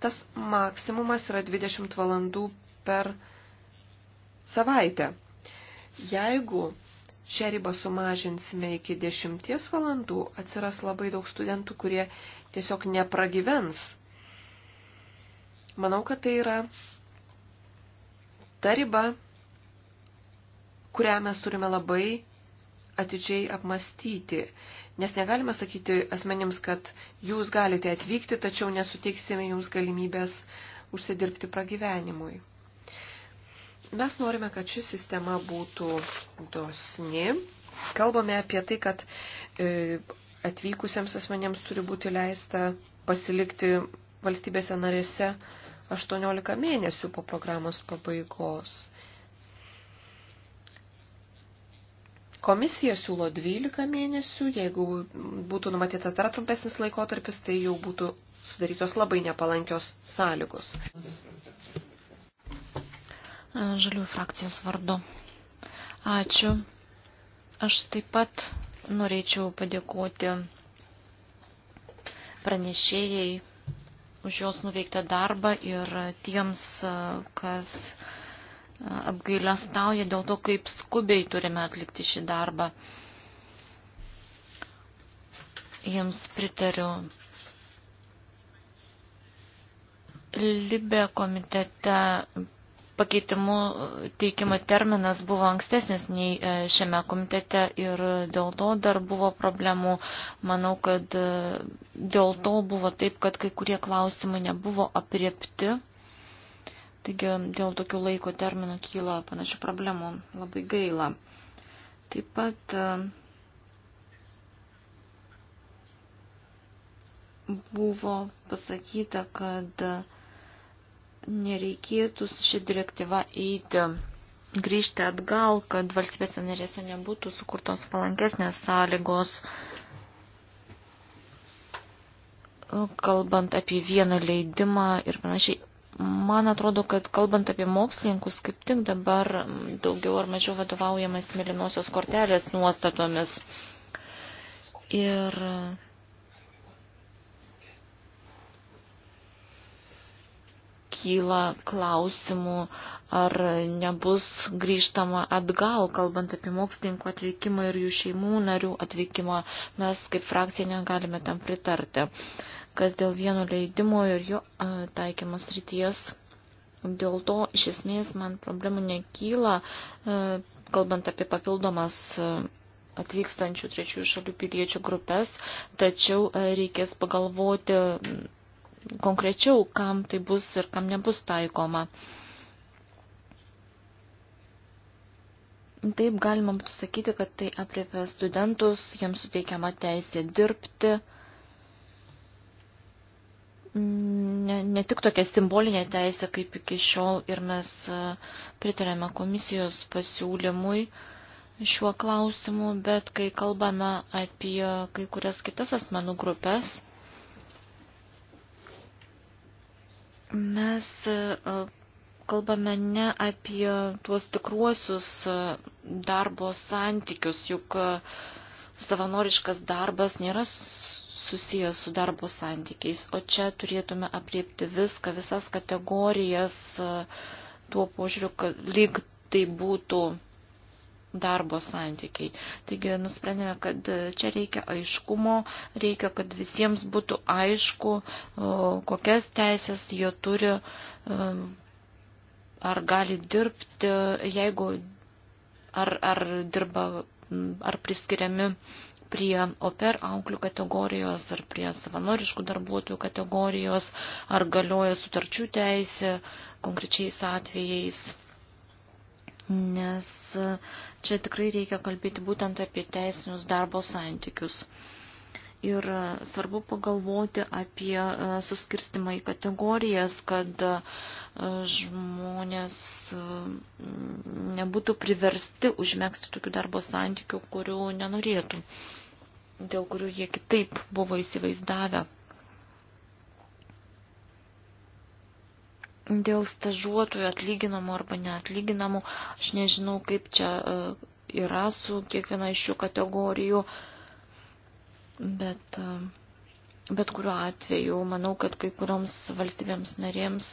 Tas maksimumas yra 20 valandų per savaitę. Jeigu šią ribą sumažinsime iki 10 valandų, atsiras labai daug studentų, kurie tiesiog nepragyvens. Manau, kad tai yra ta riba, kurią mes turime labai atidžiai apmastyti, nes negalime sakyti asmenims, kad jūs galite atvykti, tačiau nesuteiksime jums galimybės užsidirbti pragyvenimui. Mes norime, kad ši sistema būtų dosni. Kalbame apie tai, kad e, atvykusiems asmenėms turi būti leista pasilikti valstybėse narėse 18 mėnesių po programos pabaigos. Komisija siūlo 12 mėnesių, jeigu būtų numatytas dar trumpesnis laikotarpis, tai jau būtų sudarytos labai nepalankios sąlygos. Žalių frakcijos vardu. Ačiū. Aš taip pat norėčiau padėkoti pranešėjai už jos nuveiktą darbą ir tiems, kas apgailę stauja dėl to, kaip skubiai turime atlikti šį darbą. Jiems pritariu. Libė komitete pakeitimų teikimo terminas buvo ankstesnis nei e, šiame komitete ir dėl to dar buvo problemų. Manau, kad e, dėl to buvo taip, kad kai kurie klausimai nebuvo apriepti. Taigi dėl tokių laiko terminų kyla panašių problemų. Labai gaila. Taip pat e, buvo pasakyta, kad nereikėtų su šia direktyva eiti grįžti atgal, kad valstybėse narėse nebūtų sukurtos palankesnės sąlygos, kalbant apie vieną leidimą ir panašiai. Man atrodo, kad kalbant apie mokslininkus, kaip tik dabar daugiau ar mažiau vadovaujamas mėlynosios kortelės nuostatomis. Ir kyla klausimų, ar nebus grįžtama atgal, kalbant apie mokslininkų atvykimą ir jų šeimų narių atvykimą, mes kaip frakcija negalime tam pritarti. Kas dėl vieno leidimo ir jo taikymos ryties, dėl to iš esmės man problemų nekyla, kalbant apie papildomas atvykstančių trečiųjų šalių piliečių grupės, tačiau reikės pagalvoti konkrečiau, kam tai bus ir kam nebus taikoma. Taip galima būtų sakyti, kad tai apriepia studentus, jiems suteikiama teisė dirbti. Ne, ne tik tokia simbolinė teisė, kaip iki šiol, ir mes e, pritarėme komisijos pasiūlymui šiuo klausimu, bet kai kalbame apie kai kurias kitas asmenų grupės, Mes e, e, kalbame ne apie tuos tikruosius e, darbo santykius, juk savanoriškas darbas nėra susijęs su darbo santykiais, o čia turėtume apriepti viską, visas kategorijas tuo požiūriu, kad lyg tai būtų darbo santykiai. Taigi nusprendėme, kad čia reikia aiškumo, reikia, kad visiems būtų aišku, kokias teisės jie turi, ar gali dirbti, jeigu ar, ar dirba, ar priskiriami prie oper auklių kategorijos ar prie savanoriškų darbuotojų kategorijos, ar galioja sutarčių teisė konkrečiais atvejais nes e, čia tikrai reikia kalbėti būtent apie teisinius darbo santykius. Ir e, svarbu pagalvoti apie e, suskirstimą į kategorijas, kad žmonės nebūtų priversti užmėgsti tokių darbo santykių, kurių nenorėtų, dėl kurių jie kitaip buvo įsivaizdavę Dėl stažuotojų atlyginamų arba neatlyginamų, aš nežinau, kaip čia e, yra su kiekviena iš šių kategorijų, bet, e, bet kuriuo atveju manau, kad kai kurioms valstybėms narėms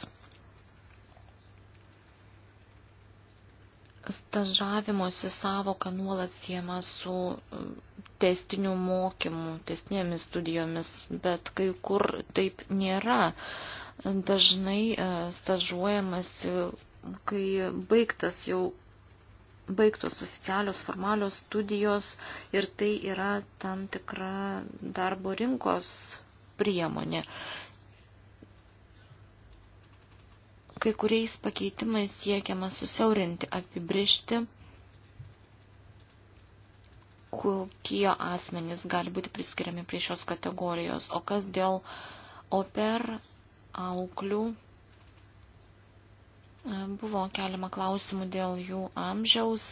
stažavimosi savoka nuolat siema su e, testiniu mokymu, testinėmis studijomis, bet kai kur taip nėra dažnai e, stažuojamasi, e, kai baigtas jau baigtos oficialios formalios studijos ir tai yra tam tikra darbo rinkos priemonė. Kai kuriais pakeitimais siekiama susiaurinti apibriežti kokie asmenys gali būti priskiriami prie šios kategorijos, o kas dėl oper auklių buvo keliama klausimų dėl jų amžiaus.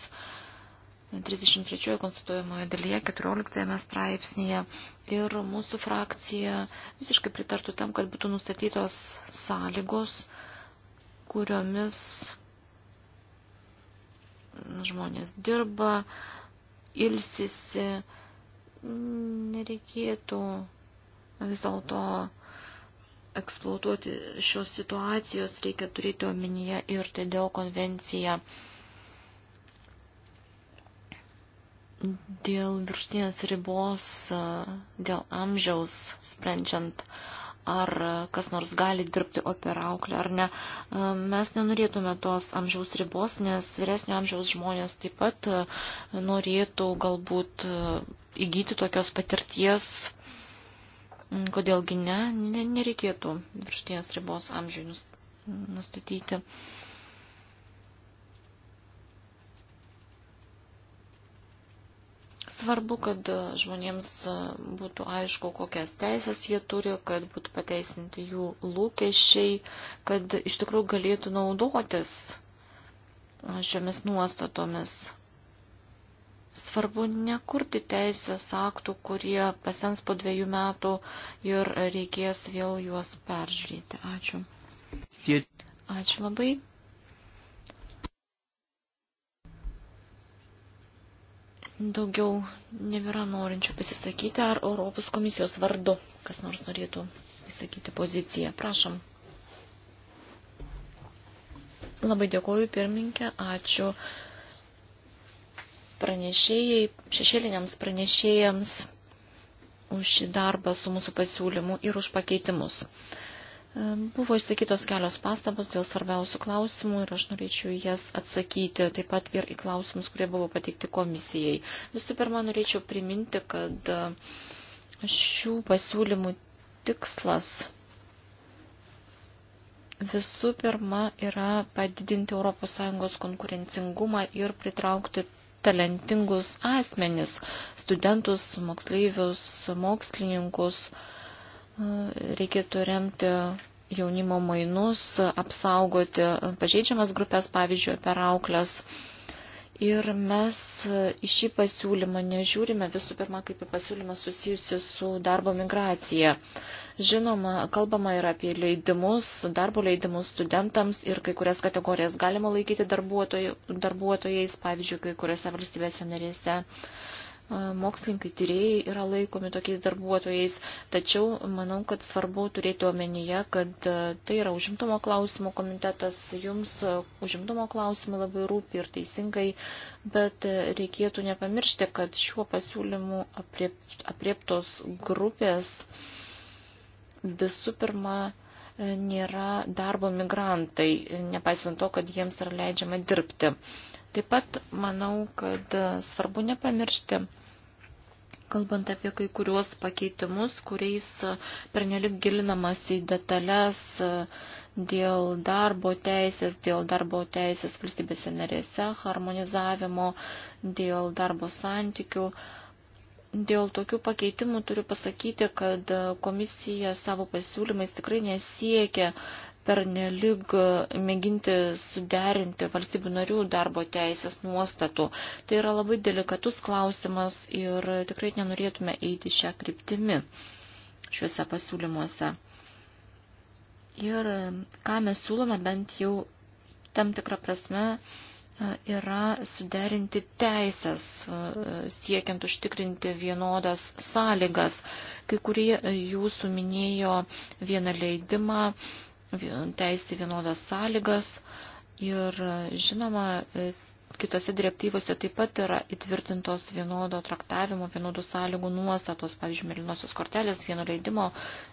33 konstatuojamoje dalyje, 14 straipsnėje ir mūsų frakcija visiškai pritartų tam, kad būtų nustatytos sąlygos, kuriomis žmonės dirba, ilsisi, nereikėtų vis dėlto to eksploatuoti šios situacijos, reikia turėti omenyje ir TDO konvenciją dėl virštinės ribos, dėl amžiaus sprendžiant ar kas nors gali dirbti operauklę ar ne. Mes nenorėtume tos amžiaus ribos, nes vyresnio amžiaus žmonės taip pat norėtų galbūt įgyti tokios patirties Mm, kodėlgi ne, ne nereikėtų virštinės ribos amžiui nustatyti. Svarbu, kad žmonėms e, būtų aišku, kokias teisės jie turi, kad būtų pateisinti jų lūkesčiai, kad iš tikrųjų galėtų naudotis e, šiomis nuostatomis. Svarbu nekurti teisės aktų, kurie pasens po dviejų metų ir reikės vėl juos peržiūrėti. Ačiū. Ačiū labai. Daugiau nebėra norinčių pasisakyti, ar Europos komisijos vardu kas nors norėtų įsakyti poziciją. Prašom. Labai dėkoju pirminkė, ačiū pranešėjai, šešėliniams pranešėjams už šį darbą su mūsų pasiūlymu ir už pakeitimus. E, buvo išsakytos kelios pastabos dėl svarbiausių klausimų ir aš norėčiau jas atsakyti, taip pat ir į klausimus, kurie buvo pateikti komisijai. Visų pirma, norėčiau priminti, kad e, šių pasiūlymų tikslas visų pirma yra padidinti ES konkurencingumą ir pritraukti talentingus asmenis, studentus, moksleivius, mokslininkus. Reikėtų remti jaunimo mainus, apsaugoti pažeidžiamas grupės, pavyzdžiui, per auklės Ir mes į šį pasiūlymą nežiūrime visų pirma kaip į pasiūlymą susijusi su darbo migracija. Žinoma, kalbama ir apie leidimus, darbo leidimus studentams ir kai kurias kategorijas galima laikyti darbuotojais, pavyzdžiui, kai kuriuose valstybėse narėse mokslininkai, tyrėjai yra laikomi tokiais darbuotojais, tačiau manau, kad svarbu turėti omenyje, kad tai yra užimtumo klausimų komitetas, jums užimtumo klausimai labai rūpi ir teisingai, bet reikėtų nepamiršti, kad šiuo pasiūlymu aprieptos grupės visų pirma nėra darbo migrantai, nepaisant to, kad jiems yra leidžiama dirbti. Taip pat manau, kad svarbu nepamiršti, kalbant apie kai kuriuos pakeitimus, kuriais pernelik gilinamas į detalės dėl darbo teisės, dėl darbo teisės valstybėse narėse, harmonizavimo, dėl darbo santykių. Dėl tokių pakeitimų turiu pasakyti, kad komisija savo pasiūlymais tikrai nesiekia pernelyg e, mėginti suderinti valstybių narių darbo teisės nuostatų. Tai yra labai delikatus klausimas ir tikrai nenorėtume eiti šią kryptimį šiuose pasiūlymuose. Ir e, ką mes siūlome bent jau tam tikrą prasme e, yra suderinti teisės, siekiant užtikrinti vienodas sąlygas. Kai kurie jūsų minėjo vieną leidimą, teisė vienodas sąlygas ir žinoma, e, kitose direktyvose taip pat yra įtvirtintos vienodo traktavimo, vienodų sąlygų nuostatos, pavyzdžiui, mėlynosios kortelės, vieno leidimo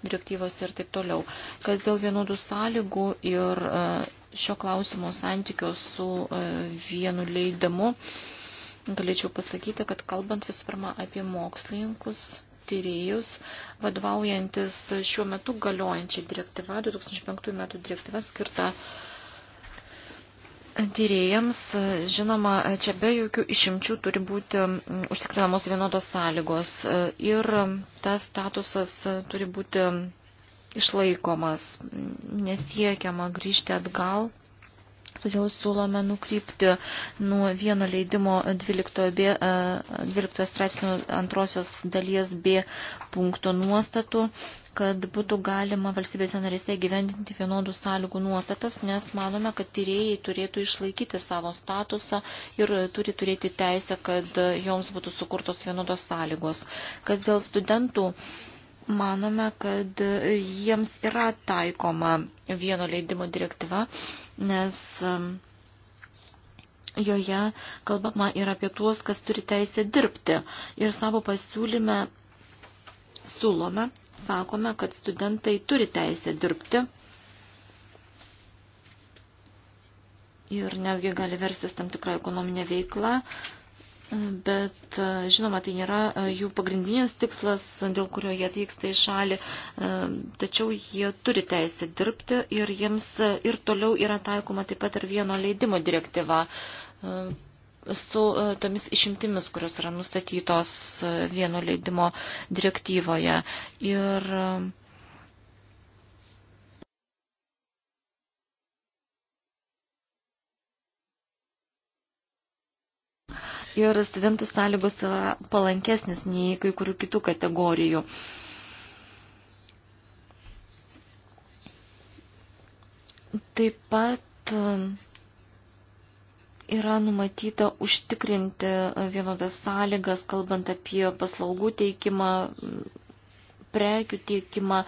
direktyvos ir taip toliau. Kas dėl vienodų sąlygų ir e, šio klausimo santykio su e, vienu leidimu, galėčiau pasakyti, kad kalbant visų pirma apie mokslininkus, tyrėjus, vadovaujantis šiuo metu galiojančią direktyvą, 2005 metų direktyvą skirtą tyrėjams. Žinoma, čia be jokių išimčių turi būti užtikrinamos vienodos sąlygos ir tas statusas turi būti išlaikomas, nesiekiama grįžti atgal todėl siūlome nukrypti nuo vieno leidimo 12, B, 12 e, straipsnio antrosios dalies B punkto nuostatų kad būtų galima valstybėse narėse gyvendinti vienodų sąlygų nuostatas, nes manome, kad tyrėjai turėtų išlaikyti savo statusą ir turi turėti teisę, kad joms būtų sukurtos vienodos sąlygos. Kas dėl studentų, manome, kad jiems yra taikoma vieno leidimo direktyva nes um, joje kalbama ir apie tuos, kas turi teisę dirbti. Ir savo pasiūlyme siūlome, sakome, kad studentai turi teisę dirbti. Ir netgi gali verstis tam tikrą ekonominę veiklą, Bet, e, žinoma, tai nėra e, jų pagrindinis tikslas, dėl kurio jie atvyksta į šalį, e, tačiau jie turi teisę dirbti ir jiems ir toliau yra taikoma taip pat ir vieno leidimo direktyva su tomis išimtimis, kurios yra nustatytos vieno leidimo direktyvoje. Ir ir studentų sąlygos yra palankesnis nei kai kurių kitų kategorijų. Taip pat e, yra numatyta užtikrinti vienodas sąlygas, kalbant apie paslaugų teikimą, prekių teikimą.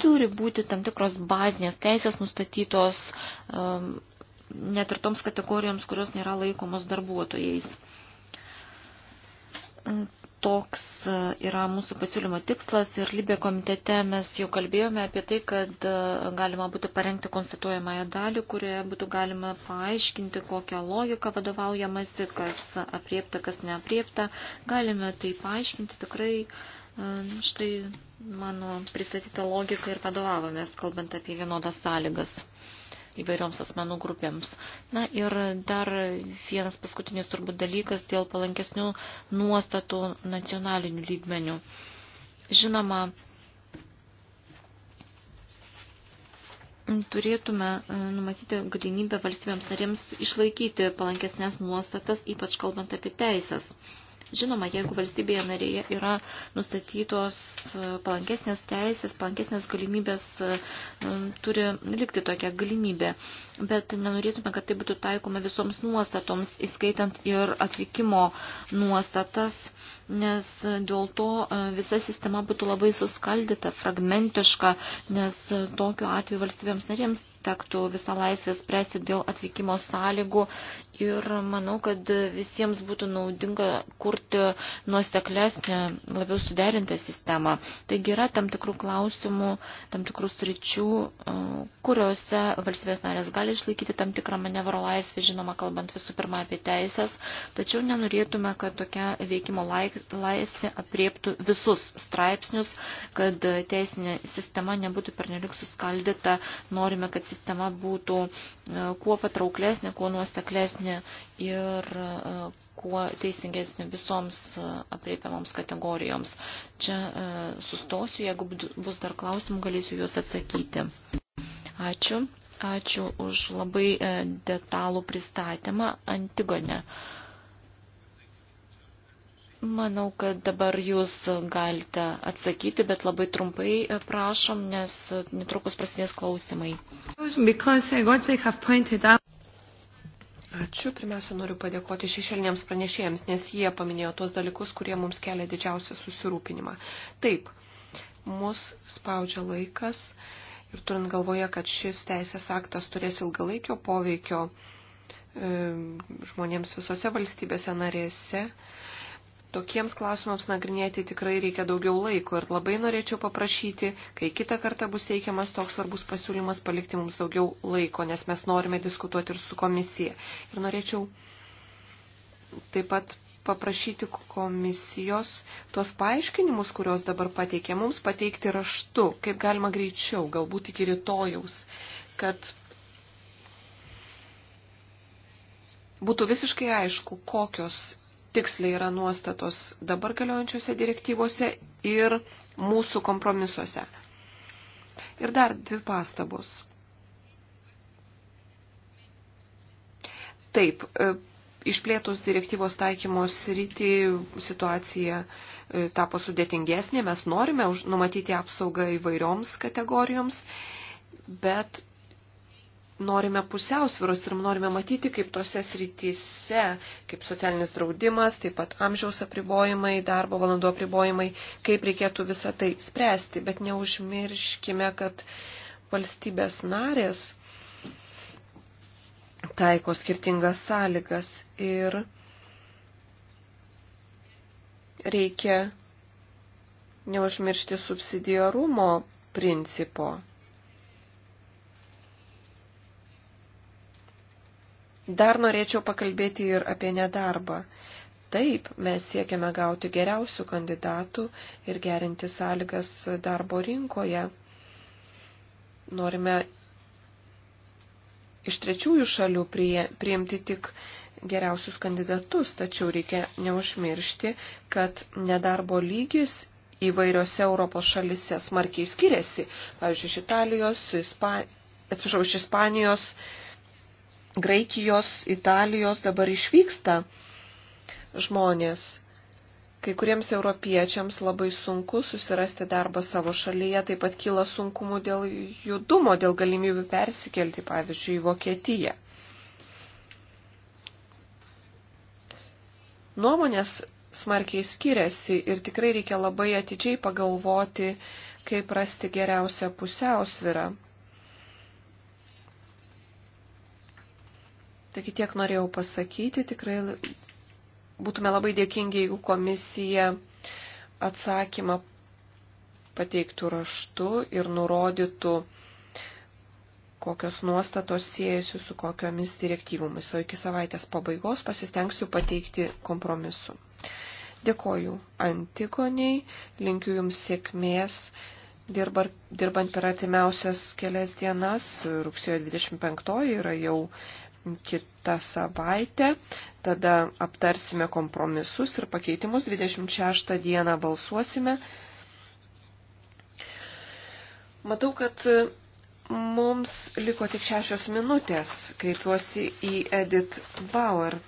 Turi būti tam tikros bazinės teisės nustatytos e, net ir toms kategorijoms, kurios nėra laikomos darbuotojais. Toks e, yra mūsų pasiūlymo tikslas ir Libė komitete mes jau kalbėjome apie tai, kad e, galima būtų parengti konstatuojamąją dalį, kurioje būtų galima paaiškinti, kokią logiką vadovaujamasi, kas apriepta, kas neapriepta. Galime tai paaiškinti tikrai. E, štai mano pristatyta logika ir vadovavomės, kalbant apie vienodas sąlygas įvairioms asmenų grupėms. Na ir dar vienas paskutinis turbūt dalykas dėl palankesnių nuostatų nacionalinių lygmenių. Žinoma, turėtume e, numatyti galimybę valstybėms narėms išlaikyti palankesnės nuostatas, ypač kalbant apie teisės. Žinoma, jeigu valstybėje narėje yra nustatytos palankesnės teisės, palankesnės galimybės, turi likti tokia galimybė bet nenorėtume, kad tai būtų taikoma visoms nuostatoms, įskaitant ir atvykimo nuostatas, nes dėl to e, visa sistema būtų labai suskaldyta, fragmentiška, nes tokiu atveju valstybėms narėms tektų visą laisvę spręsti dėl atvykimo sąlygų ir manau, kad visiems būtų naudinga kurti nuosteklesnę, labiau suderintą sistemą. Taigi yra tam tikrų klausimų, tam tikrų sričių, e, kuriuose valstybės narės gali gali išlaikyti tam tikrą manevro laisvę, žinoma, kalbant visų pirma apie teisės, tačiau nenorėtume, kad tokia veikimo laisvė apriektų visus straipsnius, kad teisinė sistema nebūtų pernelik suskaldyta, norime, kad sistema būtų e, kuo patrauklesnė, kuo nuoseklesnė ir e, kuo teisingesnė visoms e, apriepiamoms kategorijoms. Čia sustosiu, jeigu bus dar klausimų, galėsiu juos atsakyti. Ačiū. Ačiū už labai e, detalų pristatymą Antigone. Manau, kad dabar jūs galite atsakyti, bet labai trumpai e, prašom, nes e, netrukus prasidės klausimai. Ačiū. Pirmiausia, noriu padėkoti šešėliniams pranešėjams, nes jie paminėjo tuos dalykus, kurie mums kelia didžiausią susirūpinimą. Taip, mus spaudžia laikas. Uh, Ir turint galvoje, kad šis teisės aktas turės ilgalaikio poveikio e, žmonėms visose valstybėse narėse, tokiems klausimams nagrinėti tikrai reikia daugiau laiko ir labai norėčiau paprašyti, kai kitą kartą bus teikiamas toks svarbus pasiūlymas, palikti mums daugiau laiko, nes mes norime diskutuoti ir su komisija. Ir norėčiau taip pat paprašyti komisijos tuos paaiškinimus, kuriuos dabar pateikė mums, pateikti raštu, kaip galima greičiau, galbūt iki rytojaus, kad būtų visiškai aišku, kokios tiksliai yra nuostatos dabar galiojančiose direktyvose ir mūsų kompromisuose. Ir dar dvi pastabos. Taip, e, Išplėtus direktyvos taikymos rytį situacija e, tapo sudėtingesnė, mes norime numatyti apsaugą įvairioms kategorijoms, bet norime pusiausviros ir norime matyti, kaip tose srityse, kaip socialinis draudimas, taip pat amžiaus apribojimai, darbo valandų apribojimai, kaip reikėtų visą tai spręsti. Bet neužmirškime, kad valstybės narės taiko skirtingas sąlygas ir reikia neužmiršti subsidiarumo principo. Dar norėčiau pakalbėti ir apie nedarbą. Taip, mes siekiame gauti geriausių kandidatų ir gerinti sąlygas darbo rinkoje. Norime iš trečiųjų šalių prie, priimti tik geriausius kandidatus, tačiau reikia neužmiršti, kad nedarbo lygis įvairiose Europos šalise smarkiai skiriasi. Pavyzdžiui, iš Italijos, Ispa... atsiprašau, iš Ispanijos, Graikijos, Italijos dabar išvyksta žmonės. Kai kuriems europiečiams labai sunku susirasti darbą savo šalyje, taip pat kyla sunkumų dėl judumo, dėl galimybių persikelti, pavyzdžiui, į Vokietiją. Nuomonės smarkiai skiriasi ir tikrai reikia labai atidžiai pagalvoti, kaip rasti geriausią pusiausvirą. Taigi tiek norėjau pasakyti, tikrai būtume labai dėkingi, jeigu komisija atsakymą pateiktų raštu ir nurodytų, kokios nuostatos siejasi su kokiomis direktyvomis. O iki savaitės pabaigos pasistengsiu pateikti kompromisu. Dėkoju Antigoniai, linkiu Jums sėkmės dirbar, dirbant per atimiausias kelias dienas. Rugsėjo 25 yra jau kitą savaitę. Tada aptarsime kompromisus ir pakeitimus. 26 dieną balsuosime. Matau, kad mums liko tik šešios minutės. Kreipiuosi į Edith Bauer.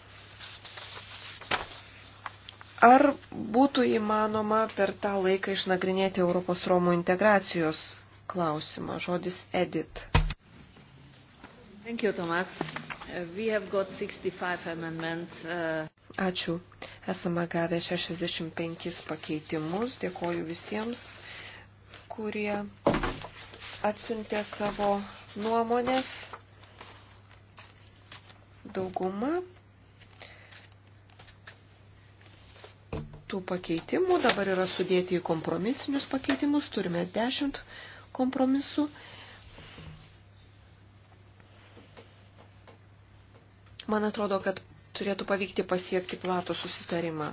Ar būtų įmanoma per tą laiką išnagrinėti Europos Romų integracijos klausimą? Žodis Edit. Thank you, Tomas. Uh, we have got 65 amendments. Uh... Ačiū. Esame gavę 65 pakeitimus. Dėkoju visiems, kurie atsiuntė savo nuomonės. Dauguma tų pakeitimų dabar yra sudėti į kompromisinius pakeitimus. Turime 10 kompromisų. Man atrodo, kad turėtų pavykti pasiekti platų susitarimą.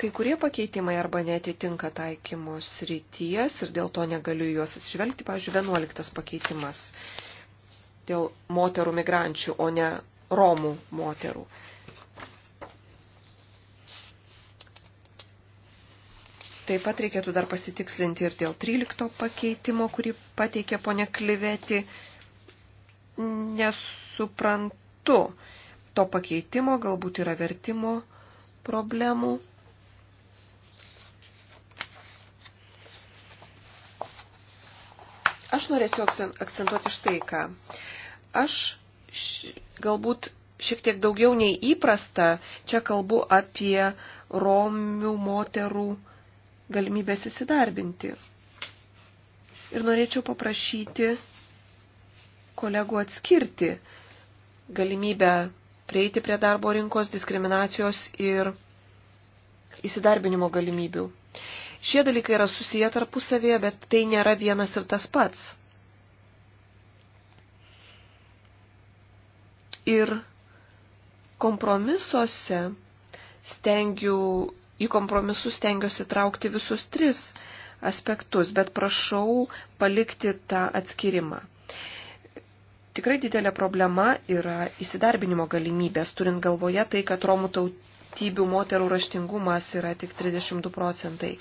Kai kurie pakeitimai arba netitinka taikymus ryties ir dėl to negaliu juos atžvelgti, pavyzdžiui, 11 pakeitimas dėl moterų migrančių, o ne romų moterų. Taip pat reikėtų dar pasitikslinti ir dėl 13 pakeitimo, kurį pateikė ponė Kliveti. Nes suprantu to pakeitimo, galbūt yra vertimo problemų. Aš norėsiu akcentuoti štai ką. Aš galbūt šiek tiek daugiau nei įprasta, čia kalbu apie romių moterų galimybės įsidarbinti. Ir norėčiau paprašyti kolegų atskirti galimybę prieiti prie darbo rinkos, diskriminacijos ir įsidarbinimo galimybių. Šie dalykai yra susiję tarpusavėje, bet tai nėra vienas ir tas pats. Ir kompromisuose stengiu, į kompromisus stengiuosi traukti visus tris aspektus, bet prašau palikti tą atskirimą tikrai didelė problema yra įsidarbinimo galimybės, turint galvoje tai, kad Romų tautybių moterų raštingumas yra tik 32 procentai.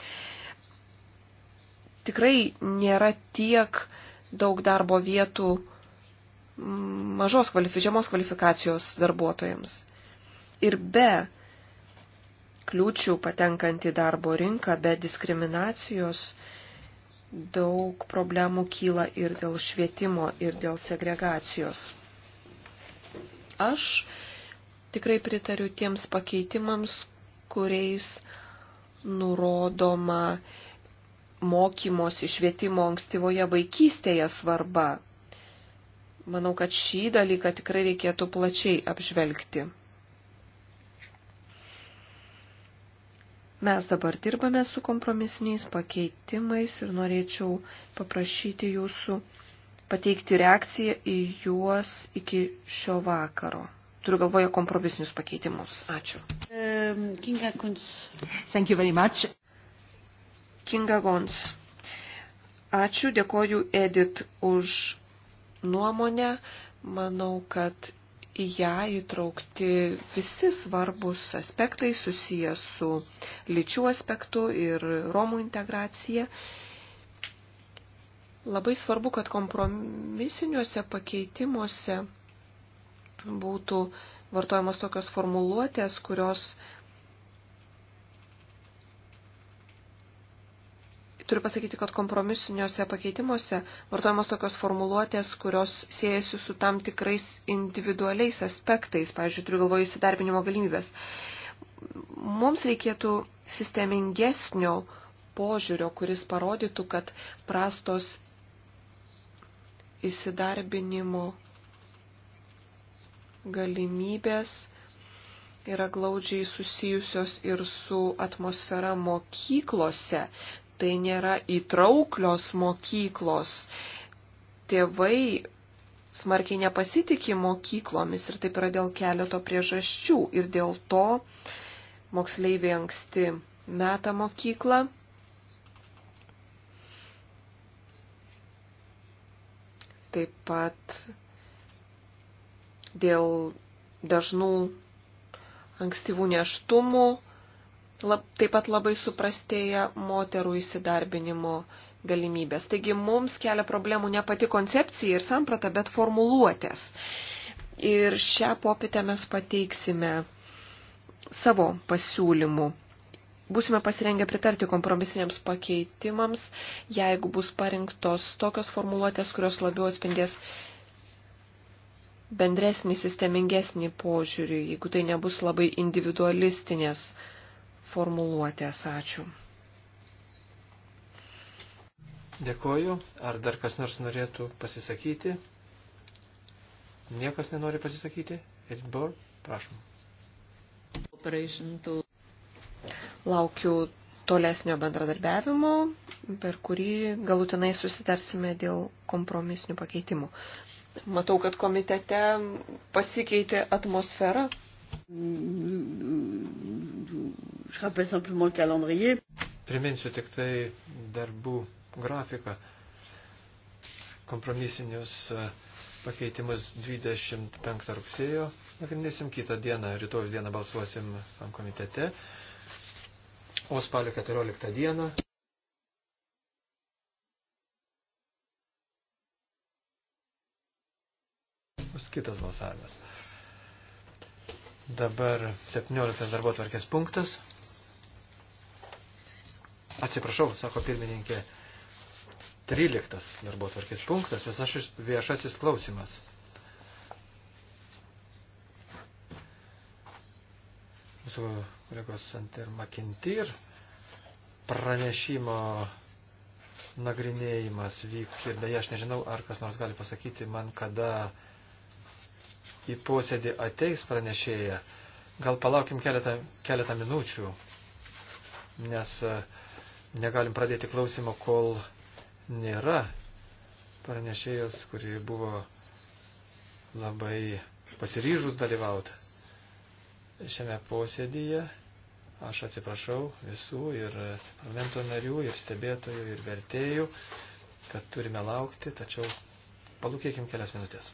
Tikrai nėra tiek daug darbo vietų mm, mažos kvalifi, žemos kvalifikacijos darbuotojams. Ir be kliūčių patenkant į darbo rinką, be diskriminacijos, daug problemų kyla ir dėl švietimo, ir dėl segregacijos. Aš tikrai pritariu tiems pakeitimams, kuriais nurodoma mokymosi švietimo ankstyvoje vaikystėje svarba. Manau, kad šį dalyką tikrai reikėtų plačiai apžvelgti. Mes dabar dirbame su kompromisiniais pakeitimais ir norėčiau paprašyti jūsų pateikti reakciją į juos iki šio vakaro. Turiu galvoje kompromisinius pakeitimus. Ačiū. Kinga Guns. Thank you very much. Kinga Guns. Ačiū, dėkoju Edit už nuomonę. Manau, kad į ją įtraukti visi svarbus aspektai susijęs su lyčių aspektu ir Romų integracija. Labai svarbu, kad kompromisiniuose pakeitimuose būtų vartojamos tokios formuluotės, kurios Turiu pasakyti, kad kompromisiniuose pakeitimuose vartojamos tokios formuluotės, kurios siejasi su tam tikrais individualiais aspektais, pavyzdžiui, turiu galvoje įsidarbinimo galimybės. Mums reikėtų sistemingesnio požiūrio, kuris parodytų, kad prastos įsidarbinimo galimybės yra glaudžiai susijusios ir su atmosfera mokyklose tai nėra įtrauklios mokyklos. Tėvai smarkiai nepasitikė mokyklomis ir taip yra dėl keleto priežasčių. Ir dėl to moksleiviai anksti meta mokyklą. Taip pat dėl dažnų ankstyvų neštumų lab, taip pat labai suprastėja moterų įsidarbinimo galimybės. Taigi mums kelia problemų ne pati koncepcija ir samprata, bet formuluotės. Ir šią popietę mes pateiksime savo pasiūlymų. Būsime pasirengę pritarti kompromisiniams pakeitimams, jeigu bus parinktos tokios formuluotės, kurios labiau atspindės bendresnį, sistemingesnį požiūrį, jeigu tai nebus labai individualistinės uh, formuluotės. Ačiū. Dėkoju. Ar dar kas nors norėtų pasisakyti? Niekas nenori pasisakyti? Edbor, prašom. Laukiu tolesnio bendradarbiavimo, per kurį galutinai susitarsime dėl kompromisinių pakeitimų. Matau, kad komitete pasikeitė atmosfera. Je rappelle simplement le calendrier. Priminsiu tik tai darbų grafiką. Kompromisinius e, pakeitimus 25 rugsėjo. Nagrinėsim kitą dieną, rytoj dieną balsuosim tam komitete. O spalio 14 dieną. Bus kitas balsavimas. Dabar 17 darbo tvarkės punktas. Atsiprašau, sako pirmininkė, 13 darbo tvarkės punktas, visas viešasis klausimas. Mūsų kolegos Santer Makintyr pranešimo nagrinėjimas vyks ir beje, aš nežinau, ar kas nors gali pasakyti man, kada į posėdį ateis pranešėja. Gal palaukim keletą, keletą minučių, nes uh, negalim pradėti klausimo, kol nėra pranešėjos, kuri buvo labai pasiryžus dalyvauti šiame posėdyje. Aš atsiprašau visų ir parlamento narių, ir stebėtojų, ir vertėjų, kad turime laukti, tačiau palūkėkim kelias minutės.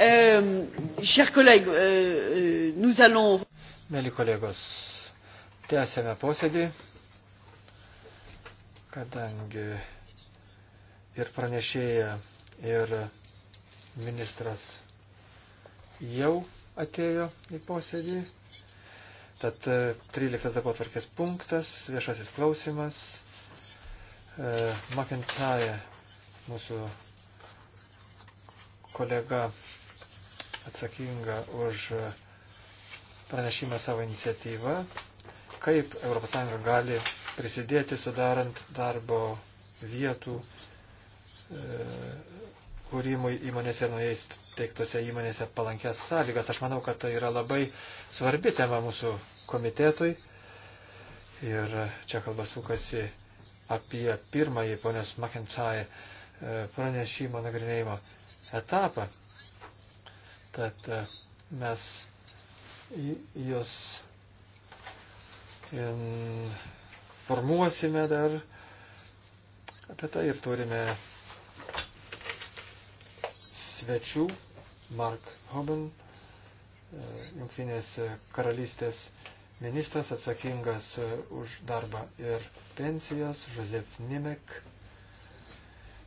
Euh, chers collègues, euh, euh, nous allons. Mėly kolegos, tęsėme posėdį, kadangi ir pranešėja, ir ministras jau atėjo į posėdį. Tad 13 e, darbo tvarkės punktas, viešasis klausimas, e, McIntyre mūsų kolega atsakinga už pranešimą savo iniciatyvą, kaip ES gali prisidėti sudarant darbo vietų e, kūrimui įmonėse ir naujais teiktose įmonėse palankės sąlygas. Aš manau, kad tai yra labai svarbi tema mūsų komitetui. Ir čia kalba sukasi apie pirmąjį ponios McIntyre e, pranešimo nagrinėjimo etapą. Tad e, mes jos formuosime dar apie tai ir turime svečių Mark Hoban, e, Junktinės karalystės ministras atsakingas e, už darbą ir pensijas, Josef Nimek.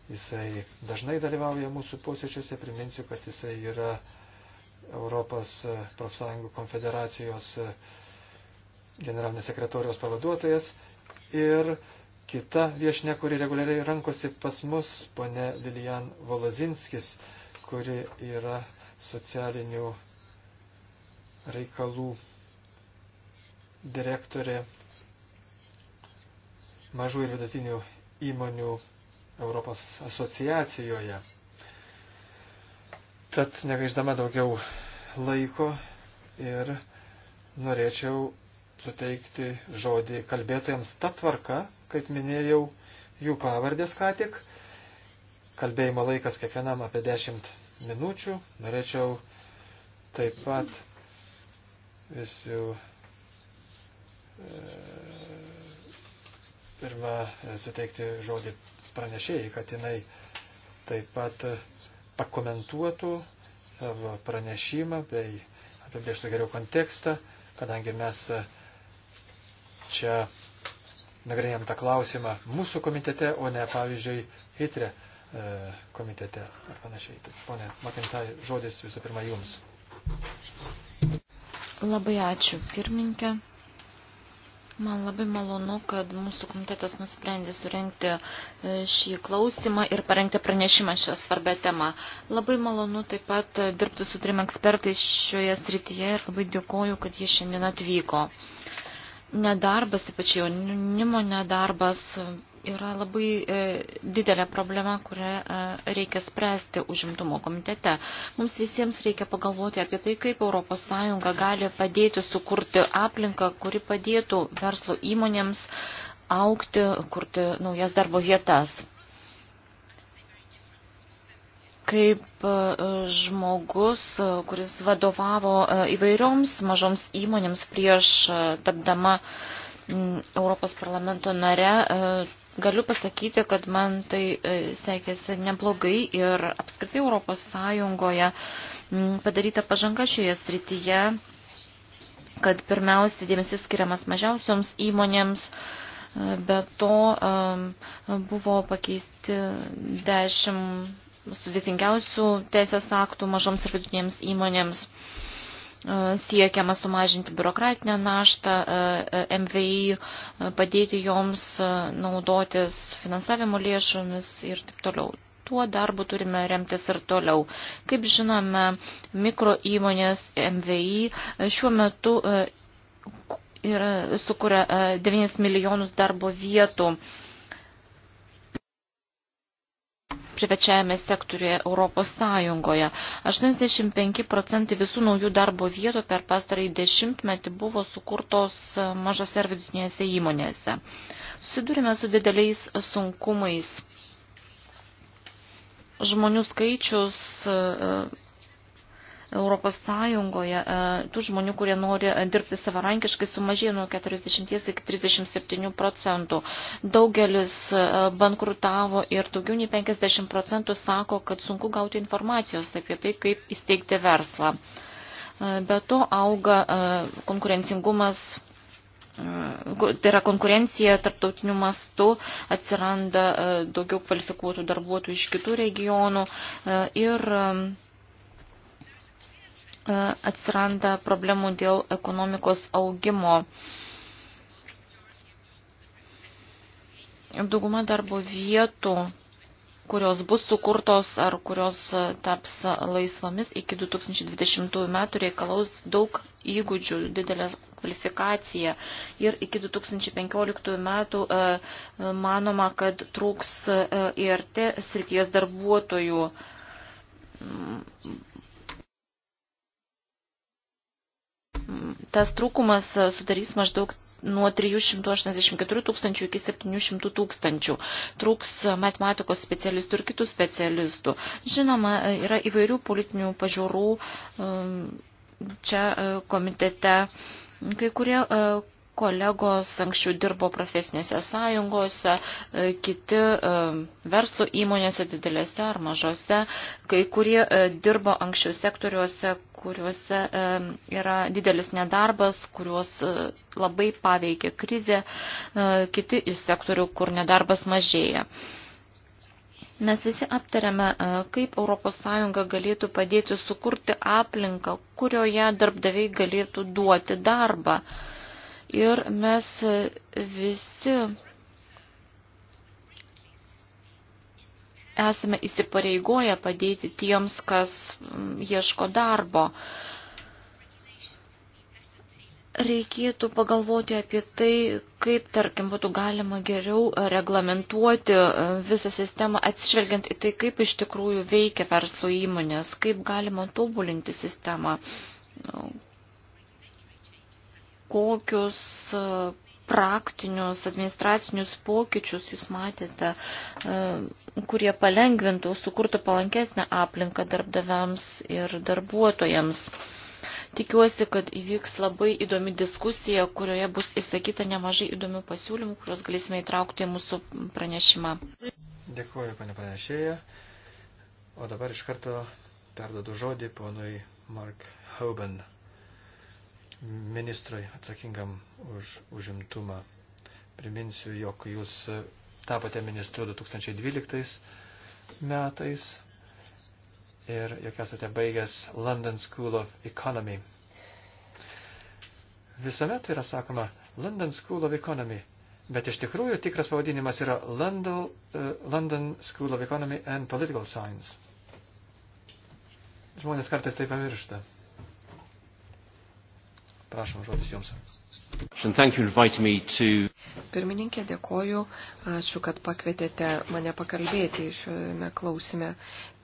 Jisai dažnai dalyvauja mūsų posėčiuose, priminsiu, kad jisai yra uh, Europos e, profsąjungų konfederacijos e, generalinės sekretorijos pavaduotojas ir kita viešne, kuri reguliariai rankosi pas mus, ponė Lilian Volozinskis, kuri yra socialinių reikalų direktorė mažų ir vidutinių įmonių Europos asociacijoje. Tad negaiždama daugiau laiko ir norėčiau suteikti žodį kalbėtojams ta tvarka, kaip minėjau, jų pavardės ką tik. Kalbėjimo laikas kiekvienam apie 10 minučių. Norėčiau taip pat visių e, pirmą suteikti žodį pranešėjai, kad jinai taip pat pakomentuotų savo pranešimą bei apibrėžtų geriau kontekstą, kadangi mes čia nagrinėjom tą klausimą mūsų komitete, o ne, pavyzdžiui, ITRE e, komitete ar panašiai. Tad, ponė Makintai, žodis visų pirma jums. Labai ačiū, pirmininkė. Man labai malonu, kad mūsų komitetas nusprendė surenkti e, šį klausimą ir parengti pranešimą šią svarbę temą. Labai malonu taip pat dirbti su trim ekspertais šioje srityje ir labai dėkoju, kad jie šiandien atvyko nedarbas, ypač jaunimo nedarbas, yra labai e, didelė problema, kurią e, reikia spręsti užimtumo komitete. Mums visiems reikia pagalvoti apie tai, kaip ES gali padėti sukurti aplinką, kuri padėtų verslo įmonėms aukti, kurti naujas darbo vietas kaip e, žmogus, e, kuris vadovavo e, įvairioms mažoms įmonėms prieš tapdama Europos parlamento nare, galiu pasakyti, kad man tai sekėsi neblogai ir apskritai Europos Sąjungoje padaryta pažanga šioje srityje, kad pirmiausia dėmesys skiriamas mažiausioms įmonėms, bet to buvo pakeisti dešimt sudėtingiausių teisės aktų mažoms ir vidutinėms įmonėms. E, siekiama sumažinti biurokratinę naštą, e, e, MVI padėti joms naudotis finansavimo lėšomis ir taip toliau tuo darbu turime remtis ir toliau. Kaip žinome, mikro įmonės MVI šiuo metu yra, sukuria 9 milijonus darbo vietų privačiajame sektoriuje Europos Sąjungoje. 85 procentai visų naujų darbo vietų per pastarąjį dešimtmetį buvo sukurtos e, mažose ir vidutinėse įmonėse. Susidūrime su dideliais sunkumais. Žmonių skaičius e, Europos Sąjungoje e, tų žmonių, kurie nori e, dirbti savarankiškai, sumažėjo nuo 40 iki 37 procentų. Daugelis e, bankrutavo ir daugiau nei 50 procentų sako, kad sunku gauti informacijos apie tai, kaip įsteigti verslą. Be to auga konkurencingumas tai yra konkurencija tarptautiniu mastu, atsiranda daugiau kvalifikuotų darbuotojų iš kitų regionų ir E, atsiranda problemų dėl ekonomikos augimo. Dauguma darbo vietų, kurios bus sukurtos ar kurios e, taps laisvomis iki 2020 metų, reikalaus daug įgūdžių, didelę kvalifikaciją. Ir iki 2015 metų e, manoma, kad trūks IRT srities darbuotojų Tas trūkumas e, sudarys maždaug nuo 384 tūkstančių iki 700 tūkstančių. Trūks e, matematikos specialistų ir kitų specialistų. Žinoma, e, yra įvairių politinių pažiūrų čia komitete. Kai kurie Kolegos anksčiau dirbo profesinėse sąjungose, e, kiti e, verslo įmonėse didelėse ar mažose, kai kurie e, dirbo anksčiau sektoriuose, kuriuose yra didelis nedarbas, kuriuos labai paveikia krizė, kiti iš sektorių, kur nedarbas mažėja. Mes visi aptarėme, kaip ES galėtų padėti sukurti aplinką, kurioje darbdaviai galėtų duoti darbą ir mes visi esame įsipareigoję padėti tiems, kas mm, ieško darbo. Reikėtų pagalvoti apie tai, kaip, tarkim, būtų galima geriau reglamentuoti mm, visą sistemą, atsižvelgiant į tai, kaip iš tikrųjų veikia verslo įmonės, kaip galima tobulinti sistemą, kokius e, praktinius administracinius pokyčius jūs matėte, e, kurie palengvintų, sukurtų palankesnę aplinką darbdaviams ir darbuotojams. Tikiuosi, kad įvyks labai įdomi diskusija, kurioje bus įsakyta nemažai įdomių pasiūlymų, kuriuos galėsime įtraukti į mūsų pranešimą. Dėkuoju, panė pranešėja. O dabar iš karto perdodu žodį ponui Mark Hoban ministrui atsakingam už užimtumą. Priminsiu, jog jūs tapote ministru 2012 metais ir jog esate baigęs London School of Economy. Visuomet yra sakoma London School of Economy, bet iš tikrųjų tikras pavadinimas yra London, uh, London School of Economy and Political Science. Žmonės kartais tai pamiršta. Prašom žodis jums. Pirmininkė, dėkoju. Ačiū, kad pakvietėte mane pakalbėti šiame klausime.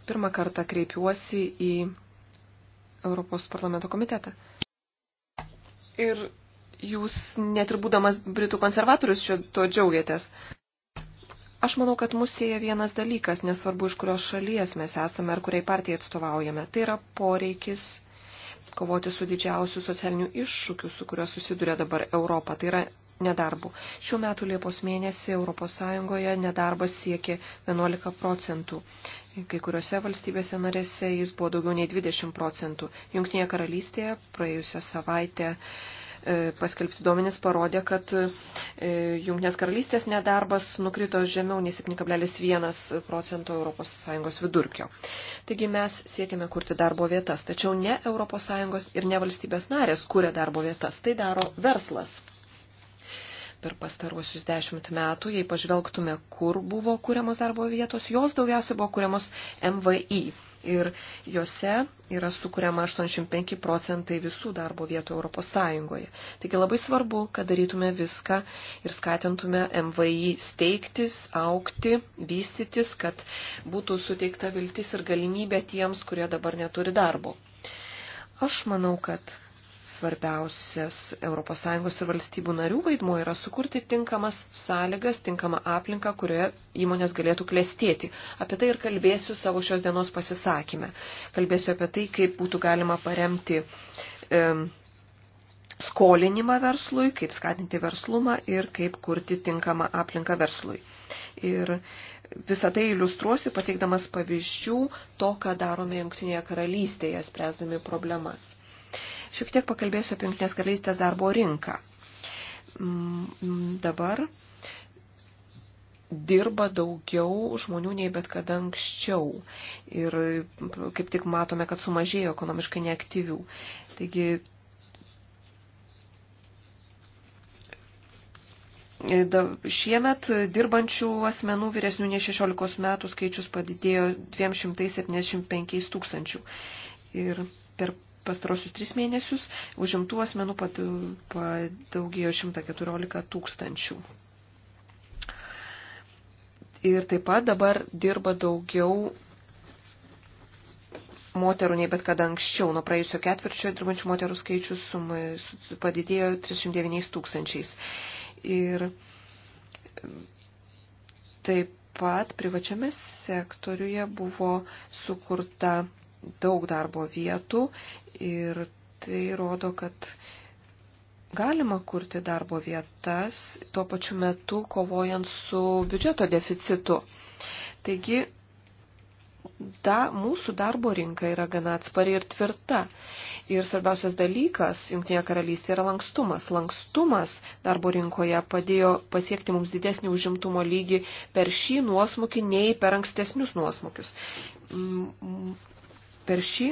Pirmą kartą kreipiuosi į Europos parlamento komitetą. Ir jūs, net ir būdamas Britų konservatorius, čia to džiaugiatės. Aš manau, kad mus sieja vienas dalykas, nesvarbu iš kurios šalies mes esame ar kuriai partijai atstovaujame. Tai yra poreikis kovoti su didžiausiu socialiniu iššūkiu, su kuriuo susiduria dabar Europa, tai yra nedarbu. Šiuo metu Liepos mėnesį ES nedarbas siekė 11 procentų. Kai kuriuose valstybėse narėse jis buvo daugiau nei 20 procentų. Junktinėje karalystėje praėjusią savaitę uh, E, paskelbti duomenys parodė, kad e, Junknės karalystės nedarbas nukrito žemiau nei 7,1 procento ES vidurkio. Taigi mes siekime kurti darbo vietas, tačiau ne ES ir ne valstybės narės kūrė darbo vietas, tai daro verslas per pastaruosius dešimt metų, jei pažvelgtume, kur buvo kuriamos darbo vietos, jos daugiausia buvo kuriamos MVI. Ir jose yra sukuriama 85 procentai visų darbo vietų Europos Sąjungoje. Taigi labai svarbu, kad darytume viską ir skatintume MVI steigtis, aukti, vystytis, kad būtų suteikta viltis ir galimybė tiems, kurie dabar neturi darbo. Aš manau, kad Svarbiausias ES ir valstybių narių vaidmuo yra sukurti tinkamas sąlygas, tinkamą aplinką, kurioje įmonės galėtų klestėti. Apie tai ir kalbėsiu savo šios dienos pasisakymę. Kalbėsiu apie tai, kaip būtų galima paremti e, skolinimą verslui, kaip skatinti verslumą ir kaip kurti tinkamą aplinką verslui. Ir visą tai iliustruosiu pateikdamas pavyzdžių to, ką darome Junktinėje karalystėje, spręsdami problemas. Šiek tiek pakalbėsiu apie Junktinės karalystės darbo rinką. Mm, mm, dabar dirba daugiau žmonių nei bet kada anksčiau. Ir kaip tik matome, kad sumažėjo ekonomiškai neaktyvių. Taigi Šiemet dirbančių asmenų vyresnių nei 16 metų skaičius padidėjo 275 tūkstančių. Ir per pastarosius tris mėnesius užimtų asmenų padaugėjo 114 tūkstančių. Ir taip pat dabar dirba daugiau moterų nei bet kada anksčiau. Nuo praėjusio ketvirčio dirbančių moterų skaičius padidėjo 309 tūkstančiais. Ir taip pat privačiame sektoriuje buvo sukurta daug darbo vietų ir tai rodo, kad galima kurti darbo vietas tuo pačiu metu kovojant su biudžeto deficitu. Taigi, da, mūsų darbo rinka yra gana atspari ir tvirta. Ir svarbiausias dalykas Junktinėje karalystėje yra lankstumas. Lankstumas darbo rinkoje padėjo pasiekti mums didesnį užimtumo lygį per šį nuosmukį nei per ankstesnius nuosmukius. Per šį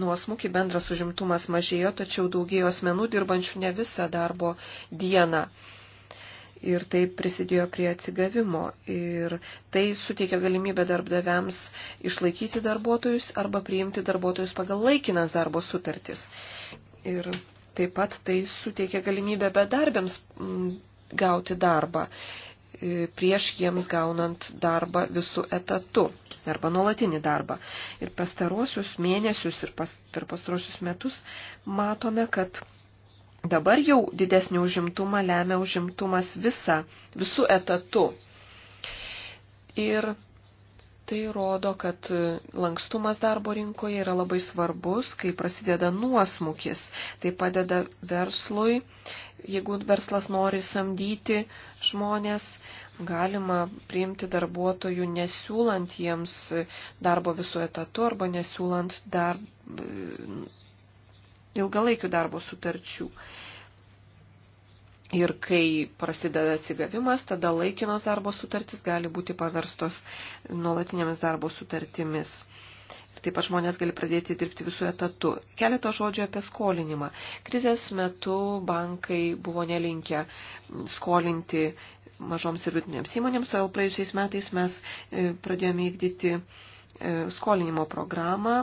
nuosmukį bendras užimtumas mažėjo, tačiau daugėjo asmenų dirbančių ne visą darbo dieną. Ir tai prisidėjo prie atsigavimo. Ir tai suteikia galimybę darbdaviams išlaikyti darbuotojus arba priimti darbuotojus pagal laikinas darbo sutartis. Ir taip pat tai suteikia galimybę bedarbėms mm, gauti darbą prieš jiems gaunant darbą visų etatų arba nuolatinį darbą. Ir pastarosius mėnesius ir pas, per pastarosius metus matome, kad dabar jau didesnį užimtumą lemia užimtumas visa, visų etatų. Ir Tai rodo, kad lankstumas darbo rinkoje yra labai svarbus, kai prasideda nuosmukis. Tai padeda verslui, jeigu verslas nori samdyti žmonės, galima priimti darbuotojų nesiūlant jiems darbo visų etatų arba nesiūlant dar ilgalaikių darbo sutarčių. Ir kai prasideda atsigavimas, tada laikinos darbo sutartys gali būti paverstos nuolatinėmis darbo sutartimis. Ir taip pat žmonės gali pradėti dirbti visų etatų. Keletą žodžių apie skolinimą. Krizės metu bankai buvo nelinkę skolinti mažoms ir vidutinėms įmonėms, o jau praėjusiais metais mes e, pradėjome įvykdyti e, skolinimo programą.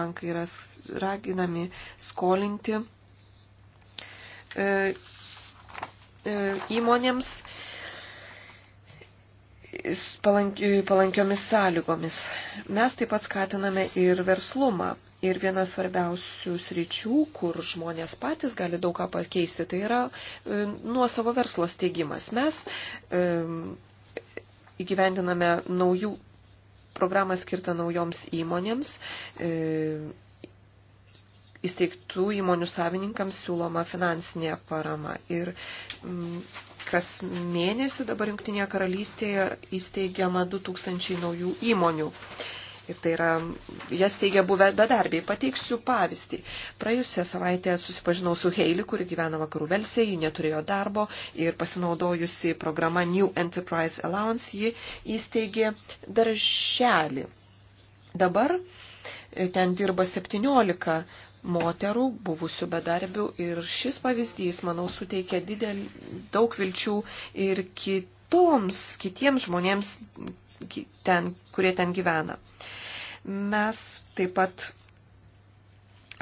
Bankai yra raginami skolinti e, E, įmonėms e, palankiomis sąlygomis. Mes taip pat skatiname ir verslumą. Ir viena svarbiausių sričių, kur žmonės patys gali daug ką pakeisti, tai yra e, nuo savo verslo steigimas. Mes e, įgyvendiname naujų programą skirtą naujoms įmonėms. E, įsteigtų įmonių savininkams siūloma finansinė parama. Ir mm, kas mėnesį dabar Junktinėje karalystėje įsteigiama 2000 naujų įmonių. Ir tai yra, jas teigia buvę bedarbiai. Pateiksiu pavyzdį. Praėjusią savaitę susipažinau su Heili, kuri gyvena vakarų Velsėje, ji neturėjo darbo ir pasinaudojusi programą New Enterprise Allowance, ji įsteigė darželį. Dabar ten dirba 17 moterų, buvusių bedarbių ir šis pavyzdys, manau, suteikia didel, daug vilčių ir kitoms, kitiems žmonėms, ten, kurie ten gyvena. Mes taip pat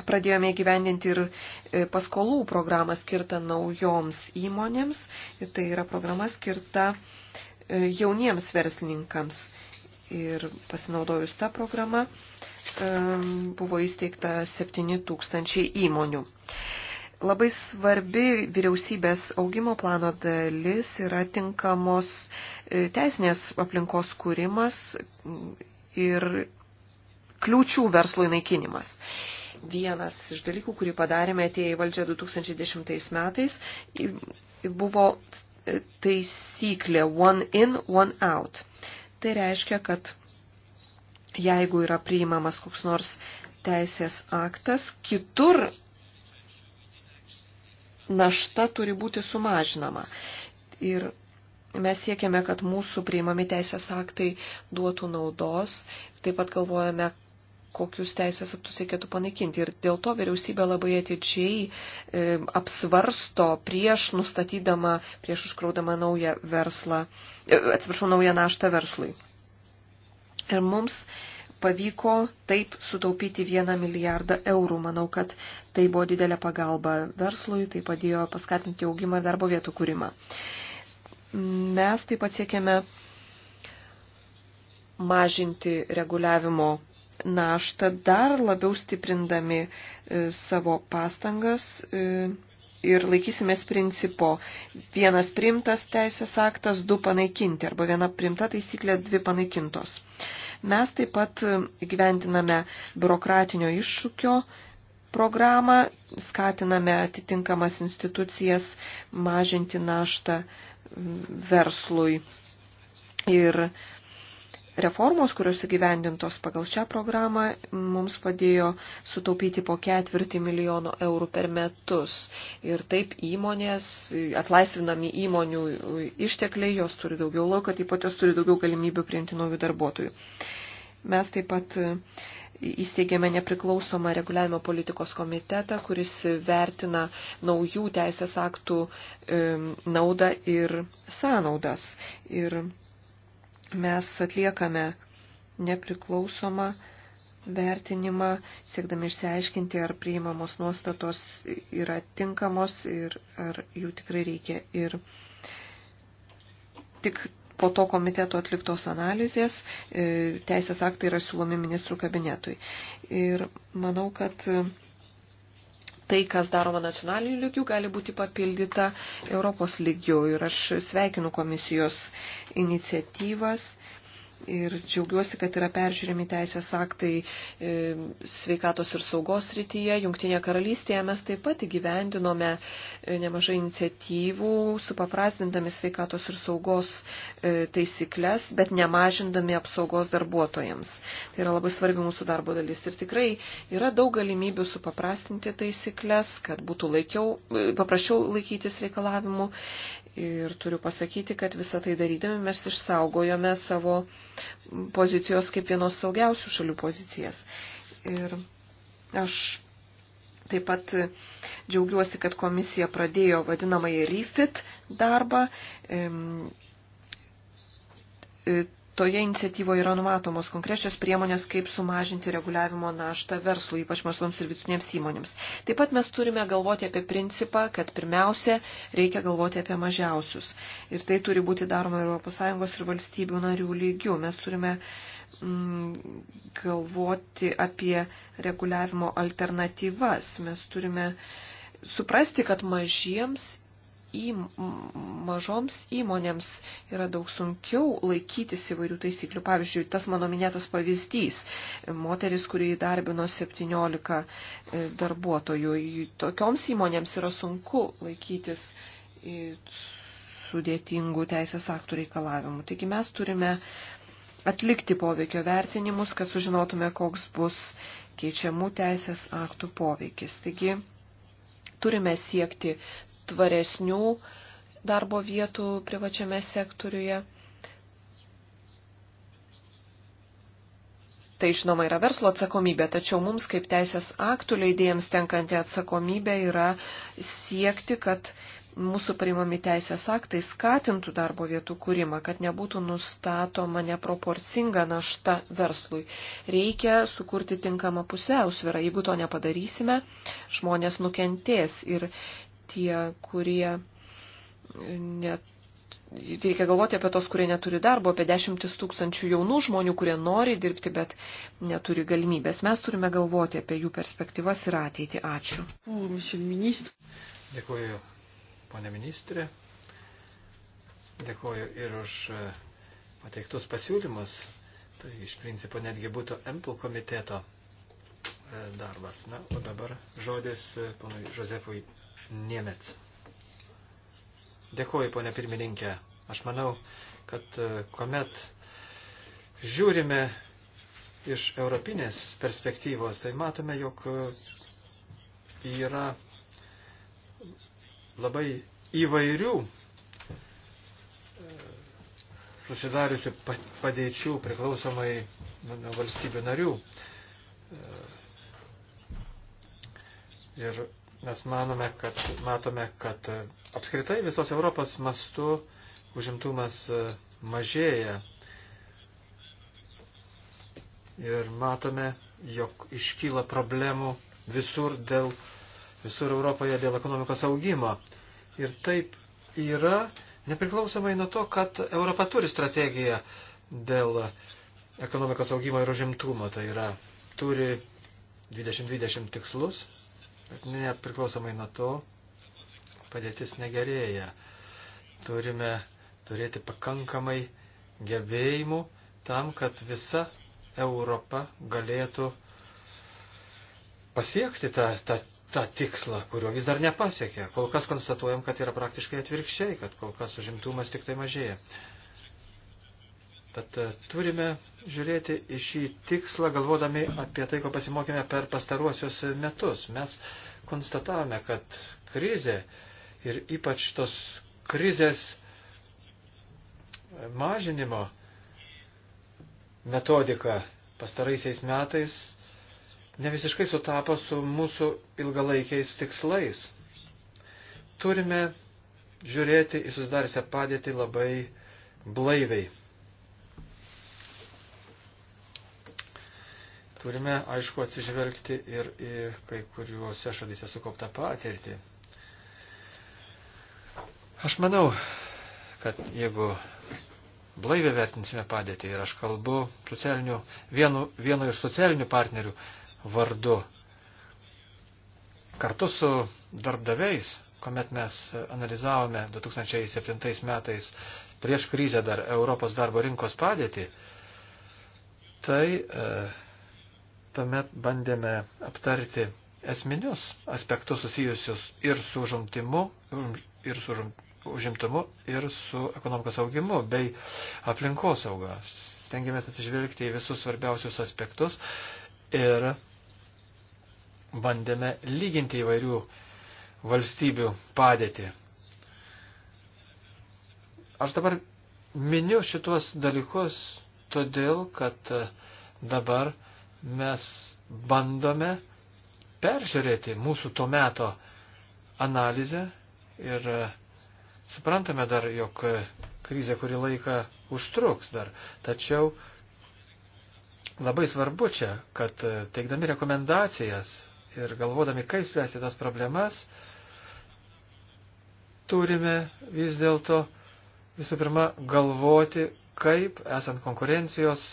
pradėjome gyvendinti ir e, paskolų programą skirtą naujoms įmonėms. Tai yra programa skirta e, jauniems verslininkams. Ir pasinaudojus tą programą, buvo įsteigta 7000 įmonių. Labai svarbi vyriausybės augimo plano dalis yra tinkamos e, teisinės aplinkos kūrimas ir kliūčių verslui naikinimas. Vienas iš dalykų, kurį padarėme atėję į valdžią 2010 metais, buvo taisyklė one in, one out. Tai reiškia, kad jeigu yra priimamas koks nors teisės aktas, kitur našta turi būti sumažinama. Ir mes siekiame, kad mūsų priimami teisės aktai duotų naudos, taip pat galvojame, kokius teisės aktus reikėtų panaikinti. Ir dėl to vyriausybė labai atidžiai e, apsvarsto prieš nustatydama, prieš užkraudama naują verslą, e, atsiprašau, naują naštą verslui. Ir mums pavyko taip sutaupyti vieną milijardą eurų. Manau, kad tai buvo didelė pagalba verslui, tai padėjo paskatinti augimą ir darbo vietų kūrimą. Mes taip pat siekėme mažinti reguliavimo naštą, dar labiau stiprindami e, savo pastangas e, ir laikysimės principo vienas primtas teisės aktas, du panaikinti arba viena primta taisyklė, dvi panaikintos. Mes taip pat gyventiname biurokratinio iššūkio programą, skatiname atitinkamas institucijas mažinti naštą verslui. Ir uh, Reformos, kurios įgyvendintos pagal šią programą, mums padėjo sutaupyti po ketvirtį milijono eurų per metus. Ir taip įmonės, atlaisvinami įmonių ištekliai, jos turi daugiau lauko, taip pat jos turi daugiau galimybių priimti naujų darbuotojų. Mes taip pat įsteigėme nepriklausomą reguliavimo politikos komitetą, kuris vertina naujų teisės aktų naudą ir sąnaudas. Ir mes atliekame nepriklausomą vertinimą, siekdami išsiaiškinti, ar priimamos nuostatos yra tinkamos ir ar jų tikrai reikia. Ir tik po to komiteto atliktos analizės e, teisės aktai yra siūlomi ministrų kabinetui. Ir manau, kad tai, kas daroma nacionaliniu lygiu, gali būti papildyta Europos lygiu. Ir aš sveikinu komisijos iniciatyvas ir džiaugiuosi, kad yra peržiūrimi teisės aktai e, sveikatos ir saugos rytyje. Junktinėje karalystėje mes taip pat įgyvendinome e, nemažai iniciatyvų, supaprastindami sveikatos ir saugos e, taisyklės, bet nemažindami apsaugos darbuotojams. Tai yra labai svarbi mūsų darbo dalis. Ir tikrai yra daug galimybių supaprastinti taisyklės, kad būtų laikiau, e, paprasčiau laikytis reikalavimų. Ir turiu pasakyti, kad visą tai darydami mes išsaugojome savo pozicijos kaip vienos saugiausių šalių pozicijas. Ir aš taip pat džiaugiuosi, kad komisija pradėjo vadinamąjį refit darbą. E, toje iniciatyvoje yra numatomos konkrečios priemonės, kaip sumažinti reguliavimo naštą verslui, ypač mažoms ir vidutinėms įmonėms. Taip pat mes turime galvoti apie principą, kad pirmiausia reikia galvoti apie mažiausius. Ir tai turi būti daroma ES ir valstybių narių lygių. Mes turime mm, galvoti apie reguliavimo alternatyvas. Mes turime suprasti, kad mažiems į mažoms įmonėms yra daug sunkiau laikytis įvairių taisyklių. Pavyzdžiui, tas mano minėtas pavyzdys - moteris, kuri įdarbino 17 e, darbuotojų. Tokioms įmonėms yra sunku laikytis sudėtingų teisės aktų reikalavimų. Taigi mes turime atlikti poveikio vertinimus, kad sužinotume, koks bus keičiamų teisės aktų poveikis. Taigi, turime siekti tvaresnių darbo vietų privačiame sektoriuje. Tai žinoma yra verslo atsakomybė, tačiau mums kaip teisės aktų leidėjams tenkanti atsakomybė yra siekti, kad mūsų priimami teisės aktai skatintų darbo vietų kūrimą, kad nebūtų nustatoma neproporcinga našta verslui. Reikia sukurti tinkamą pusiausvyrą. Jeigu to nepadarysime, žmonės nukentės ir tie, kurie net. Reikia galvoti apie tos, kurie neturi darbo, apie dešimtis tūkstančių jaunų žmonių, kurie nori dirbti, bet neturi galimybės. Mes turime galvoti apie jų perspektyvas ir ateitį. Ačiū. Dėkuoju, ponė ministrė. Dėkuoju ir už e, pateiktus pasiūlymus. Tai iš principo netgi būtų MPL komiteto e, darbas. Na, o dabar žodis e, ponui Josefui Niemets. Dėkuoju, ponė pirmininkė. Aš manau, kad e, kuomet žiūrime iš europinės perspektyvos, tai matome, jog e, yra labai įvairių e, susidariusių padėčių priklausomai nuo valstybių narių. Ir mes manome, kad, matome, kad e, apskritai visos Europos mastu užimtumas e, mažėja. Ir matome, jog iškyla problemų visur, dėl, visur Europoje dėl ekonomikos augimo. Ir taip yra, nepriklausomai nuo to, kad Europa turi strategiją dėl ekonomikos augimo ir užimtumo. Tai yra, turi 2020 tikslus, nepriklausomai nuo to padėtis negerėja. Turime turėti pakankamai gebėjimų tam, kad visa Europa galėtų pasiekti tą, tą, tą tikslą, kurio vis dar nepasiekė. Kol kas konstatuojam, kad yra praktiškai atvirkščiai, kad kol kas užimtumas tik tai mažėja. Tad e, turime žiūrėti į šį tikslą, galvodami apie tai, ko pasimokėme per pastaruosius metus. Mes konstatavome, kad krizė ir ypač tos krizės mažinimo metodika pastaraisiais metais ne visiškai sutapo su mūsų ilgalaikiais tikslais. Turime žiūrėti į susidariusią padėtį labai blaiviai. Turime, aišku, atsižvelgti ir į kai kuriuose šalyse sukauptą patirtį. Aš manau, kad jeigu blaivę vertinsime padėtį ir aš kalbu socialinių, vienu, vieno iš socialinių partnerių vardu, kartu su darbdaviais, kuomet mes analizavome 2007 metais prieš krizę dar Europos darbo rinkos padėtį, tai e, Tuomet bandėme aptarti esminius aspektus susijusius ir su užimtimu, ir su užimtumu, ir su ekonomikos augimu, bei aplinkosauga. Stengiamės atsižvelgti į visus svarbiausius aspektus ir bandėme lyginti įvairių valstybių padėtį. Aš dabar miniu šitos dalykus todėl, kad dabar uh, mes bandome peržiūrėti mūsų to meto analizę ir e, suprantame dar, jog e, krizė kurį laiką užtruks dar. Tačiau labai svarbu čia, kad e, teikdami rekomendacijas ir galvodami, kaip spręsti tas problemas, turime vis dėlto visų pirma galvoti, kaip esant konkurencijos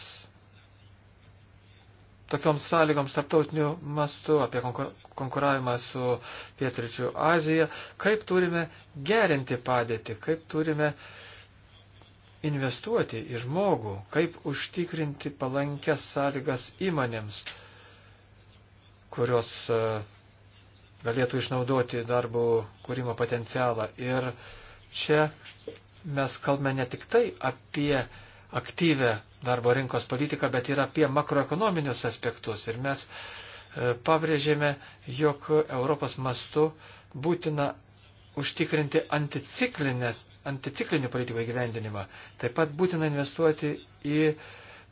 tokioms sąlygoms tarptautiniu mastu, apie konkuravimą su Pietričių Azija, kaip turime gerinti padėtį, kaip turime investuoti į žmogų, kaip užtikrinti palankias sąlygas įmonėms, kurios e, galėtų išnaudoti darbo kūrimo potencialą. Ir čia mes kalbame ne tik tai apie aktyvę darbo rinkos politiką, bet ir apie makroekonominius aspektus. Ir mes e, pabrėžėme, jog Europos mastu būtina užtikrinti anticiklinį politikų įgyvendinimą. Taip pat būtina investuoti į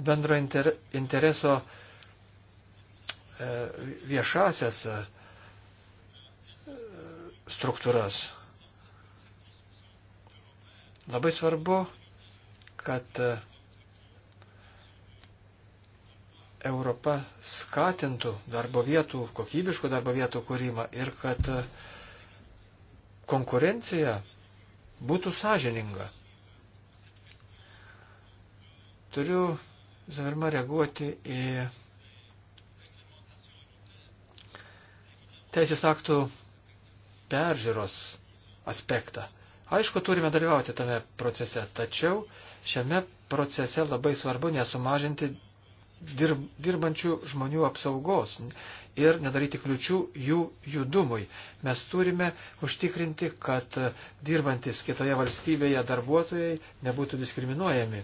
bendro inter, intereso e, viešasias e, struktūras. Labai svarbu kad e, Europa skatintų darbo vietų, kokybiškų darbo vietų kūrimą ir kad e, konkurencija būtų sąžininga. Turiu, žinoma, reaguoti į teisės aktų peržiūros aspektą. Aišku, turime dalyvauti tame procese, tačiau šiame procese labai svarbu nesumažinti dirb, dirbančių žmonių apsaugos ir nedaryti kliučių jų judumui. Mes turime užtikrinti, kad dirbantis kitoje valstybėje darbuotojai nebūtų diskriminuojami.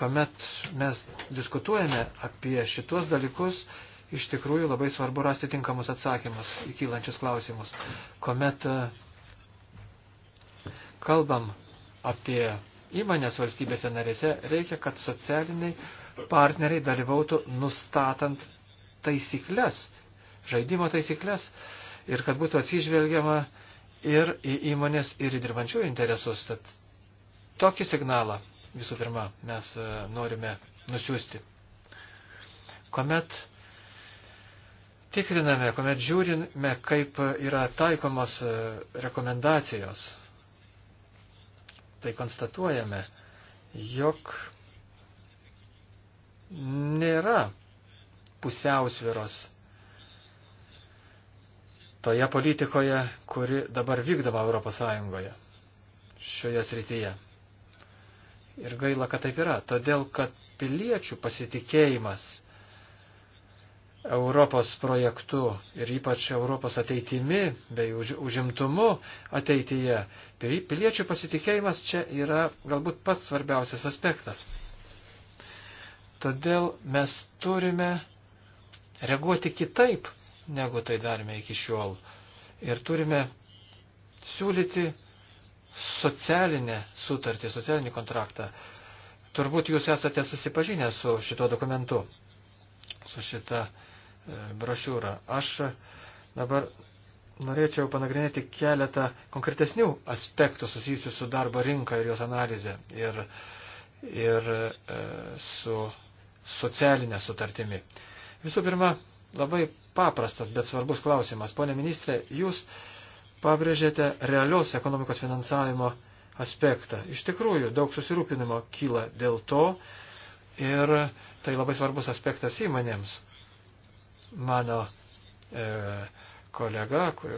Komet mes diskutuojame apie šitos dalykus, iš tikrųjų labai svarbu rasti tinkamus atsakymus į kylančius klausimus. Komet uh, kalbam apie įmonės valstybėse narėse, reikia, kad socialiniai partneriai dalyvautų nustatant taisyklės, žaidimo taisyklės ir kad būtų atsižvelgiama ir į įmonės, ir į dirbančių interesus. Tad tokį signalą visų pirma mes e, norime nusiųsti. Komet tikriname, kuomet žiūrime, kaip yra taikomos e, rekomendacijos tai konstatuojame, jog nėra pusiausviros toje politikoje, kuri dabar vykdoma Europos Sąjungoje šioje srityje. Ir gaila, kad taip yra, todėl kad piliečių pasitikėjimas Europos projektu ir ypač Europos ateitimi bei už, užimtumu ateityje. Piliečių pasitikėjimas čia yra galbūt pats svarbiausias aspektas. Todėl mes turime reaguoti kitaip, negu tai darėme iki šiol. Ir turime siūlyti socialinę sutartį, socialinį kontraktą. Turbūt jūs esate susipažinę su šituo dokumentu, su šita uh, E, brošiūrą. Aš dabar norėčiau panagrinėti keletą konkretesnių aspektų susijusių su darbo rinka ir jos analizė ir, ir e, su socialinė sutartimi. Visų pirma, labai paprastas, bet svarbus klausimas. Pone ministrė, jūs pabrėžėte realios ekonomikos finansavimo aspektą. Iš tikrųjų, daug susirūpinimo kyla dėl to ir tai labai svarbus aspektas įmonėms mano e, kolega, kur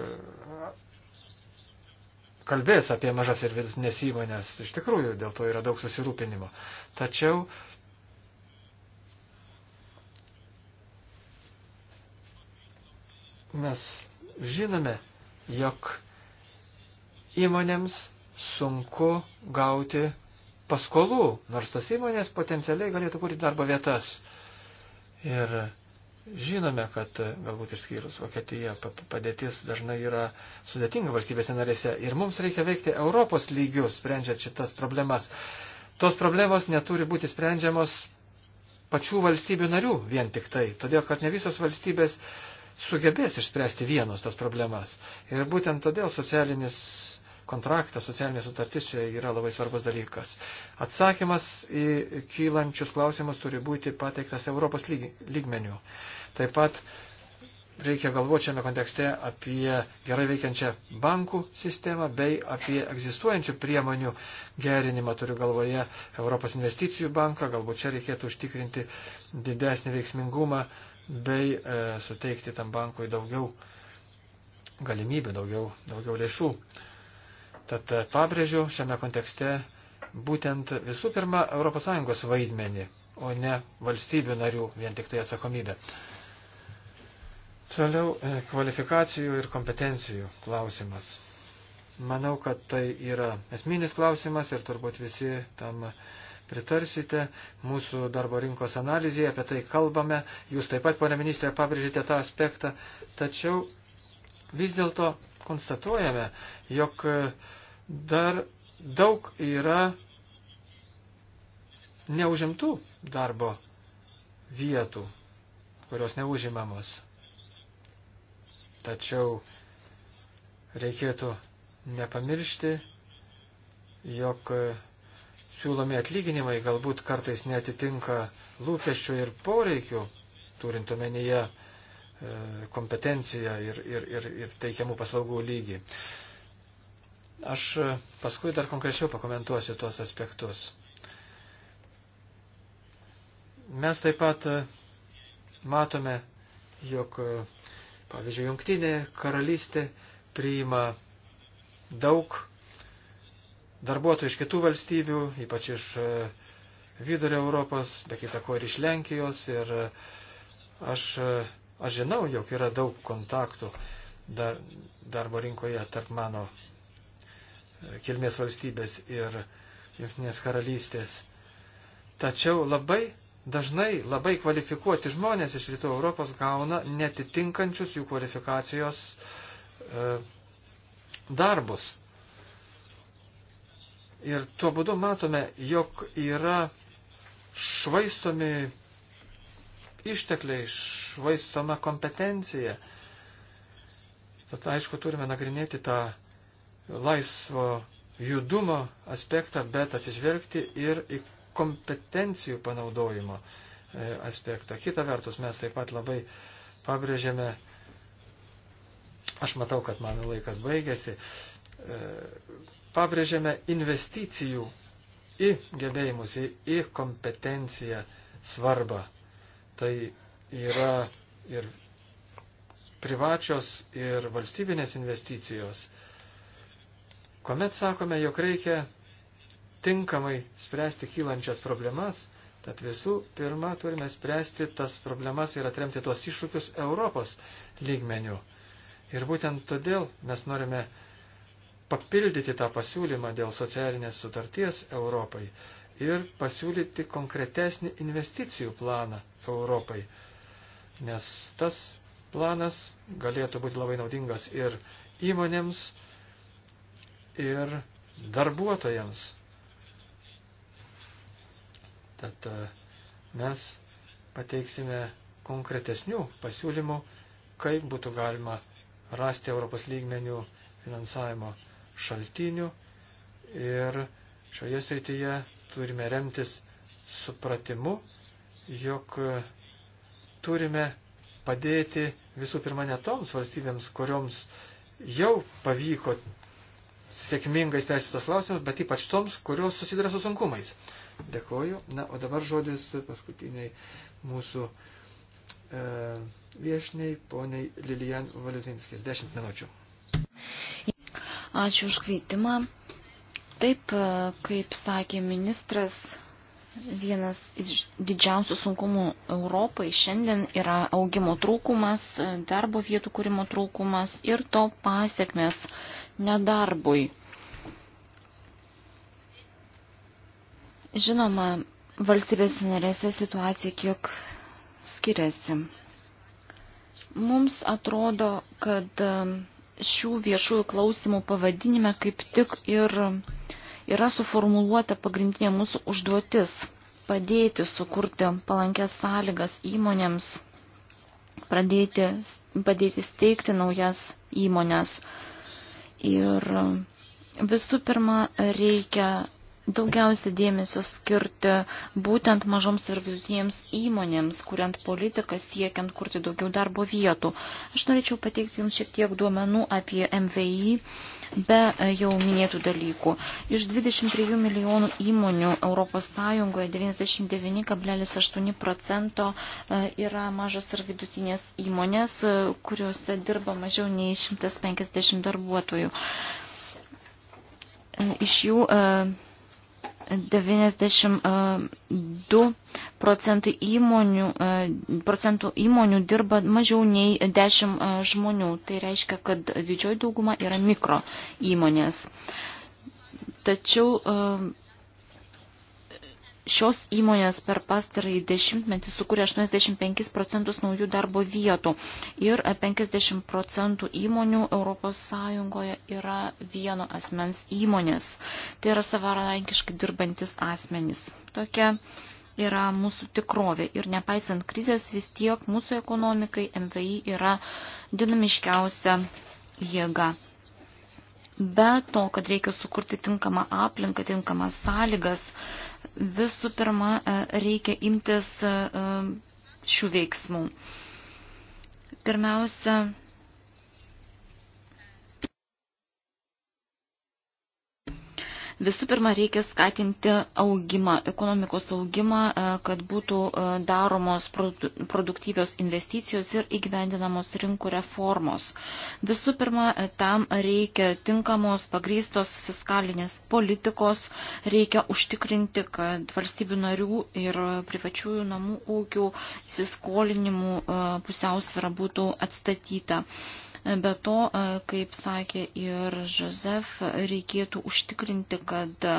kalbės apie mažas ir vidutinės įmonės. Iš tikrųjų, dėl to yra daug susirūpinimo. Tačiau mes žinome, jog įmonėms sunku gauti paskolų, nors tos įmonės potencialiai galėtų kurti darbo vietas. Ir Žinome, kad e, galbūt išskyrus Vokietija padėtis dažnai yra sudėtinga valstybėse narėse ir mums reikia veikti Europos lygių, sprendžiant šitas problemas. Tos problemos neturi būti sprendžiamos pačių valstybių narių vien tik tai, todėl kad ne visos valstybės sugebės išspręsti vienos tas problemas. Ir būtent todėl socialinis kontraktas, socialinė sutartis čia yra labai svarbus dalykas. Atsakymas į kylančius klausimus turi būti pateiktas Europos lyg, lygmenių. Taip pat reikia galvoti šiame kontekste apie gerai veikiančią bankų sistemą bei apie egzistuojančių priemonių gerinimą. Turiu galvoje Europos investicijų banką, galbūt čia reikėtų užtikrinti didesnį veiksmingumą bei e, suteikti tam bankui daugiau galimybių, daugiau, daugiau lėšų. E, Tad pabrėžiu šiame kontekste būtent visų pirma ES vaidmenį, o ne valstybių narių vien tik tai atsakomybę. Toliau e, kvalifikacijų ir kompetencijų klausimas. Manau, kad tai yra esminis klausimas ir turbūt visi tam pritarsite. Mūsų darbo rinkos analizėje apie tai kalbame. Jūs taip pat, ponė ministrė, pabrėžėte tą aspektą. Tačiau vis dėlto konstatuojame, jog e, dar daug yra neužimtų darbo vietų, kurios neužimamos. Tačiau reikėtų nepamiršti, jog e, siūlomi atlyginimai galbūt kartais netitinka lūkesčių ir poreikių, turint omenyje E, kompetenciją ir, ir, ir, ir teikiamų paslaugų lygį. Aš e, paskui dar konkrečiau pakomentuosiu tuos aspektus. Mes taip pat e, matome, jog, pavyzdžiui, jungtinė karalystė priima daug darbuotojų iš kitų valstybių, ypač iš vidurio Europos, be kita ko ir iš Lenkijos. Ir aš Aš žinau, jog yra daug kontaktų dar, darbo rinkoje tarp mano e, kilmės valstybės ir Junktinės karalystės. Tačiau labai dažnai labai kvalifikuoti žmonės iš Rytų Europos gauna netitinkančius jų kvalifikacijos e, darbus. Ir tuo būdu matome, jog yra švaistomi ištekliai, švaistoma kompetencija. Tad aišku, turime nagrinėti tą laisvo judumo aspektą, bet atsižvelgti ir į kompetencijų panaudojimo e, aspektą. Kita vertus, mes taip pat labai pabrėžėme, aš matau, kad mano laikas baigėsi, e, pabrėžėme investicijų į gebėjimus, į, į kompetenciją svarbą tai yra ir privačios, ir valstybinės investicijos. Komet sakome, jog reikia tinkamai spręsti kylančias problemas, tad visų pirma turime spręsti tas problemas ir atremti tuos iššūkius Europos lygmenių. Ir būtent todėl mes norime papildyti tą pasiūlymą dėl socialinės sutarties Europai ir pasiūlyti konkretesnį investicijų planą Europai. Nes tas planas galėtų būti labai naudingas ir įmonėms, ir darbuotojams. Tad e, mes pateiksime konkretesnių pasiūlymų, kaip būtų galima rasti Europos lygmenių finansavimo šaltinių ir šioje srityje turime remtis supratimu, jog turime padėti visų pirma ne toms valstybėms, kurioms jau pavyko sėkmingai spręsti tos klausimus, bet ypač toms, kurios susiduria su sunkumais. Dėkoju. Na, o dabar žodis paskutiniai mūsų e, viešniai, poniai Lilijan Valizinskis. Dešimt minučių. Ačiū už kvietimą. Taip, e, kaip sakė ministras, vienas iš didžiausių sunkumų Europai šiandien yra augimo trūkumas, e, darbo vietų kūrimo trūkumas ir to pasiekmes nedarbui. Žinoma, valstybės narėse situacija kiek skiriasi. Mums atrodo, kad e, šių viešųjų klausimų pavadinime kaip tik ir yra suformuluota pagrindinė mūsų užduotis - padėti sukurti palankės sąlygas įmonėms, pradėti, padėti steigti naujas įmonės. Ir visų pirma, reikia daugiausia dėmesio skirti būtent mažoms ir vidutinėms įmonėms, kuriant politiką, siekiant kurti daugiau darbo vietų. Aš norėčiau pateikti Jums šiek tiek duomenų apie MVI be e, jau minėtų dalykų. Iš 23 milijonų įmonių ES 99,8 procento e, yra mažos ir vidutinės įmonės, e, kuriuose dirba mažiau nei 150 darbuotojų. Iš jų 92 e, procentai įmonių, e, procentų įmonių dirba mažiau nei 10 e, žmonių. Tai reiškia, kad didžioji dauguma yra mikro įmonės. Tačiau šios įmonės per pastarąjį dešimtmetį sukūrė 85 procentus naujų darbo vietų ir 50 procentų įmonių ES yra vieno asmens įmonės. Tai yra savarankiškai dirbantis asmenys. Tokia yra mūsų tikrovė ir nepaisant krizės vis tiek mūsų ekonomikai MVI yra dinamiškiausia jėga. Be to, kad reikia sukurti tinkamą aplinką, tinkamas sąlygas, Visų pirma, e, reikia imtis e, šių veiksmų. Pirmiausia, Visų pirma, reikia skatinti augimą, ekonomikos augimą, e, kad būtų e, daromos produktyvios investicijos ir įgyvendinamos rinkų reformos. Visų pirma, e, tam reikia tinkamos, pagrystos fiskalinės politikos, reikia užtikrinti, kad valstybių narių ir privačiųjų namų ūkių įsiskolinimų pusiausvėra būtų atstatyta. Be to, e, kaip sakė ir Žozef, reikėtų užtikrinti, kad e,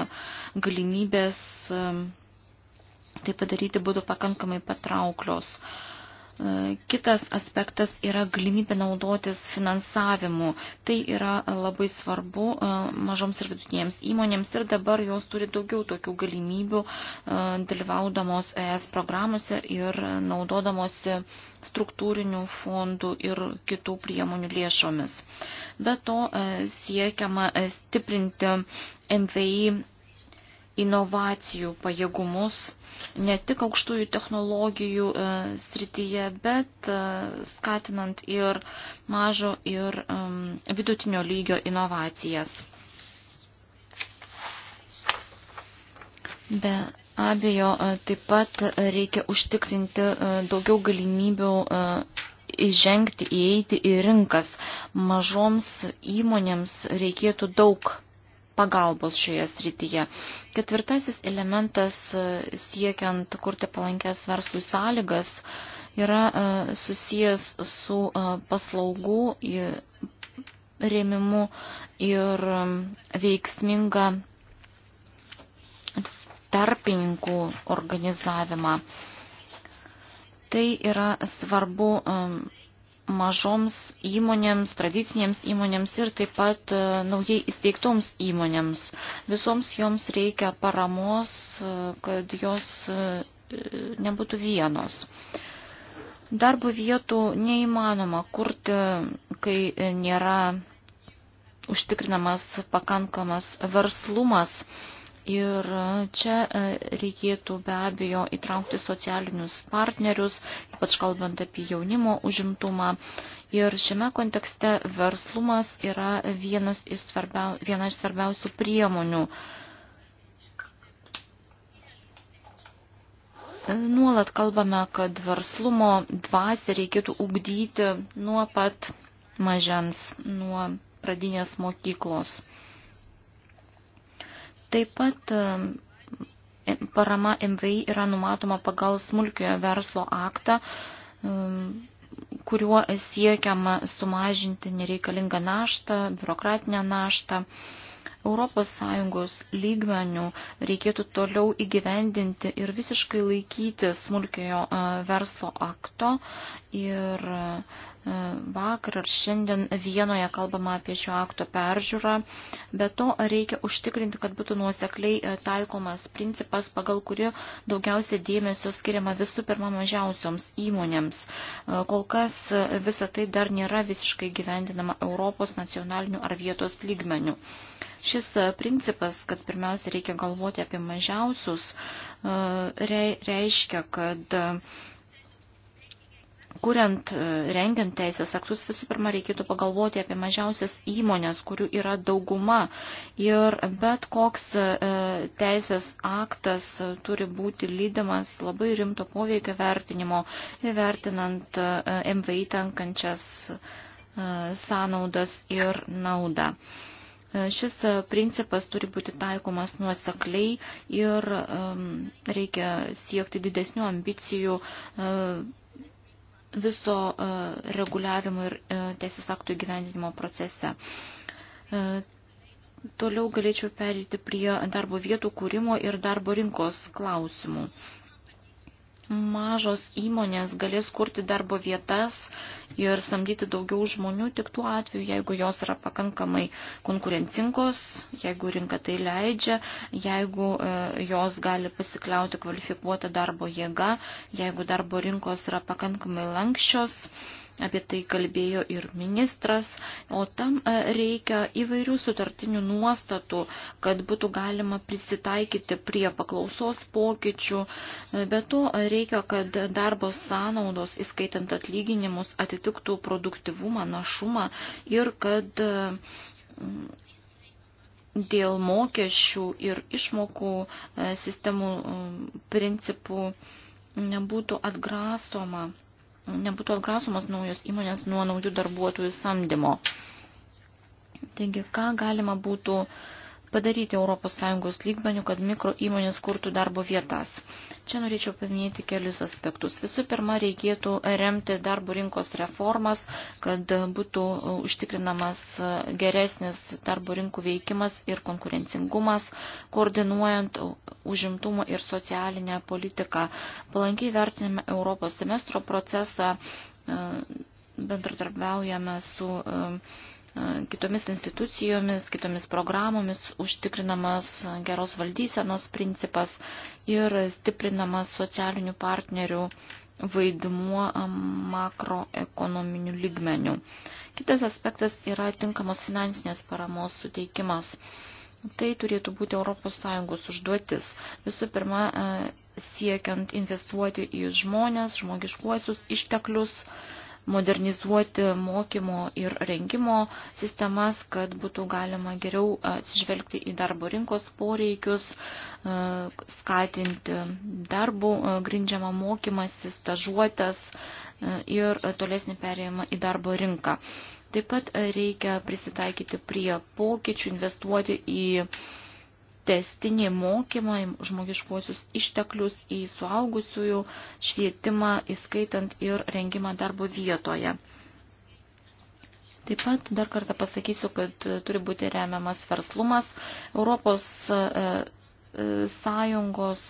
galimybės e, tai padaryti būtų pakankamai patrauklios. Uh, E, kitas aspektas yra galimybė naudotis finansavimu. Tai yra labai svarbu e, mažoms ir vidutinėms įmonėms ir dabar jos turi daugiau tokių galimybių e, dalyvaudamos ES programuose ir naudodamosi struktūrinių fondų ir kitų priemonių lėšomis. Be to siekiama stiprinti MVI inovacijų pajėgumus ne tik aukštųjų technologijų e, srityje, bet e, skatinant ir mažo ir vidutinio lygio inovacijas. Be abejo, e, taip pat reikia užtikrinti daugiau galimybių įžengti, įeiti į rinkas. Mažoms įmonėms reikėtų daug pagalbos šioje srityje. Ketvirtasis elementas e, siekiant kurti palankęs verslui sąlygas yra e, susijęs su e, paslaugų rėmimu ir veiksminga tarpininkų organizavimą. Tai yra svarbu mažoms įmonėms, tradicinėms įmonėms ir taip pat e, naujai įsteigtoms įmonėms. Visoms joms reikia paramos, e, kad jos e, nebūtų vienos. Darbo vietų neįmanoma kurti, kai nėra užtikrinamas pakankamas verslumas Ir čia e, reikėtų be abejo įtraukti socialinius partnerius, ypač kalbant apie jaunimo užimtumą. Ir šiame kontekste verslumas yra vienas iš svarbiau, viena iš svarbiausių priemonių. Nuolat kalbame, kad verslumo dvasę reikėtų ugdyti nuo pat mažens, nuo pradinės mokyklos. Taip pat parama MVI yra numatoma pagal smulkiojo verslo aktą, kuriuo siekiama sumažinti nereikalingą naštą, biurokratinę naštą. ES lygmenių reikėtų toliau įgyvendinti ir visiškai laikyti smulkiojo e, verslo akto ir Vakar ar šiandien Vienoje kalbama apie šio akto peržiūrą, bet to reikia užtikrinti, kad būtų nuosekliai e, taikomas principas, pagal kurį daugiausia dėmesio skiriama visų pirma mažiausioms įmonėms. E, kol kas e, visa tai dar nėra visiškai gyvendinama Europos nacionaliniu ar vietos lygmeniu. Šis principas, kad pirmiausia reikia galvoti apie mažiausius, reiškia, kad kuriant, e, rengiant teisės aktus, visų pirma reikėtų pagalvoti apie mažiausias įmonės, kurių yra dauguma. Ir bet koks e, teisės aktas e, turi būti lydimas labai rimto poveikio vertinimo, įvertinant MVI tenkančias sąnaudas ir naudą. Šis principas turi būti taikomas nuosekliai ir reikia siekti didesnių ambicijų viso e, reguliavimo ir e, teisės aktų įgyvendinimo procese. E, toliau galėčiau perėti prie darbo vietų kūrimo ir darbo rinkos klausimų mažos įmonės galės kurti darbo vietas ir samdyti daugiau žmonių tik tuo atveju, jeigu jos yra pakankamai konkurencingos, jeigu rinka tai leidžia, jeigu e, jos gali pasikliauti kvalifikuotą darbo jėgą, jeigu darbo rinkos yra pakankamai lankščios apie tai kalbėjo ir ministras, o tam e, reikia įvairių sutartinių nuostatų, kad būtų galima prisitaikyti prie paklausos pokyčių. E, be to e, reikia, kad darbo sąnaudos, įskaitant atlyginimus, atitiktų produktivumą, našumą ir kad dėl mokesčių ir išmokų sistemų principų nebūtų atgrasoma nebūtų atgrasomos naujos įmonės nuo naujų darbuotojų samdymo. Taigi, ką galima būtų uh, padaryti ES lygmenių, kad mikro įmonės kurtų darbo vietas. Čia norėčiau paminėti kelis aspektus. Visų pirma, reikėtų remti darbo rinkos reformas, kad būtų užtikrinamas geresnis darbo rinkų veikimas ir konkurencingumas, koordinuojant užimtumo ir socialinę politiką. Palankiai vertiname Europos semestro procesą, bendradarbiaujame su uh, kitomis institucijomis, kitomis programomis užtikrinamas geros valdysenos principas ir stiprinamas socialinių partnerių vaidmuo makroekonominių lygmenių. Kitas aspektas yra tinkamos finansinės paramos suteikimas. Tai turėtų būti ES užduotis. Visų pirma, siekiant investuoti į žmonės, žmogiškuosius išteklius, modernizuoti mokymo ir rengimo sistemas, kad būtų galima geriau atsižvelgti į darbo rinkos poreikius, e, skatinti darbų e, grindžiamą mokymasi, stažuotas e, ir tolesnį perėjimą į darbo rinką. Taip pat reikia prisitaikyti prie pokyčių, investuoti į testinį mokymą, žmogiškuosius išteklius į suaugusiųjų švietimą, įskaitant ir rengimą darbo vietoje. Taip pat dar kartą pasakysiu, kad turi būti remiamas verslumas. Europos e, e, sąjungos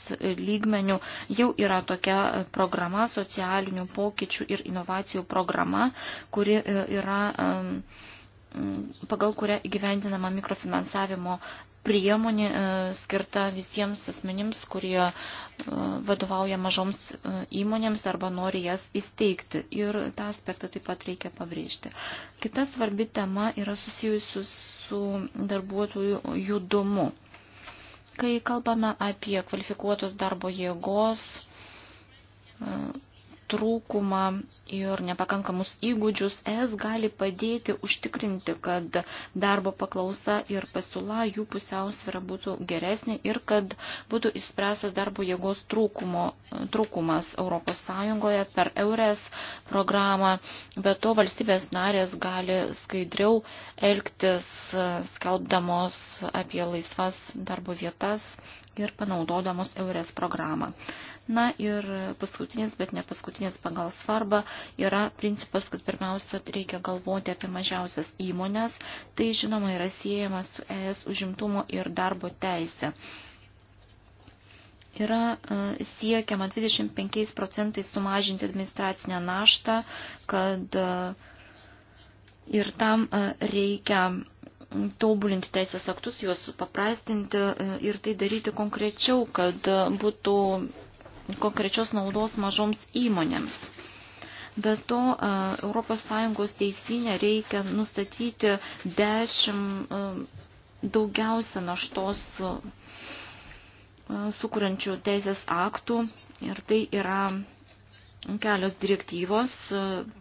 lygmenių jau yra tokia programa, socialinių pokyčių ir inovacijų programa, kuri e, yra pagal kurią įgyvendinama mikrofinansavimo priemonė e, skirta visiems asmenims, kurie e, vadovauja mažoms e, įmonėms arba nori jas įsteigti. Ir tą aspektą taip pat reikia pabrėžti. Kita svarbi tema yra susijusi su darbuotojų judumu. Kai kalbame apie kvalifikuotos darbo jėgos trūkumą ir nepakankamus įgūdžius, ES gali padėti užtikrinti, kad darbo paklausa ir pasiūla jų pusiausvėra būtų geresnė ir kad būtų išspręstas darbo jėgos trūkumo, trūkumas ES per EURES programą. Be to valstybės narės gali skaidriau elgtis, skelbdamos apie laisvas darbo vietas ir panaudodamos Eures programą. Na ir paskutinis, bet ne paskutinis pagal svarbą yra principas, kad pirmiausia reikia galvoti apie mažiausias įmonės. Tai žinoma yra siejama su ES užimtumo ir darbo teise yra e, siekiama 25 procentais sumažinti administracinę naštą, kad e, ir tam e, reikia tobulinti teisės aktus, juos supaprastinti e, ir tai daryti konkrečiau, kad būtų konkrečios naudos mažoms įmonėms. Be to, ES teisinė reikia nustatyti 10 e, daugiausia naštos e, sukūrenčių teisės aktų ir tai yra kelios direktyvos,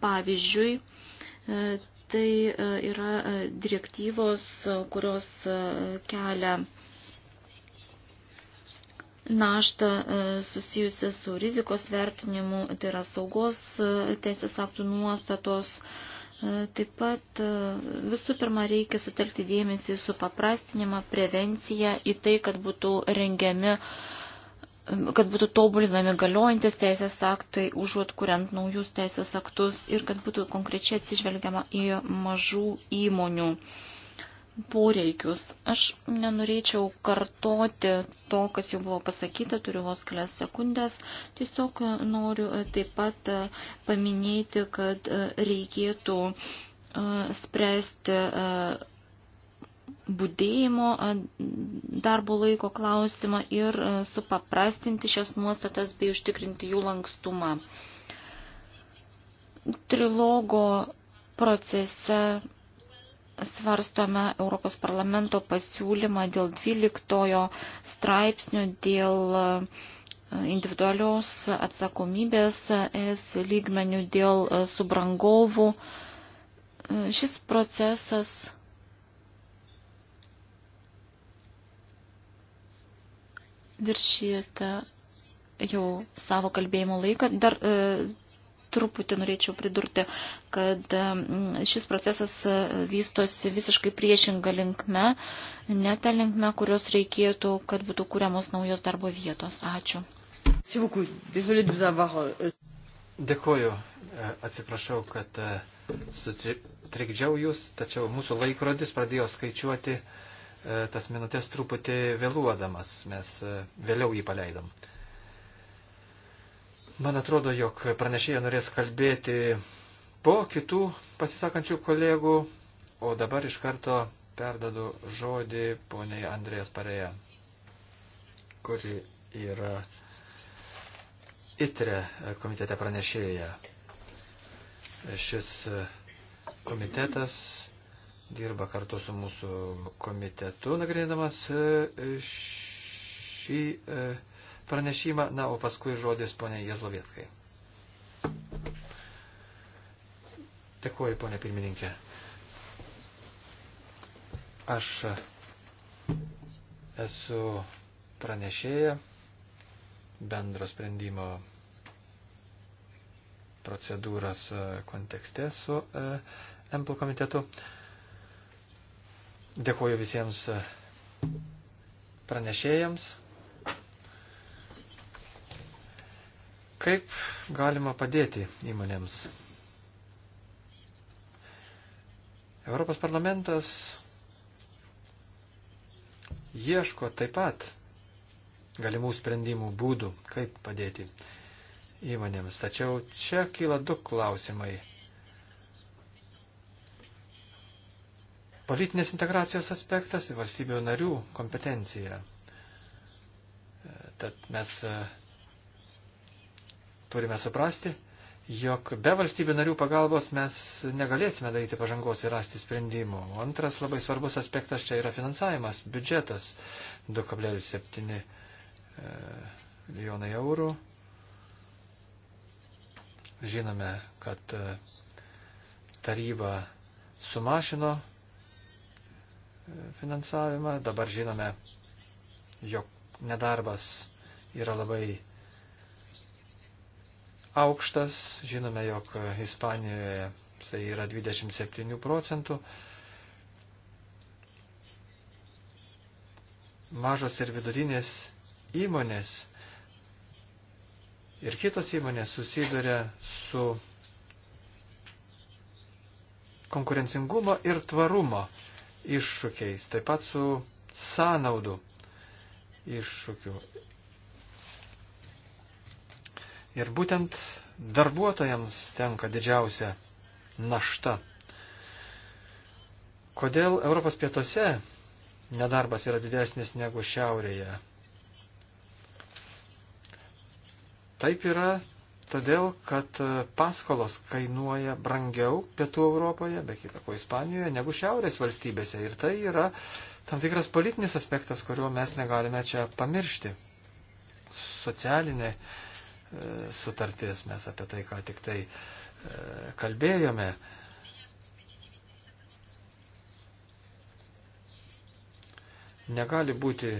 pavyzdžiui, Tai e, yra e, direktyvos, e, kurios kelia naštą susijusią su rizikos vertinimu, tai yra saugos teisės aktų nuostatos. Taip pat visų pirma reikia sutelkti dėmesį su paprastinimą, prevenciją į tai, kad būtų rengiami uh, kad būtų tobulinami galiojantis teisės aktai, užuot kuriant naujus teisės aktus ir kad būtų konkrečiai atsižvelgiama į mažų įmonių poreikius. Aš nenorėčiau kartoti to, kas jau buvo pasakyta, turiu vos kelias sekundės. Tiesiog noriu taip pat paminėti, kad reikėtų spręsti būdėjimo darbo laiko klausimą ir supaprastinti šias nuostatas bei užtikrinti jų lankstumą. Trilogo procese svarstome Europos parlamento pasiūlymą dėl 12 straipsnių dėl individualios atsakomybės es lygmenių dėl subrangovų. Šis procesas viršijate jau savo kalbėjimo laiką. Dar e, truputį norėčiau pridurti, kad e, šis procesas e, vystosi visiškai priešinga linkme, ne ta linkme, kurios reikėtų, kad būtų kūriamos naujos darbo vietos. Ačiū. Euh, Dėkuoju, e, atsiprašau, kad sutrikdžiau jūs, tačiau mūsų laikrodis pradėjo skaičiuoti E, tas minutės truputį vėluodamas, mes e, vėliau jį paleidom. Man atrodo, jog pranešėja norės kalbėti po kitų pasisakančių kolegų, o dabar iš karto perdadu žodį poniai Andrėjas Pareja, kuri yra ITRE komitete pranešėja. Šis komitetas dirba kartu su mūsų komitetu, nagrinėdamas e, e, šį e, pranešimą. Na, o paskui žodis ponė Jezlovieckai. Dėkuoju, ponė pirmininkė. Aš esu pranešėja bendro sprendimo procedūros kontekste su MPL komitetu. E, Dėkuoju visiems pranešėjams. Kaip galima padėti įmonėms? Europos parlamentas ieško taip pat galimų sprendimų būdų, kaip padėti įmonėms. Tačiau čia kyla du klausimai. politinės integracijos aspektas ir valstybių narių kompetencija. Tad mes e, turime suprasti, jog be valstybių narių pagalbos mes negalėsime daryti pažangos ir rasti sprendimų. Antras labai svarbus aspektas čia yra finansavimas, biudžetas 2,7 e, milijonai eurų. Žinome, kad e, taryba sumažino finansavimą. Dabar žinome, jog nedarbas yra labai aukštas. Žinome, jog Ispanijoje tai yra 27 procentų. Mažos ir vidutinės įmonės ir kitos įmonės susiduria su konkurencingumo ir tvarumo iššūkiais, taip pat su sąnaudų iššūkiu. Ir būtent darbuotojams tenka didžiausia našta. Kodėl Europos pietuose nedarbas yra didesnis negu šiaurėje? Taip yra Todėl, kad e, paskolos kainuoja brangiau pietų Europoje, be kita ko Ispanijoje, negu šiaurės valstybėse. Ir tai yra tam tikras politinis aspektas, kurio mes negalime čia pamiršti. Socialinė e, sutartis, mes apie tai ką tik tai e, kalbėjome. Negali būti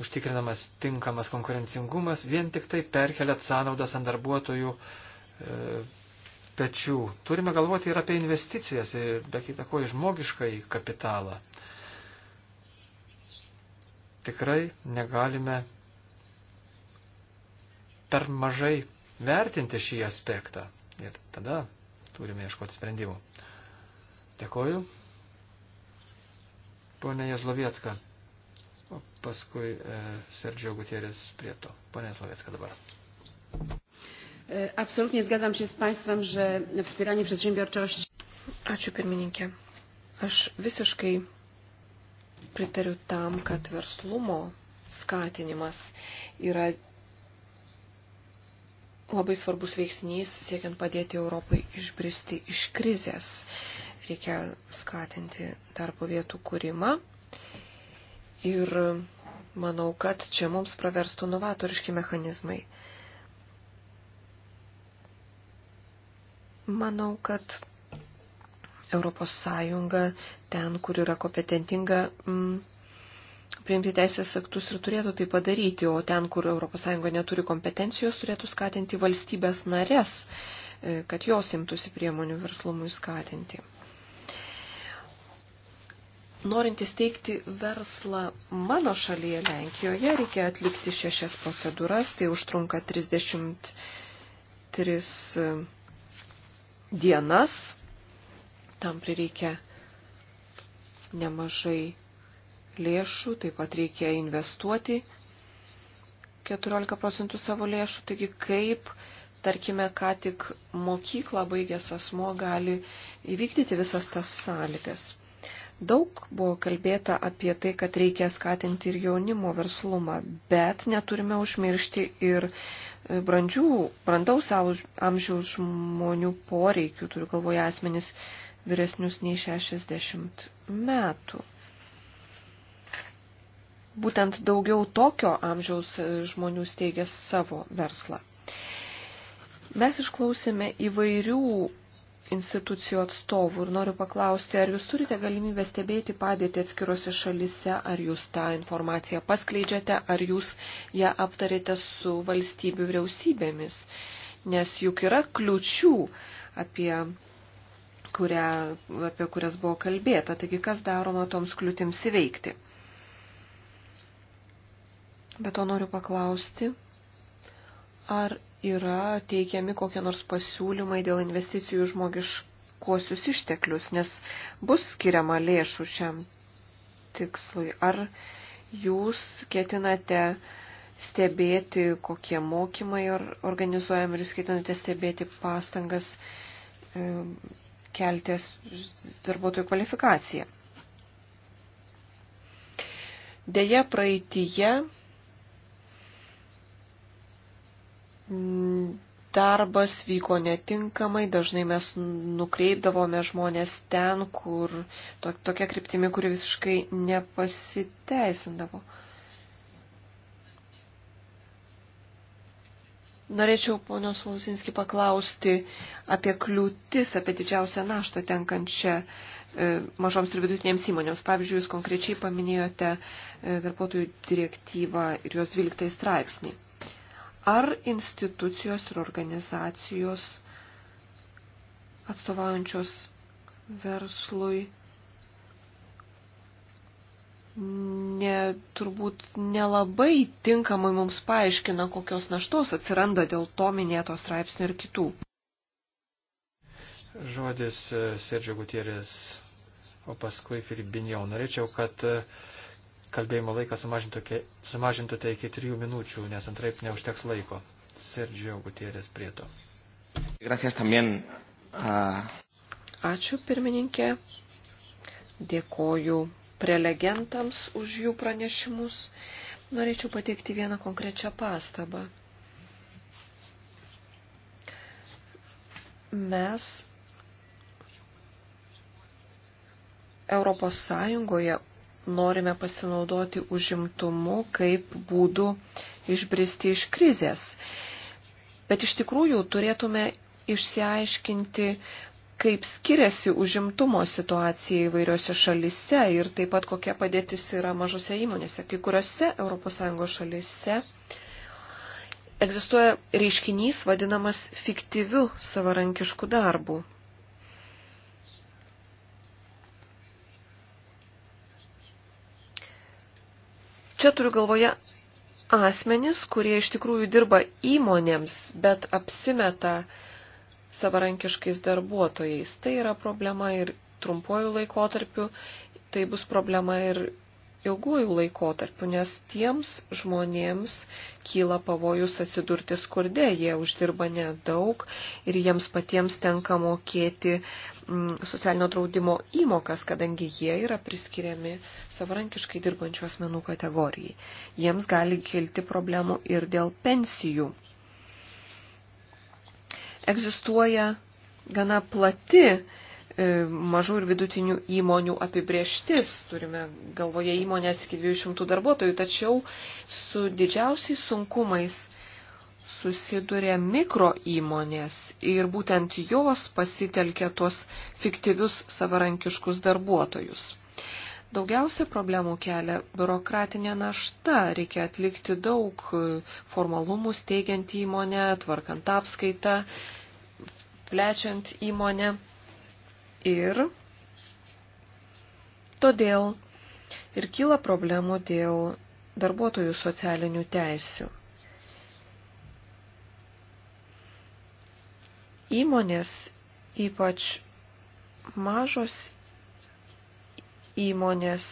užtikrinamas tinkamas konkurencingumas, vien tik tai perkeliat sąnaudas ant darbuotojų e, pečių. Turime galvoti ir apie investicijas, ir be kita ko, žmogiškai kapitalą. Tikrai negalime per mažai vertinti šį aspektą. Ir tada turime ieškoti sprendimų. Dėkoju. Pone Jazlovietska paskui e, Sergio Gutierrez prie to. Pone Slovecka dabar. E, absolutnie zgadzam się z Państwem, że wspieranie przedsiębiorczości. Ačiū pirmininkė. Aš visiškai pritariu tam, kad verslumo skatinimas yra labai svarbus veiksnys siekiant padėti Europai išbristi iš krizės. Reikia skatinti darbo vietų kūrimą ir Manau, kad čia mums praverstų novatoriški mechanizmai. Manau, kad Europos Sąjunga ten, kur yra kompetentinga m, mm, priimti teisės aktus ir turėtų tai padaryti, o ten, kur Europos Sąjunga neturi kompetencijos, turėtų skatinti valstybės narės, e, kad jos imtųsi priemonių verslumui skatinti norint įsteigti verslą mano šalyje Lenkijoje, reikia atlikti šešias procedūras, tai užtrunka 33 e, dienas, tam prireikia nemažai lėšų, taip pat reikia investuoti 14 procentų savo lėšų, taigi kaip tarkime, ką tik mokyklą baigęs asmo gali įvykdyti visas tas sąlygas. Daug buvo kalbėta apie tai, kad reikia skatinti ir jaunimo verslumą, bet neturime užmiršti ir e, brandžių, brandaus amžiaus žmonių poreikių, turiu galvoje asmenys vyresnius nei 60 metų. Būtent daugiau tokio amžiaus e, žmonių steigia savo verslą. Mes išklausėme įvairių institucijų atstovų ir noriu paklausti, ar jūs turite galimybę stebėti padėtį atskirose šalise, ar jūs tą informaciją paskleidžiate, ar jūs ją aptarėte su valstybių vyriausybėmis, nes juk yra kliučių, apie, kurią, apie kurias buvo kalbėta, taigi kas daroma toms kliūtims įveikti. Bet to noriu paklausti, ar yra teikiami kokie nors pasiūlymai dėl investicijų žmogiškuosius išteklius, nes bus skiriama lėšų šiam tikslui. Ar jūs ketinate stebėti, kokie mokymai organizuojami ir jūs ketinate stebėti pastangas e, keltės darbuotojų kvalifikaciją. Deja, praeitįje darbas vyko netinkamai, dažnai mes nukreipdavome žmonės ten, kur to, tokia kryptimi, kuri visiškai nepasiteisindavo. Norėčiau ponios Valusinski paklausti apie kliūtis, apie didžiausią naštą tenkančią e, mažoms ir vidutinėms įmonėms. Pavyzdžiui, jūs konkrečiai paminėjote e, darbuotojų direktyvą ir jos 12 straipsnį ar institucijos ir organizacijos atstovaujančios verslui ne, turbūt nelabai tinkamai mums paaiškina, kokios naštos atsiranda dėl to minėto straipsnio ir kitų. Žodis e, Sergio Gutierės, o paskui Filipinio. Norėčiau, kad uh, kalbėjimo laiką sumažintumėte sumažintų tai iki trijų minučių, nes antraip neužteks laiko. Sergio Gutierės Prieto. Ačiū pirmininkė. Dėkoju prelegentams už jų pranešimus. Norėčiau pateikti vieną konkrečią pastabą. Mes Europos Sąjungoje norime pasinaudoti užimtumu kaip būdu išbristi iš krizės. Bet iš tikrųjų turėtume išsiaiškinti, kaip skiriasi užimtumo situacija įvairiose šalise ir taip pat kokia padėtis yra mažose įmonėse. Kai kuriuose ES šalise egzistuoja reiškinys vadinamas fiktyviu savarankišku darbu. Čia turiu galvoje asmenis, kurie iš tikrųjų dirba įmonėms, bet apsimeta savarankiškais darbuotojais. Tai yra problema ir trumpuoju laikotarpiu, tai bus problema ir ilguoju laikotarpiu, nes tiems žmonėms kyla pavojus atsidurti skurde, jie uždirba nedaug ir jiems patiems tenka mokėti mm, socialinio draudimo įmokas, kadangi jie yra priskiriami savarankiškai dirbančių asmenų kategorijai. Jiems gali kilti problemų ir dėl pensijų. Egzistuoja gana plati E, mažų ir vidutinių įmonių apibrieštis, turime galvoje įmonės iki 200 darbuotojų, tačiau su didžiausiais sunkumais susiduria mikro įmonės ir būtent jos pasitelkia tuos fiktyvius savarankiškus darbuotojus. Daugiausia problemų kelia biurokratinė našta, reikia atlikti daug formalumų steigiant įmonę, tvarkant apskaitą, plečiant įmonę ir todėl ir kyla problemų dėl darbuotojų socialinių teisių. Įmonės, ypač mažos įmonės,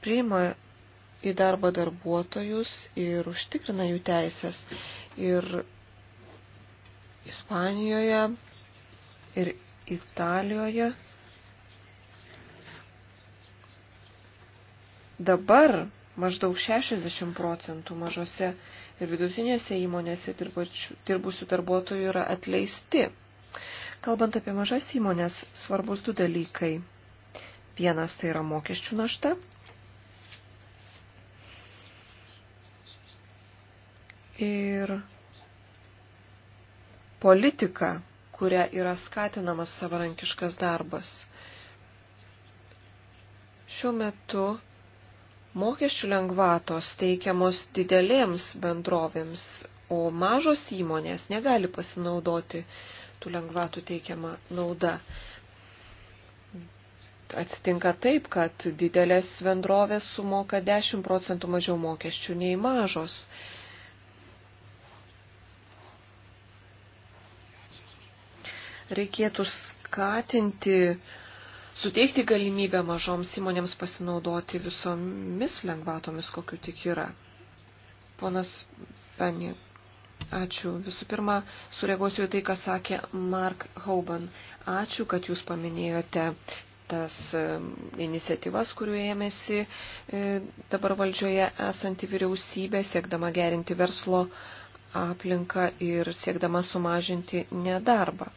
priima į darbą darbuotojus ir užtikrina jų teisės. Ir Ispanijoje ir Italijoje. Dabar maždaug 60 procentų mažose ir vidutinėse įmonėse dirbusių darbuotojų yra atleisti. Kalbant apie mažas įmonės, svarbus du dalykai. Vienas tai yra mokesčių našta. Ir politiką, kuria yra skatinamas savarankiškas darbas. Šiuo metu mokesčių lengvatos teikiamos didelėms bendrovėms, o mažos įmonės negali pasinaudoti tų lengvatų teikiamą naudą. Atsitinka taip, kad didelės bendrovės sumoka 10 procentų mažiau mokesčių nei mažos. reikėtų skatinti, suteikti galimybę mažoms įmonėms pasinaudoti visomis lengvatomis, kokiu tik yra. Ponas Penny, ačiū. Visų pirma, sureaguosiu į tai, ką sakė Mark Hauban. Ačiū, kad jūs paminėjote tas iniciatyvas, kuriuo ėmėsi e, dabar valdžioje esanti vyriausybė, siekdama gerinti verslo aplinką ir siekdama sumažinti nedarbą.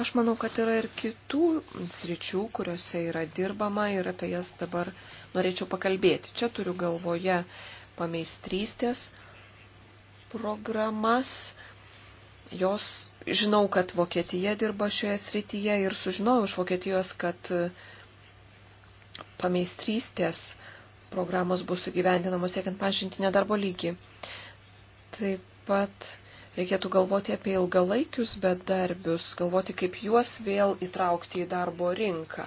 Aš manau, kad yra ir kitų sričių, kuriuose yra dirbama ir apie jas dabar norėčiau pakalbėti. Čia turiu galvoje pameistrystės programas. Jos, žinau, kad Vokietija dirba šioje srityje ir sužinojau iš Vokietijos, kad pameistrystės programos bus įgyvendinamos siekiant mažinti nedarbo lygį. Taip pat Reikėtų galvoti apie ilgalaikius bedarbius, galvoti, kaip juos vėl įtraukti į darbo rinką.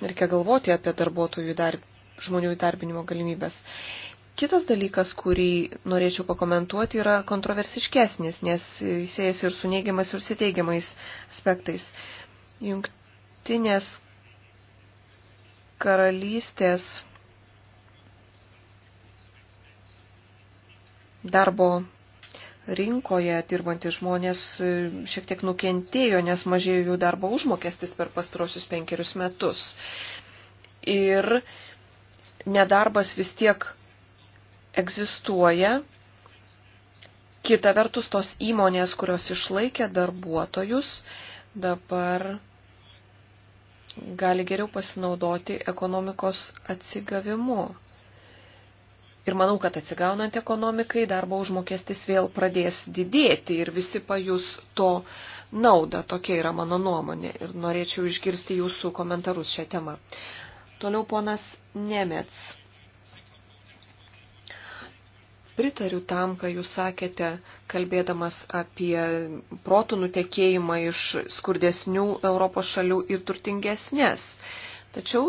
Reikia galvoti apie darbuotojų darb, žmonių įdarbinimo galimybės. Kitas dalykas, kurį norėčiau pakomentuoti, yra kontroversiškesnis, nes jisėjas ir su neigiamas, ir su teigiamais aspektais. Jungtinės karalystės darbo rinkoje dirbantys žmonės e, šiek tiek nukentėjo, nes mažėjo jų darbo užmokestis per pastarosius penkerius metus. Ir nedarbas vis tiek egzistuoja. Kita vertus, tos įmonės, kurios išlaikė darbuotojus, dabar gali geriau pasinaudoti ekonomikos atsigavimu. Ir manau, kad atsigaunant ekonomikai darbo užmokestis vėl pradės didėti ir visi pajus to naudą. Tokia yra mano nuomonė ir norėčiau išgirsti jūsų komentarus šią temą. Toliau ponas Nemets. Pritariu tam, ką jūs sakėte, kalbėdamas apie protų nutekėjimą iš skurdesnių Europos šalių ir turtingesnės. Tačiau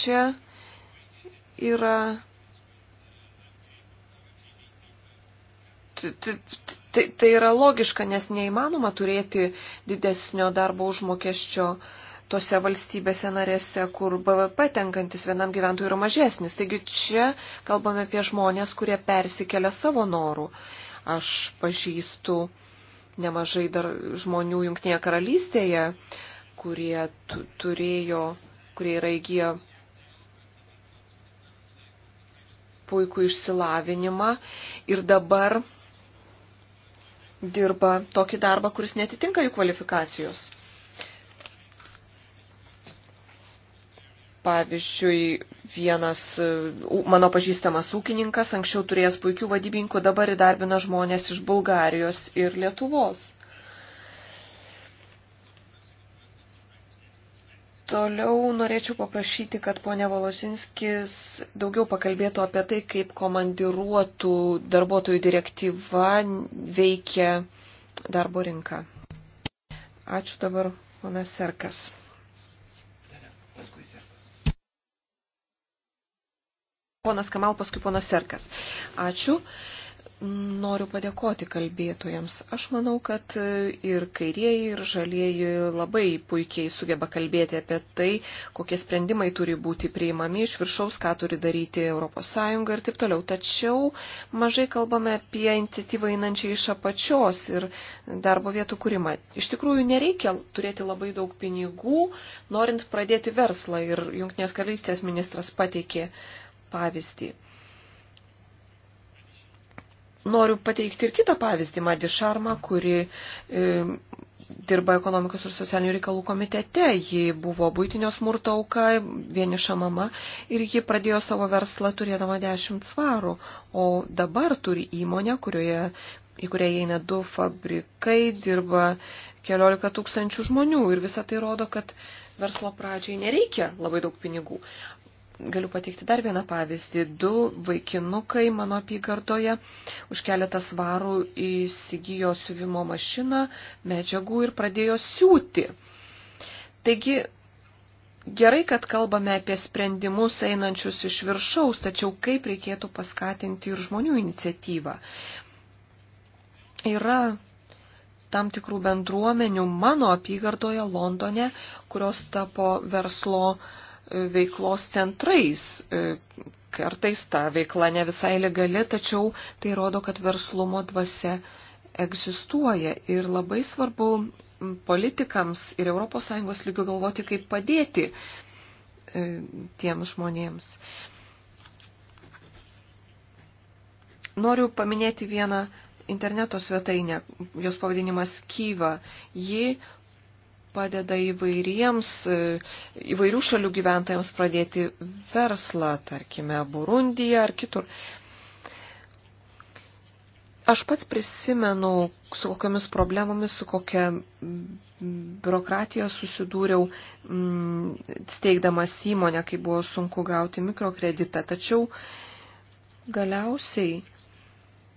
čia yra Tai, tai yra logiška, nes neįmanoma turėti didesnio darbo užmokesčio tose valstybėse narėse, kur BVP tenkantis vienam gyventojui yra mažesnis. Taigi čia kalbame apie žmonės, kurie persikelia savo norų. Aš pažįstu nemažai dar žmonių Junktinėje karalystėje, kurie turėjo, kurie yra įgyję puikų išsilavinimą ir dabar dirba tokį darbą, kuris netitinka jų kvalifikacijos. Pavyzdžiui, vienas e, mano pažįstamas ūkininkas anksčiau turėjęs puikių vadybininkų, dabar įdarbina žmonės iš Bulgarijos ir Lietuvos. Toliau norėčiau paprašyti, kad ponė Volosinskis daugiau pakalbėtų apie tai, kaip komandiruotų darbuotojų direktyva veikia darbo rinką. Ačiū dabar, ponas Serkas. Ponas Kamal, paskui ponas Serkas. Ačiū. Noriu padėkoti kalbėtojams. Aš manau, kad ir kairieji, ir žalieji labai puikiai sugeba kalbėti apie tai, kokie sprendimai turi būti priimami iš viršaus, ką turi daryti ES ir taip toliau. Tačiau mažai kalbame apie iniciatyvą einančią iš apačios ir darbo vietų kūrimą. Iš tikrųjų, nereikia turėti labai daug pinigų, norint pradėti verslą ir Junktinės karalystės ministras pateikė pavyzdį. Noriu pateikti ir kitą pavyzdį, Madi Šarma, kuri e, dirba ekonomikos ir socialinių reikalų komitete. Ji buvo būtinio smurto auka, vieniša mama ir ji pradėjo savo verslą turėdama 10 svarų, o dabar turi įmonę, kurioje, į kurią įeina du fabrikai, dirba keliolika tūkstančių žmonių ir visa tai rodo, kad verslo pradžiai nereikia labai daug pinigų galiu pateikti dar vieną pavyzdį. Du vaikinukai mano apygardoje už keletą svarų įsigijo siuvimo mašiną, medžiagų ir pradėjo siūti. Taigi, gerai, kad kalbame apie sprendimus einančius iš viršaus, tačiau kaip reikėtų paskatinti ir žmonių iniciatyvą. Yra tam tikrų bendruomenių mano apygardoje Londone, kurios tapo verslo uh, veiklos centrais. E, kartais ta veikla ne visai legali, tačiau tai rodo, kad verslumo dvasia egzistuoja ir labai svarbu politikams ir ES lygių galvoti, kaip padėti e, tiems žmonėms. Noriu paminėti vieną interneto svetainę, jos pavadinimas Kyva. Ji padeda įvairiems, e, įvairių šalių gyventojams pradėti verslą, tarkime, Burundija ar kitur. Aš pats prisimenu, su kokiamis problemomis, su kokia biurokratija susidūriau mm, steigdamas įmonę, kai buvo sunku gauti mikrokreditą. Tačiau galiausiai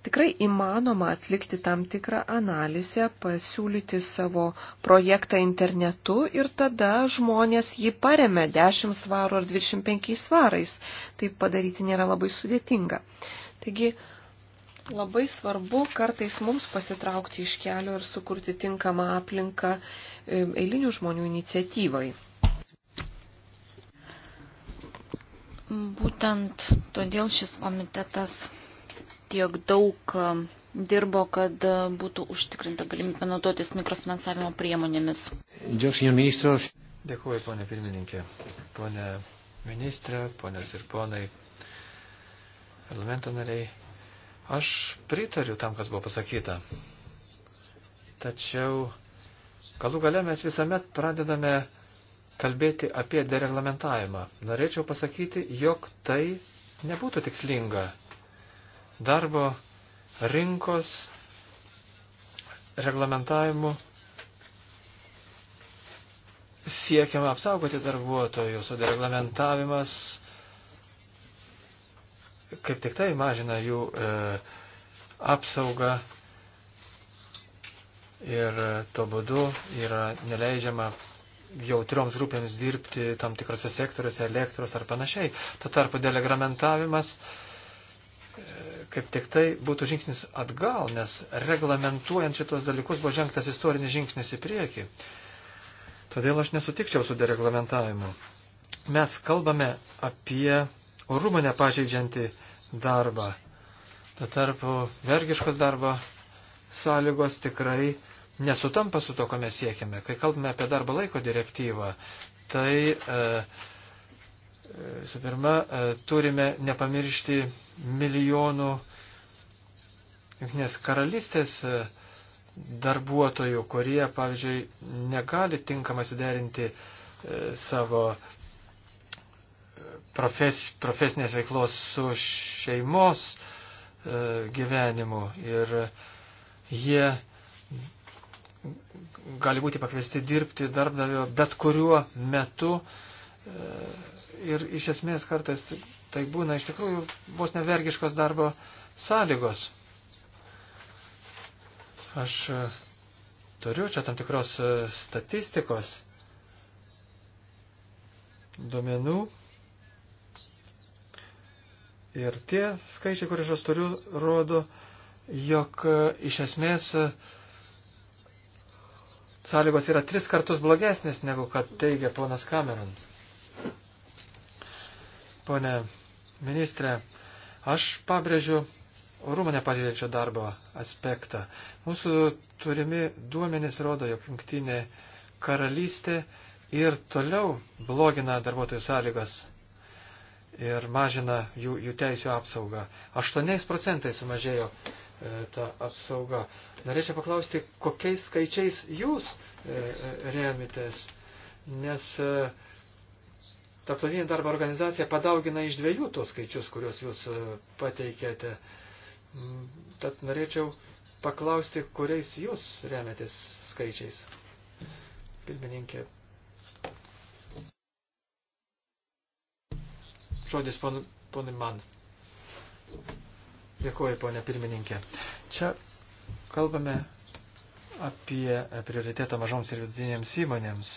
tikrai įmanoma atlikti tam tikrą analizę, pasiūlyti savo projektą internetu ir tada žmonės jį paremė 10 svarų ar 25 svarais. Tai padaryti nėra labai sudėtinga. Taigi labai svarbu kartais mums pasitraukti iš kelio ir sukurti tinkamą aplinką e, eilinių žmonių iniciatyvai. Būtent todėl šis komitetas tiek daug e, dirbo, kad e, būtų užtikrinta galimybė naudotis mikrofinansavimo priemonėmis. Dėkuoju, ponė pirmininkė. Pone ministrė, ponės ir ponai, parlamento nariai, aš pritariu tam, kas buvo pasakyta. Tačiau galų gale mes visuomet pradedame kalbėti apie dereglamentavimą. Norėčiau pasakyti, jog tai nebūtų tikslinga darbo rinkos reglamentavimu siekiama apsaugoti darbuotojus, o reglamentavimas kaip tik tai mažina jų e, apsaugą ir tuo būdu yra neleidžiama jautrioms grupėms dirbti tam tikrose sektoriuose, elektros ar panašiai. Tuo tarpu delegramentavimas e, kaip tik tai būtų žingsnis atgal, nes reglamentuojant šitos dalykus buvo žengtas istorinis žingsnis į priekį. Todėl aš nesutikčiau su dereglamentavimu. Mes kalbame apie orumą nepažeidžiantį darbą. Tuo tarpu vergiškos darbo sąlygos tikrai nesutampa su to, ko mes siekiame. Kai kalbame apie darbo laiko direktyvą, tai e, Visų pirma, e, turime nepamiršti milijonų Junktinės karalystės e, darbuotojų, kurie, pavyzdžiui, negali tinkamai suderinti e, savo profes, profesinės veiklos su šeimos gyvenimu. Ir jie gali būti pakviesti dirbti darbdavio bet kuriuo metu ir iš esmės kartais tai būna iš tikrųjų vos nevergiškos darbo sąlygos. Aš e, turiu čia tam tikros e, statistikos duomenų ir tie skaičiai, kur aš juos turiu, rodo, jog e, iš esmės sąlygos yra tris kartus blogesnės negu kad teigia ponas Cameron. Pone ministrė, aš pabrėžiu orumą nepatirėčio darbo aspektą. Mūsų turimi duomenys rodo, jog jungtinė karalystė ir toliau blogina darbuotojų sąlygas ir mažina jų, jų teisų apsaugą. 8 procentais sumažėjo e, ta apsauga. Norėčiau paklausti, kokiais skaičiais jūs e, e remitės, nes e, Tarptautinė darbo organizacija padaugina iš dviejų tos skaičius, kuriuos jūs e, pateikėte. Mm, tad norėčiau paklausti, kuriais jūs remiatės skaičiais. Pirmininkė. Žodis ponui pon man. Dėkuoju, ponė pirmininkė. Čia kalbame apie prioritetą mažoms ir vidutinėms įmonėms.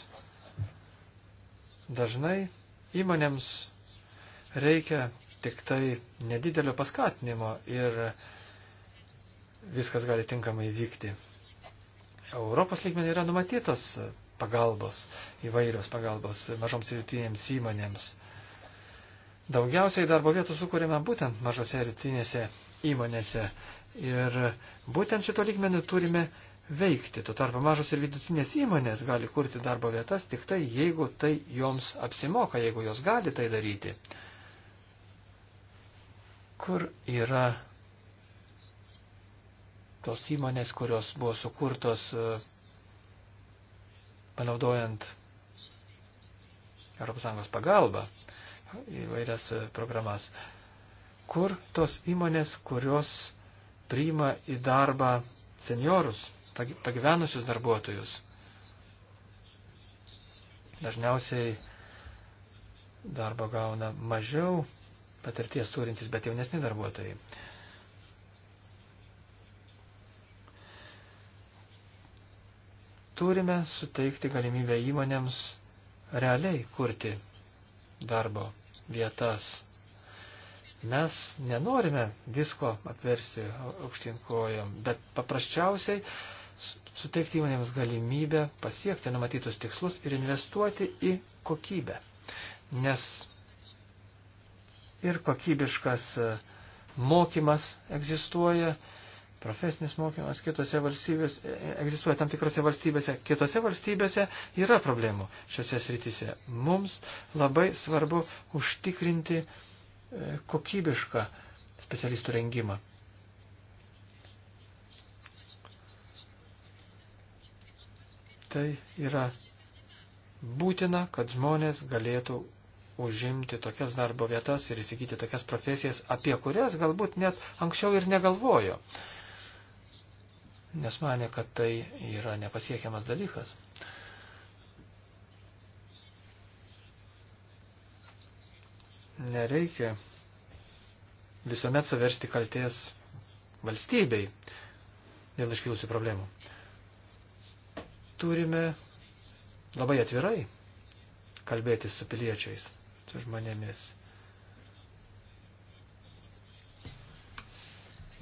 Dažnai Įmonėms reikia tik tai nedidelio paskatinimo ir viskas gali tinkamai vykti. Europos lygmenį yra numatytos pagalbos, įvairios pagalbos mažoms ir rytinėms įmonėms. Daugiausiai darbo vietų sukūrėme būtent mažose rytinėse įmonėse ir būtent šito lygmenį turime veikti. Tuo tarpu mažos ir vidutinės įmonės gali kurti darbo vietas tik tai, jeigu tai joms apsimoka, jeigu jos gali tai daryti. Kur yra tos įmonės, kurios buvo sukurtos e, panaudojant ES pagalbą įvairias e, programas. Kur tos įmonės, kurios priima į darbą seniorus, pagyvenusius darbuotojus. Dažniausiai darbo gauna mažiau patirties turintys, bet jaunesni darbuotojai. Turime suteikti galimybę įmonėms realiai kurti darbo vietas. Mes nenorime visko apversti aukštinkojom, bet paprasčiausiai suteikti įmonėms galimybę pasiekti numatytus tikslus ir investuoti į kokybę. Nes ir kokybiškas e, mokymas egzistuoja, profesinis mokymas kitose valstybėse, e, egzistuoja tam tikrose valstybėse, kitose valstybėse yra problemų šiose srityse. Mums labai svarbu užtikrinti e, kokybišką specialistų rengimą. Tai yra būtina, kad žmonės galėtų užimti tokias darbo vietas ir įsigyti tokias profesijas, apie kurias galbūt net anksčiau ir negalvojo, nes mane, kad tai yra nepasiekiamas dalykas. Nereikia visuomet suversti kalties valstybei dėl iškilusių problemų turime labai atvirai kalbėti su piliečiais, su žmonėmis.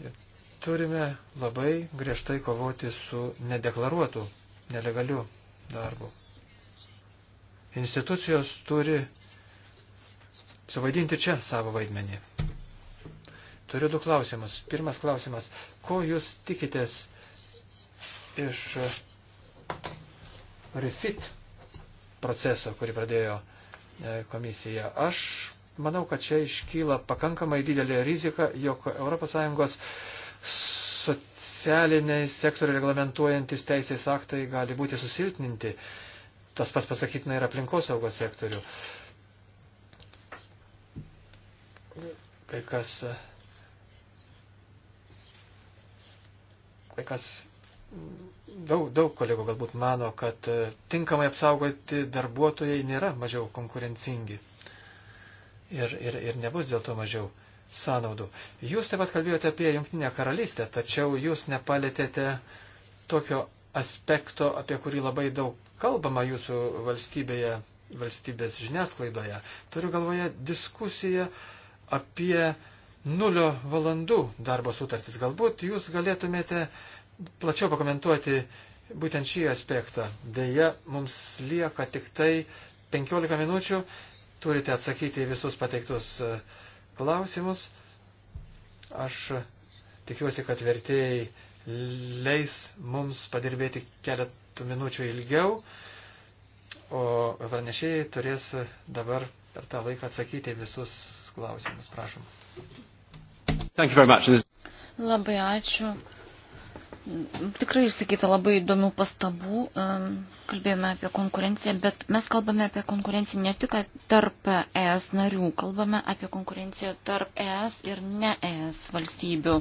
Ir turime labai griežtai kovoti su nedeklaruotu, nelegaliu darbu. Institucijos turi suvaidinti čia savo vaidmenį. Turiu du klausimus. Pirmas klausimas. Ko jūs tikitės iš refit proceso, kurį pradėjo e, komisija. Aš manau, kad čia iškyla pakankamai didelė rizika, jog ES socialiniai sektoriai reglamentuojantis teisės aktai gali būti susilpninti. Tas pas pasakytina ir aplinkosaugos sektorių. Kai kas, e, kai kas daug, daug kolegų galbūt mano, kad e, tinkamai apsaugoti darbuotojai nėra mažiau konkurencingi ir, ir, ir nebus dėl to mažiau sąnaudų. Jūs taip pat kalbėjote apie Junktinę karalystę, tačiau jūs nepalėtėte tokio aspekto, apie kurį labai daug kalbama jūsų valstybėje, valstybės žiniasklaidoje. Turiu galvoje diskusiją apie nulio valandų darbo sutartis. Galbūt jūs galėtumėte uh, plačiau pakomentuoti būtent šį aspektą. Deja, mums lieka tik tai 15 minučių, turite atsakyti į visus pateiktus e, klausimus. Aš tikiuosi, kad vertėjai leis mums padirbėti keletų minučių ilgiau, o pranešėjai turės dabar per tą laiką atsakyti visus klausimus. Prašom. Labai ačiū. Tikrai išsakyta labai įdomių pastabų, kalbėjome apie konkurenciją, bet mes kalbame apie konkurenciją ne tik tarp ES narių, kalbame apie konkurenciją tarp ES ir ne ES valstybių.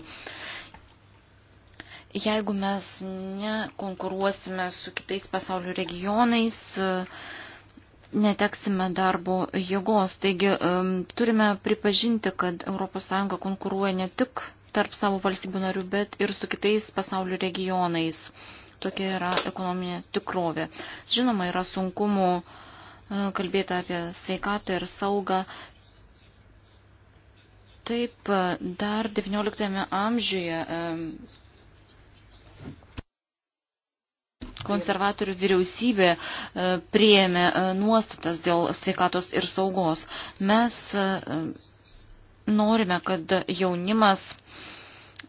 Jeigu mes nekonkuruosime su kitais pasaulio regionais, neteksime darbo jėgos. Taigi turime pripažinti, kad ES konkuruoja ne tik tarp savo valstybių narių, bet ir su kitais pasaulio regionais. Tokia yra ekonominė tikrovė. Žinoma, yra sunkumų e, kalbėti apie sveikatą ir saugą. Taip, e, dar XIX amžiuje e, konservatorių vyriausybė priėmė nuostatas dėl sveikatos ir saugos. Mes norime, kad jaunimas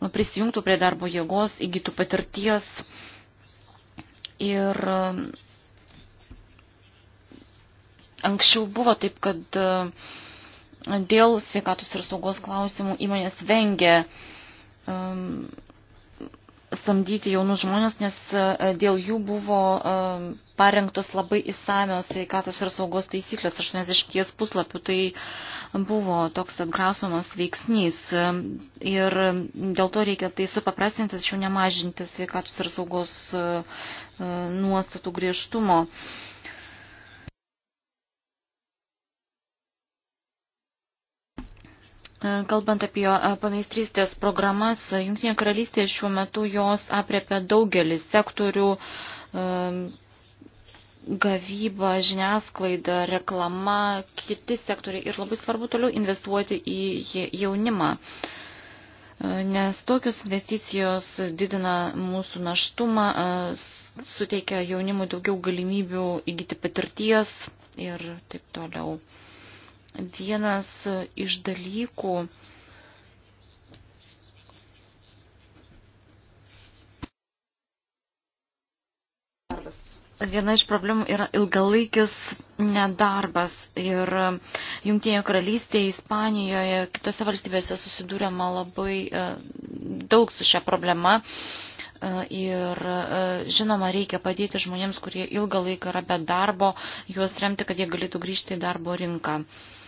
Nu, prisijungtų prie darbo jėgos, įgytų patirties ir um, anksčiau buvo taip, kad um, dėl sveikatos ir saugos klausimų įmonės vengė um, samdyti jaunus žmonės, nes e, dėl jų buvo e, parengtos labai įsamios sveikatos ir saugos taisyklės, 80 puslapių, tai buvo toks atgrasomas veiksnys ir dėl to reikia tai supaprastinti, tačiau nemažinti sveikatos ir saugos e, nuostatų griežtumo. E, kalbant apie e, pameistrystės programas, Junktinė karalystė šiuo metu jos apriepia daugelį sektorių e, gavybą, žiniasklaidą, reklama, kiti sektoriai ir labai svarbu toliau investuoti į jaunimą, nes tokios investicijos didina mūsų naštumą, suteikia jaunimui daugiau galimybių įgyti patirties ir taip toliau. Vienas iš dalykų, Viena iš problemų yra ilgalaikis nedarbas ir Junktinėje karalystėje, Ispanijoje, kitose valstybėse susidūrėma labai e, daug su šia problema. E, ir e, žinoma, reikia padėti žmonėms, kurie ilgą laiką yra be darbo, juos remti, kad jie galėtų grįžti į darbo rinką. Uh,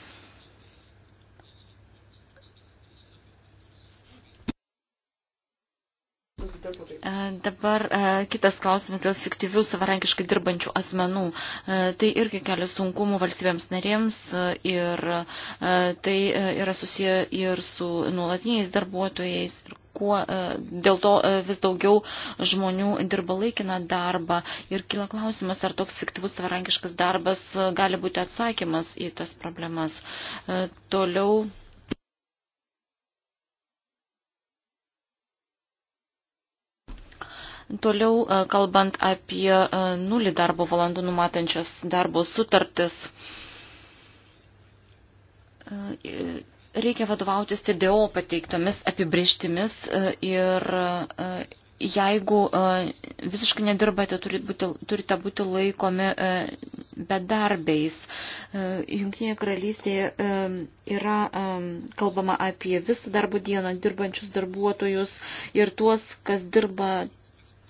E, dabar e, kitas klausimas dėl fiktyvių savarankiškai dirbančių asmenų. E, tai irgi kelia sunkumų valstybėms narėms ir tai yra susiję ir su nuolatiniais darbuotojais. Kuo, dėl to vis daugiau žmonių dirba laikiną darbą ir kila klausimas, ar toks fiktyvus savarankiškas darbas gali būti atsakymas į tas problemas. Toliau Toliau, e, kalbant apie e, nulį darbo valandų numatančias darbo sutartis, e, reikia vadovautis TDO pateiktomis apibrieštimis ir jeigu visiškai nedirbate, turite būti laikomi bedarbiais. Junktinėje karalystėje yra kalbama apie visą darbo dieną dirbančius darbuotojus ir tuos, kas dirba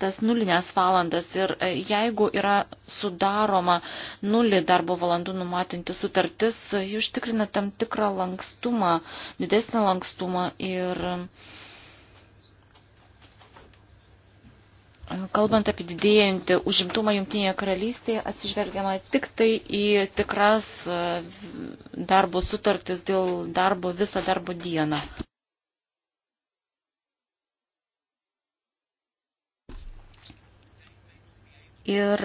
tas nulinės valandas ir e, jeigu yra sudaroma nulį darbo valandų numatinti sutartis, e, ji užtikrina tam tikrą lankstumą, didesnį lankstumą ir e, kalbant apie didėjantį užimtumą Junktinėje karalystėje, atsižvelgiama tik tai į tikras darbo sutartis dėl darbo visą darbo dieną. ir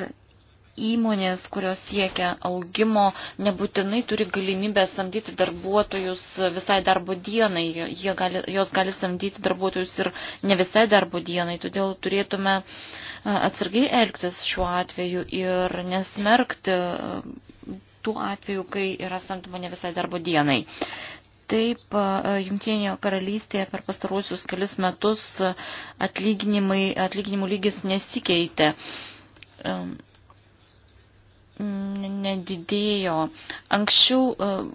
įmonės, kurios siekia augimo, nebūtinai turi galimybę samdyti darbuotojus visai darbo dienai. Jie gali, jos gali samdyti darbuotojus ir ne visai darbo dienai. Todėl turėtume atsargiai elgtis šiuo atveju ir nesmerkti tų atvejų, kai yra samdoma ne visai darbo dienai. Taip, Junktinėje karalystėje per pastaruosius kelis metus atlyginimų lygis nesikeitė. Uh, Um, nedidėjo. Anksčiau um,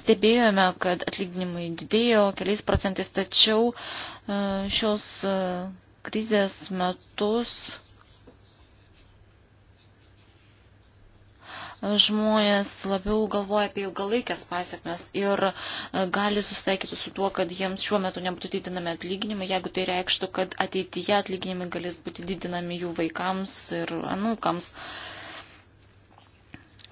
stebėjome, kad atlyginimai didėjo keliais procentais, tačiau uh, šios uh, krizės metus žmonės labiau galvoja apie ilgalaikės pasiekmes ir e, gali susitaikyti su tuo, kad jiems šiuo metu nebūtų didinami atlyginimai, jeigu tai reikštų, kad ateityje atlyginimai galės būti didinami jų vaikams ir anūkams.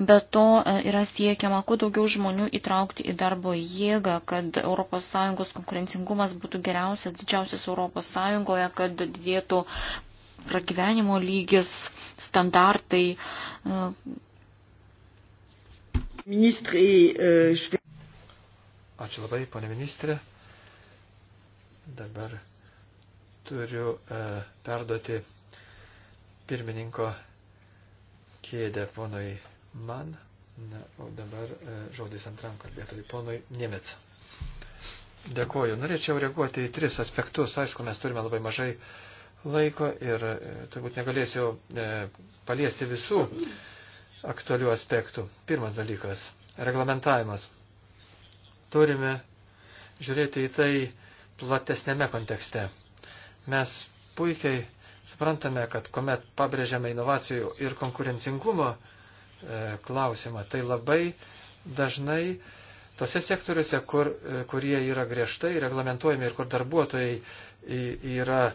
Be to e, yra siekiama kuo daugiau žmonių įtraukti į darbo jėgą, kad ES konkurencingumas būtų geriausias, didžiausias ES, kad didėtų pragyvenimo lygis, standartai, e, E, Ačiū labai, ponė ministrė. Dabar turiu e, perduoti pirmininko kėdę ponui man. Na, o dabar e, žodis antram kalbėtojui ponui Niemec. Dėkuoju. Norėčiau reaguoti į tris aspektus. Aišku, mes turime labai mažai laiko ir e, turbūt negalėsiu e, paliesti visų. E, aktualių aspektų. Pirmas dalykas - reglamentavimas. Turime žiūrėti į tai platesnėme kontekste. Mes puikiai suprantame, kad kuomet pabrėžiame inovacijų ir konkurencingumo e, klausimą, tai labai dažnai tose sektoriuose, kur, e, kurie yra griežtai reglamentuojami ir kur darbuotojai yra e,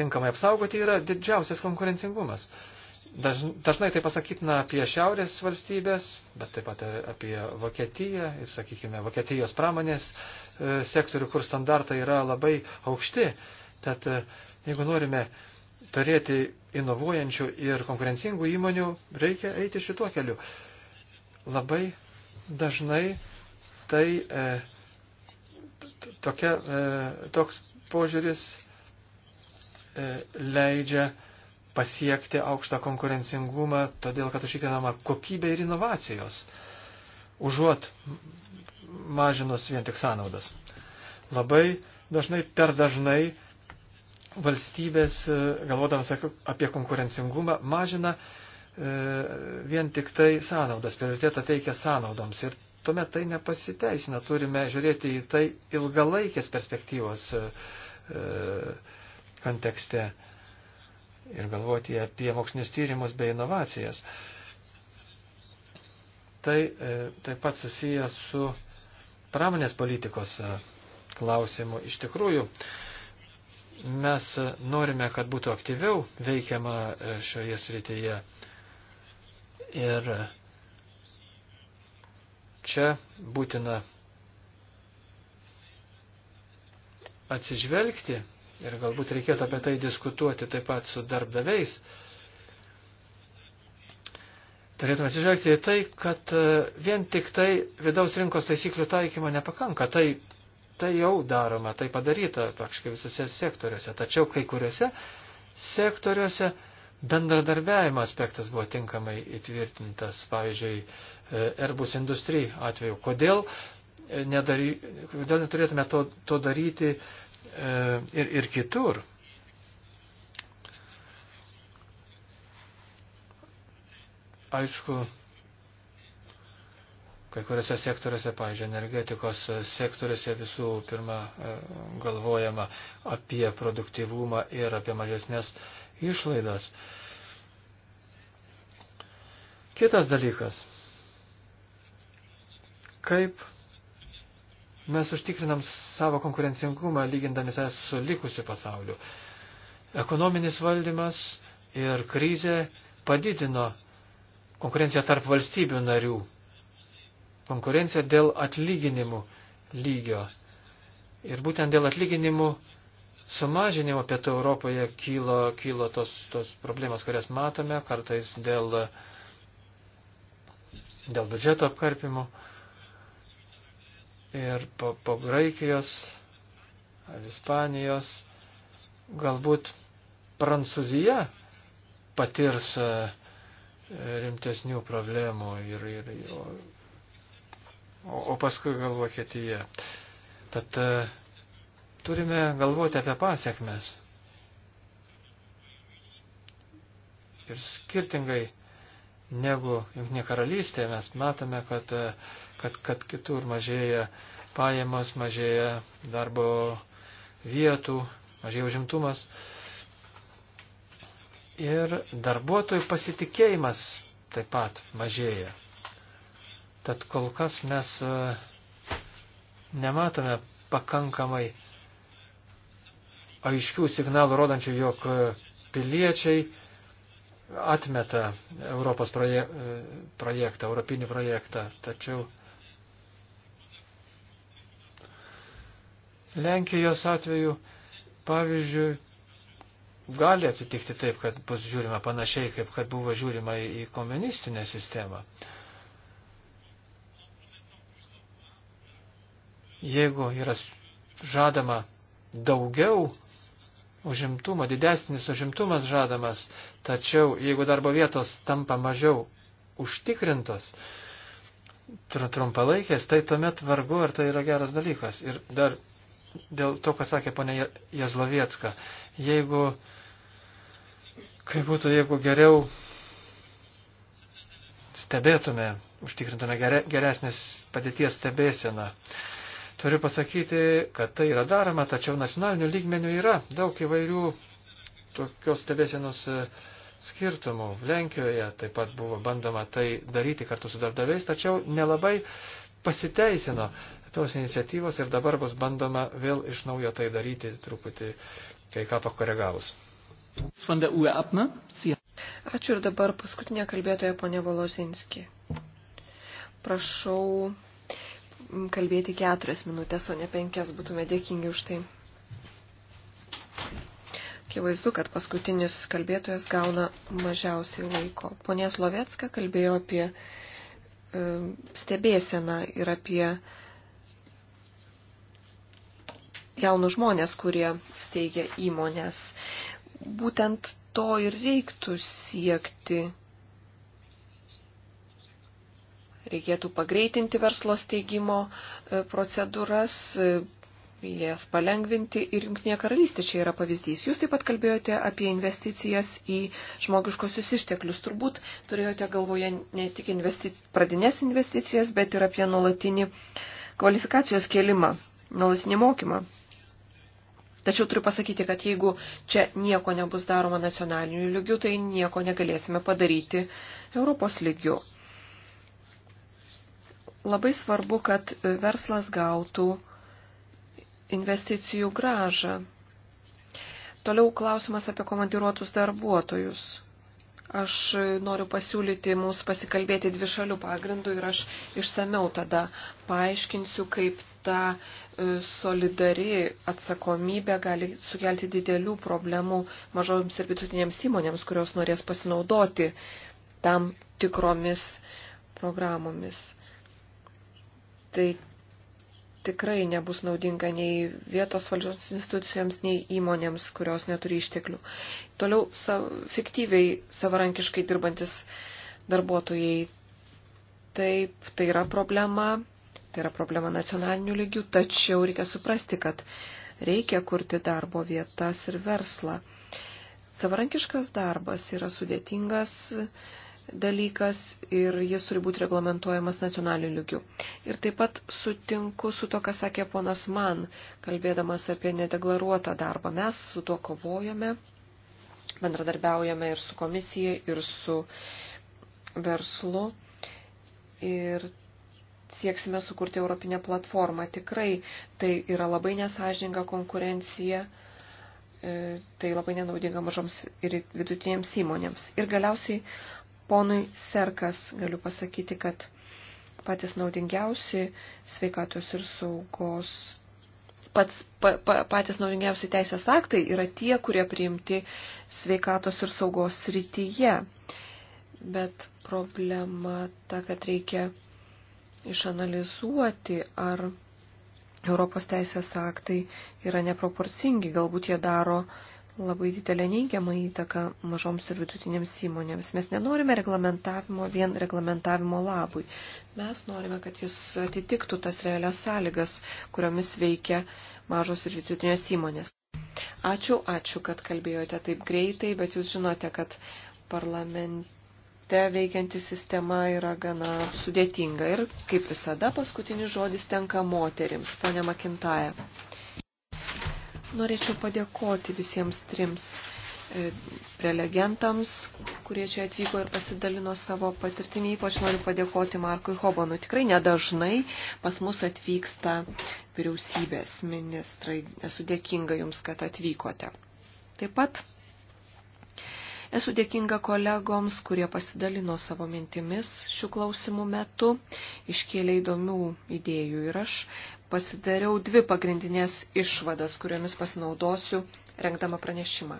tinkamai apsaugoti, yra didžiausias konkurencingumas. E, Dažnai tai pasakytina apie šiaurės valstybės, bet taip pat apie Vokietiją ir, sakykime, Vokietijos pramonės e, sektorių, kur standartai yra labai aukšti. Tad e, jeigu norime turėti inovuojančių ir konkurencingų įmonių, reikia eiti šituo keliu. Labai dažnai tai e, tokia, e, toks požiūris e, leidžia e, pasiekti aukštą konkurencingumą, todėl kad užtikrinama kokybė ir inovacijos, užuot mažinus vien tik sąnaudas. Labai dažnai, per dažnai valstybės, e, galvodamas apie konkurencingumą, mažina e, vien tik tai sąnaudas, prioritetą teikia sąnaudoms. Ir tuomet tai nepasiteisina. Turime žiūrėti į tai ilgalaikės perspektyvos e, kontekste ir galvoti apie mokslinius tyrimus bei inovacijas. Tai e, taip pat susijęs su pramonės politikos e, klausimu. Iš tikrųjų, mes e, norime, kad būtų aktyviau veikiama e, šioje srityje. Ir e, čia būtina atsižvelgti ir galbūt reikėtų apie tai diskutuoti taip pat su darbdaviais, turėtume atsižvelgti į tai, kad e, vien tik tai vidaus rinkos taisyklių taikymo nepakanka. Tai, tai jau daroma, tai padaryta praktiškai visose sektoriuose. Tačiau kai kuriuose sektoriuose bendradarbiavimo aspektas buvo tinkamai įtvirtintas, pavyzdžiui, e, Airbus Industry atveju. Kodėl, e, nedary, kodėl neturėtume to, to daryti E, ir, ir kitur. Aišku, kai kuriuose sektoriuose, pavyzdžiui, energetikos sektoriuose visų pirma e, galvojama apie produktivumą ir apie mažesnės išlaidas. Kitas dalykas. Kaip mes užtikrinam savo konkurencingumą lygindami save su likusiu pasauliu. Ekonominis valdymas ir krizė padidino konkurenciją tarp valstybių narių, konkurenciją dėl atlyginimų lygio. Ir būtent dėl atlyginimų sumažinimo pietų Europoje kylo, kylo tos, tos problemos, kurias matome, kartais dėl, dėl biudžeto apkarpimo ir po, po Graikijos ar Ispanijos, galbūt Prancūzija patirs e, rimtesnių problemų ir, ir, o, o paskui gal Vokietija. Tad e, turime galvoti apie pasiekmes. Ir skirtingai negu Junknė karalystė mes matome, kad uh, kad, kad kitur mažėja pajamos, mažėja darbo vietų, mažėja užimtumas. Ir darbuotojų pasitikėjimas taip pat mažėja. Tad kol kas mes e, nematome pakankamai aiškių signalų rodančių, jog e, piliečiai atmeta Europos proje, e, projektą, europinį projektą. Tačiau Lenkijos atveju, pavyzdžiui, gali atsitikti taip, kad bus žiūrima panašiai, kaip kad buvo žiūrima į komunistinę sistemą. Jeigu yra žadama daugiau užimtumo, didesnis užimtumas žadamas, tačiau jeigu darbo vietos tampa mažiau užtikrintos, trumpalaikės, tai tuomet vargu ar tai yra geras dalykas. Ir dar dėl to, ką sakė ponė Jazlovietska. Jeigu, kaip būtų, jeigu geriau stebėtume, užtikrintume geresnės padėties stebėseną. Turiu pasakyti, kad tai yra daroma, tačiau nacionalinių lygmenių yra daug įvairių tokios stebėsenos e, skirtumų. Lenkijoje taip pat buvo bandoma tai daryti kartu su darbdaviais, tačiau nelabai pasiteisino tos iniciatyvos ir dabar bus bandoma vėl iš naujo tai daryti, truputį kai ką pakoregavus. Ačiū ir dabar paskutinė kalbėtoja ponė Volosinski. Prašau kalbėti keturias minutės, o ne penkias, būtume dėkingi už tai. Akivaizdu, kad paskutinis kalbėtojas gauna mažiausiai laiko. Ponė Slovecka kalbėjo apie E, stebėseną ir apie jaunus žmonės, kurie steigia įmonės. Būtent to ir reiktų siekti. Reikėtų pagreitinti verslo steigimo e, procedūras, e, jas palengvinti ir Junktinė karalystė čia yra pavyzdys. Jūs taip pat kalbėjote apie investicijas į žmogiškosius išteklius. Turbūt turėjote galvoje ne tik investic... pradinės investicijas, bet ir apie nuolatinį kvalifikacijos kėlimą, nuolatinį mokymą. Tačiau turiu pasakyti, kad jeigu čia nieko nebus daroma nacionaliniu lygiu, tai nieko negalėsime padaryti Europos lygiu. Labai svarbu, kad verslas gautų investicijų gražą. Toliau klausimas apie komandiruotus darbuotojus. Aš noriu pasiūlyti mums pasikalbėti dvi šalių pagrindų ir aš išsameu tada paaiškinsiu, kaip ta e, solidari atsakomybė gali sukelti didelių problemų mažoms ir vidutinėms įmonėms, kurios norės pasinaudoti tam tikromis programomis. Tai tikrai nebus naudinga nei vietos valdžios institucijoms, nei įmonėms, kurios neturi išteklių. Toliau sav, fiktyviai savarankiškai dirbantis darbuotojai. Taip, tai yra problema, tai yra problema nacionalinių lygių, tačiau reikia suprasti, kad reikia kurti darbo vietas ir verslą. Savarankiškas darbas yra sudėtingas dalykas ir jis turi būti reglamentuojamas nacionaliniu lygiu. Ir taip pat sutinku su to, ką sakė ponas man, kalbėdamas apie nedeklaruotą darbą. Mes su tuo kovojame, bendradarbiaujame ir su komisija, ir su verslu. Ir sieksime sukurti Europinę platformą. Tikrai tai yra labai nesažininga konkurencija e, tai labai nenaudinga mažoms ir vidutinėms įmonėms. Ir galiausiai Ponui Serkas galiu pasakyti, kad patys naudingiausi sveikatos ir saugos, pats, pa, pa, patys naudingiausi teisės aktai yra tie, kurie priimti sveikatos ir saugos srityje. Bet problema ta, kad reikia išanalizuoti, ar Europos teisės aktai yra neproporcingi, galbūt jie daro uh, labai didelę neigiamą įtaką mažoms ir vidutinėms įmonėms. Mes nenorime reglamentavimo vien reglamentavimo labui. Mes norime, kad jis atitiktų tas realias sąlygas, kuriomis veikia mažos ir vidutinės įmonės. Ačiū, ačiū, kad kalbėjote taip greitai, bet jūs žinote, kad parlamente veikianti sistema yra gana sudėtinga ir, kaip visada, paskutinis žodis tenka moterims, ponia Makintaja. Norėčiau padėkoti visiems trims e, prelegentams, kurie čia atvyko ir pasidalino savo patirtimį. Ypač noriu padėkoti Markui Hobonui. Tikrai nedažnai pas mus atvyksta vyriausybės ministrai. Esu dėkinga Jums, kad atvykote. Taip pat Esu dėkinga kolegoms, kurie pasidalino savo mintimis šių klausimų metu, iškėlė įdomių idėjų ir aš pasidariau dvi pagrindinės išvadas, kuriomis pasinaudosiu rengdama pranešimą.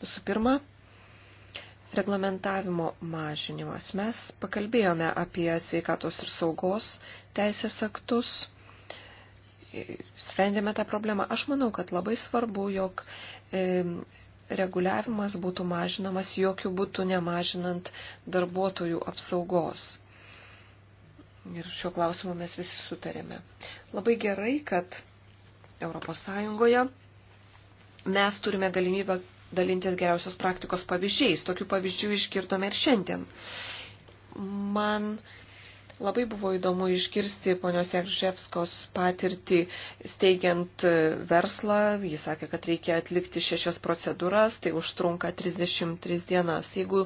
Visų pirma, reglamentavimo mažinimas. Mes pakalbėjome apie sveikatos ir saugos teisės aktus sprendėme tą problemą. Aš manau, kad labai svarbu, jog reguliavimas būtų mažinamas jokių būtų nemažinant darbuotojų apsaugos. Ir šiuo klausimu mes visi sutarėme. Labai gerai, kad ES mes turime galimybę dalintis geriausios praktikos pavyzdžiais. Tokių pavyzdžių išgirdome ir šiandien. Man Labai buvo įdomu išgirsti ponios Jakževskos patirtį steigiant e, verslą. Jis sakė, kad reikia atlikti šešias procedūras, tai užtrunka 33 dienas. Jeigu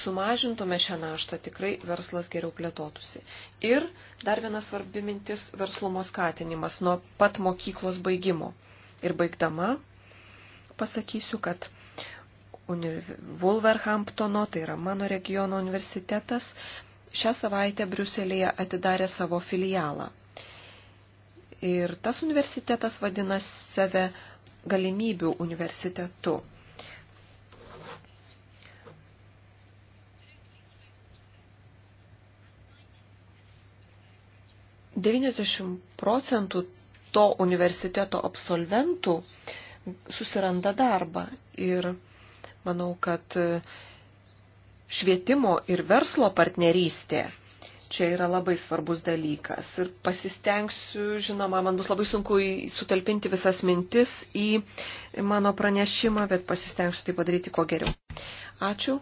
sumažintume šią naštą, tikrai verslas geriau plėtotųsi. Ir dar viena svarbi mintis - verslumo skatinimas nuo pat mokyklos baigimo. Ir baigdama pasakysiu, kad Wolverhamptono, tai yra mano regiono universitetas, šią savaitę Briuselėje atidarė savo filialą. Ir tas universitetas vadina save galimybių universitetu. Devyniasdešimt procentų to universiteto absolventų susiranda darbą ir manau, kad švietimo ir verslo partnerystė čia yra labai svarbus dalykas. Ir pasistengsiu, žinoma, man bus labai sunku sutalpinti visas mintis į mano pranešimą, bet pasistengsiu tai padaryti kuo geriau. Ačiū.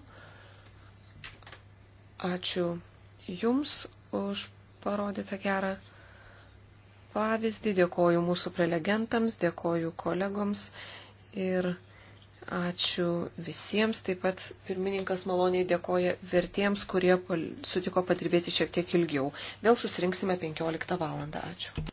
Ačiū Jums už parodytą gerą pavyzdį. Dėkoju mūsų prelegentams, dėkoju kolegoms ir Ačiū visiems. Taip pat pirmininkas maloniai dėkoja vertiems, kurie sutiko padirbėti šiek tiek ilgiau. Vėl susirinksime 15 valandą. Ačiū.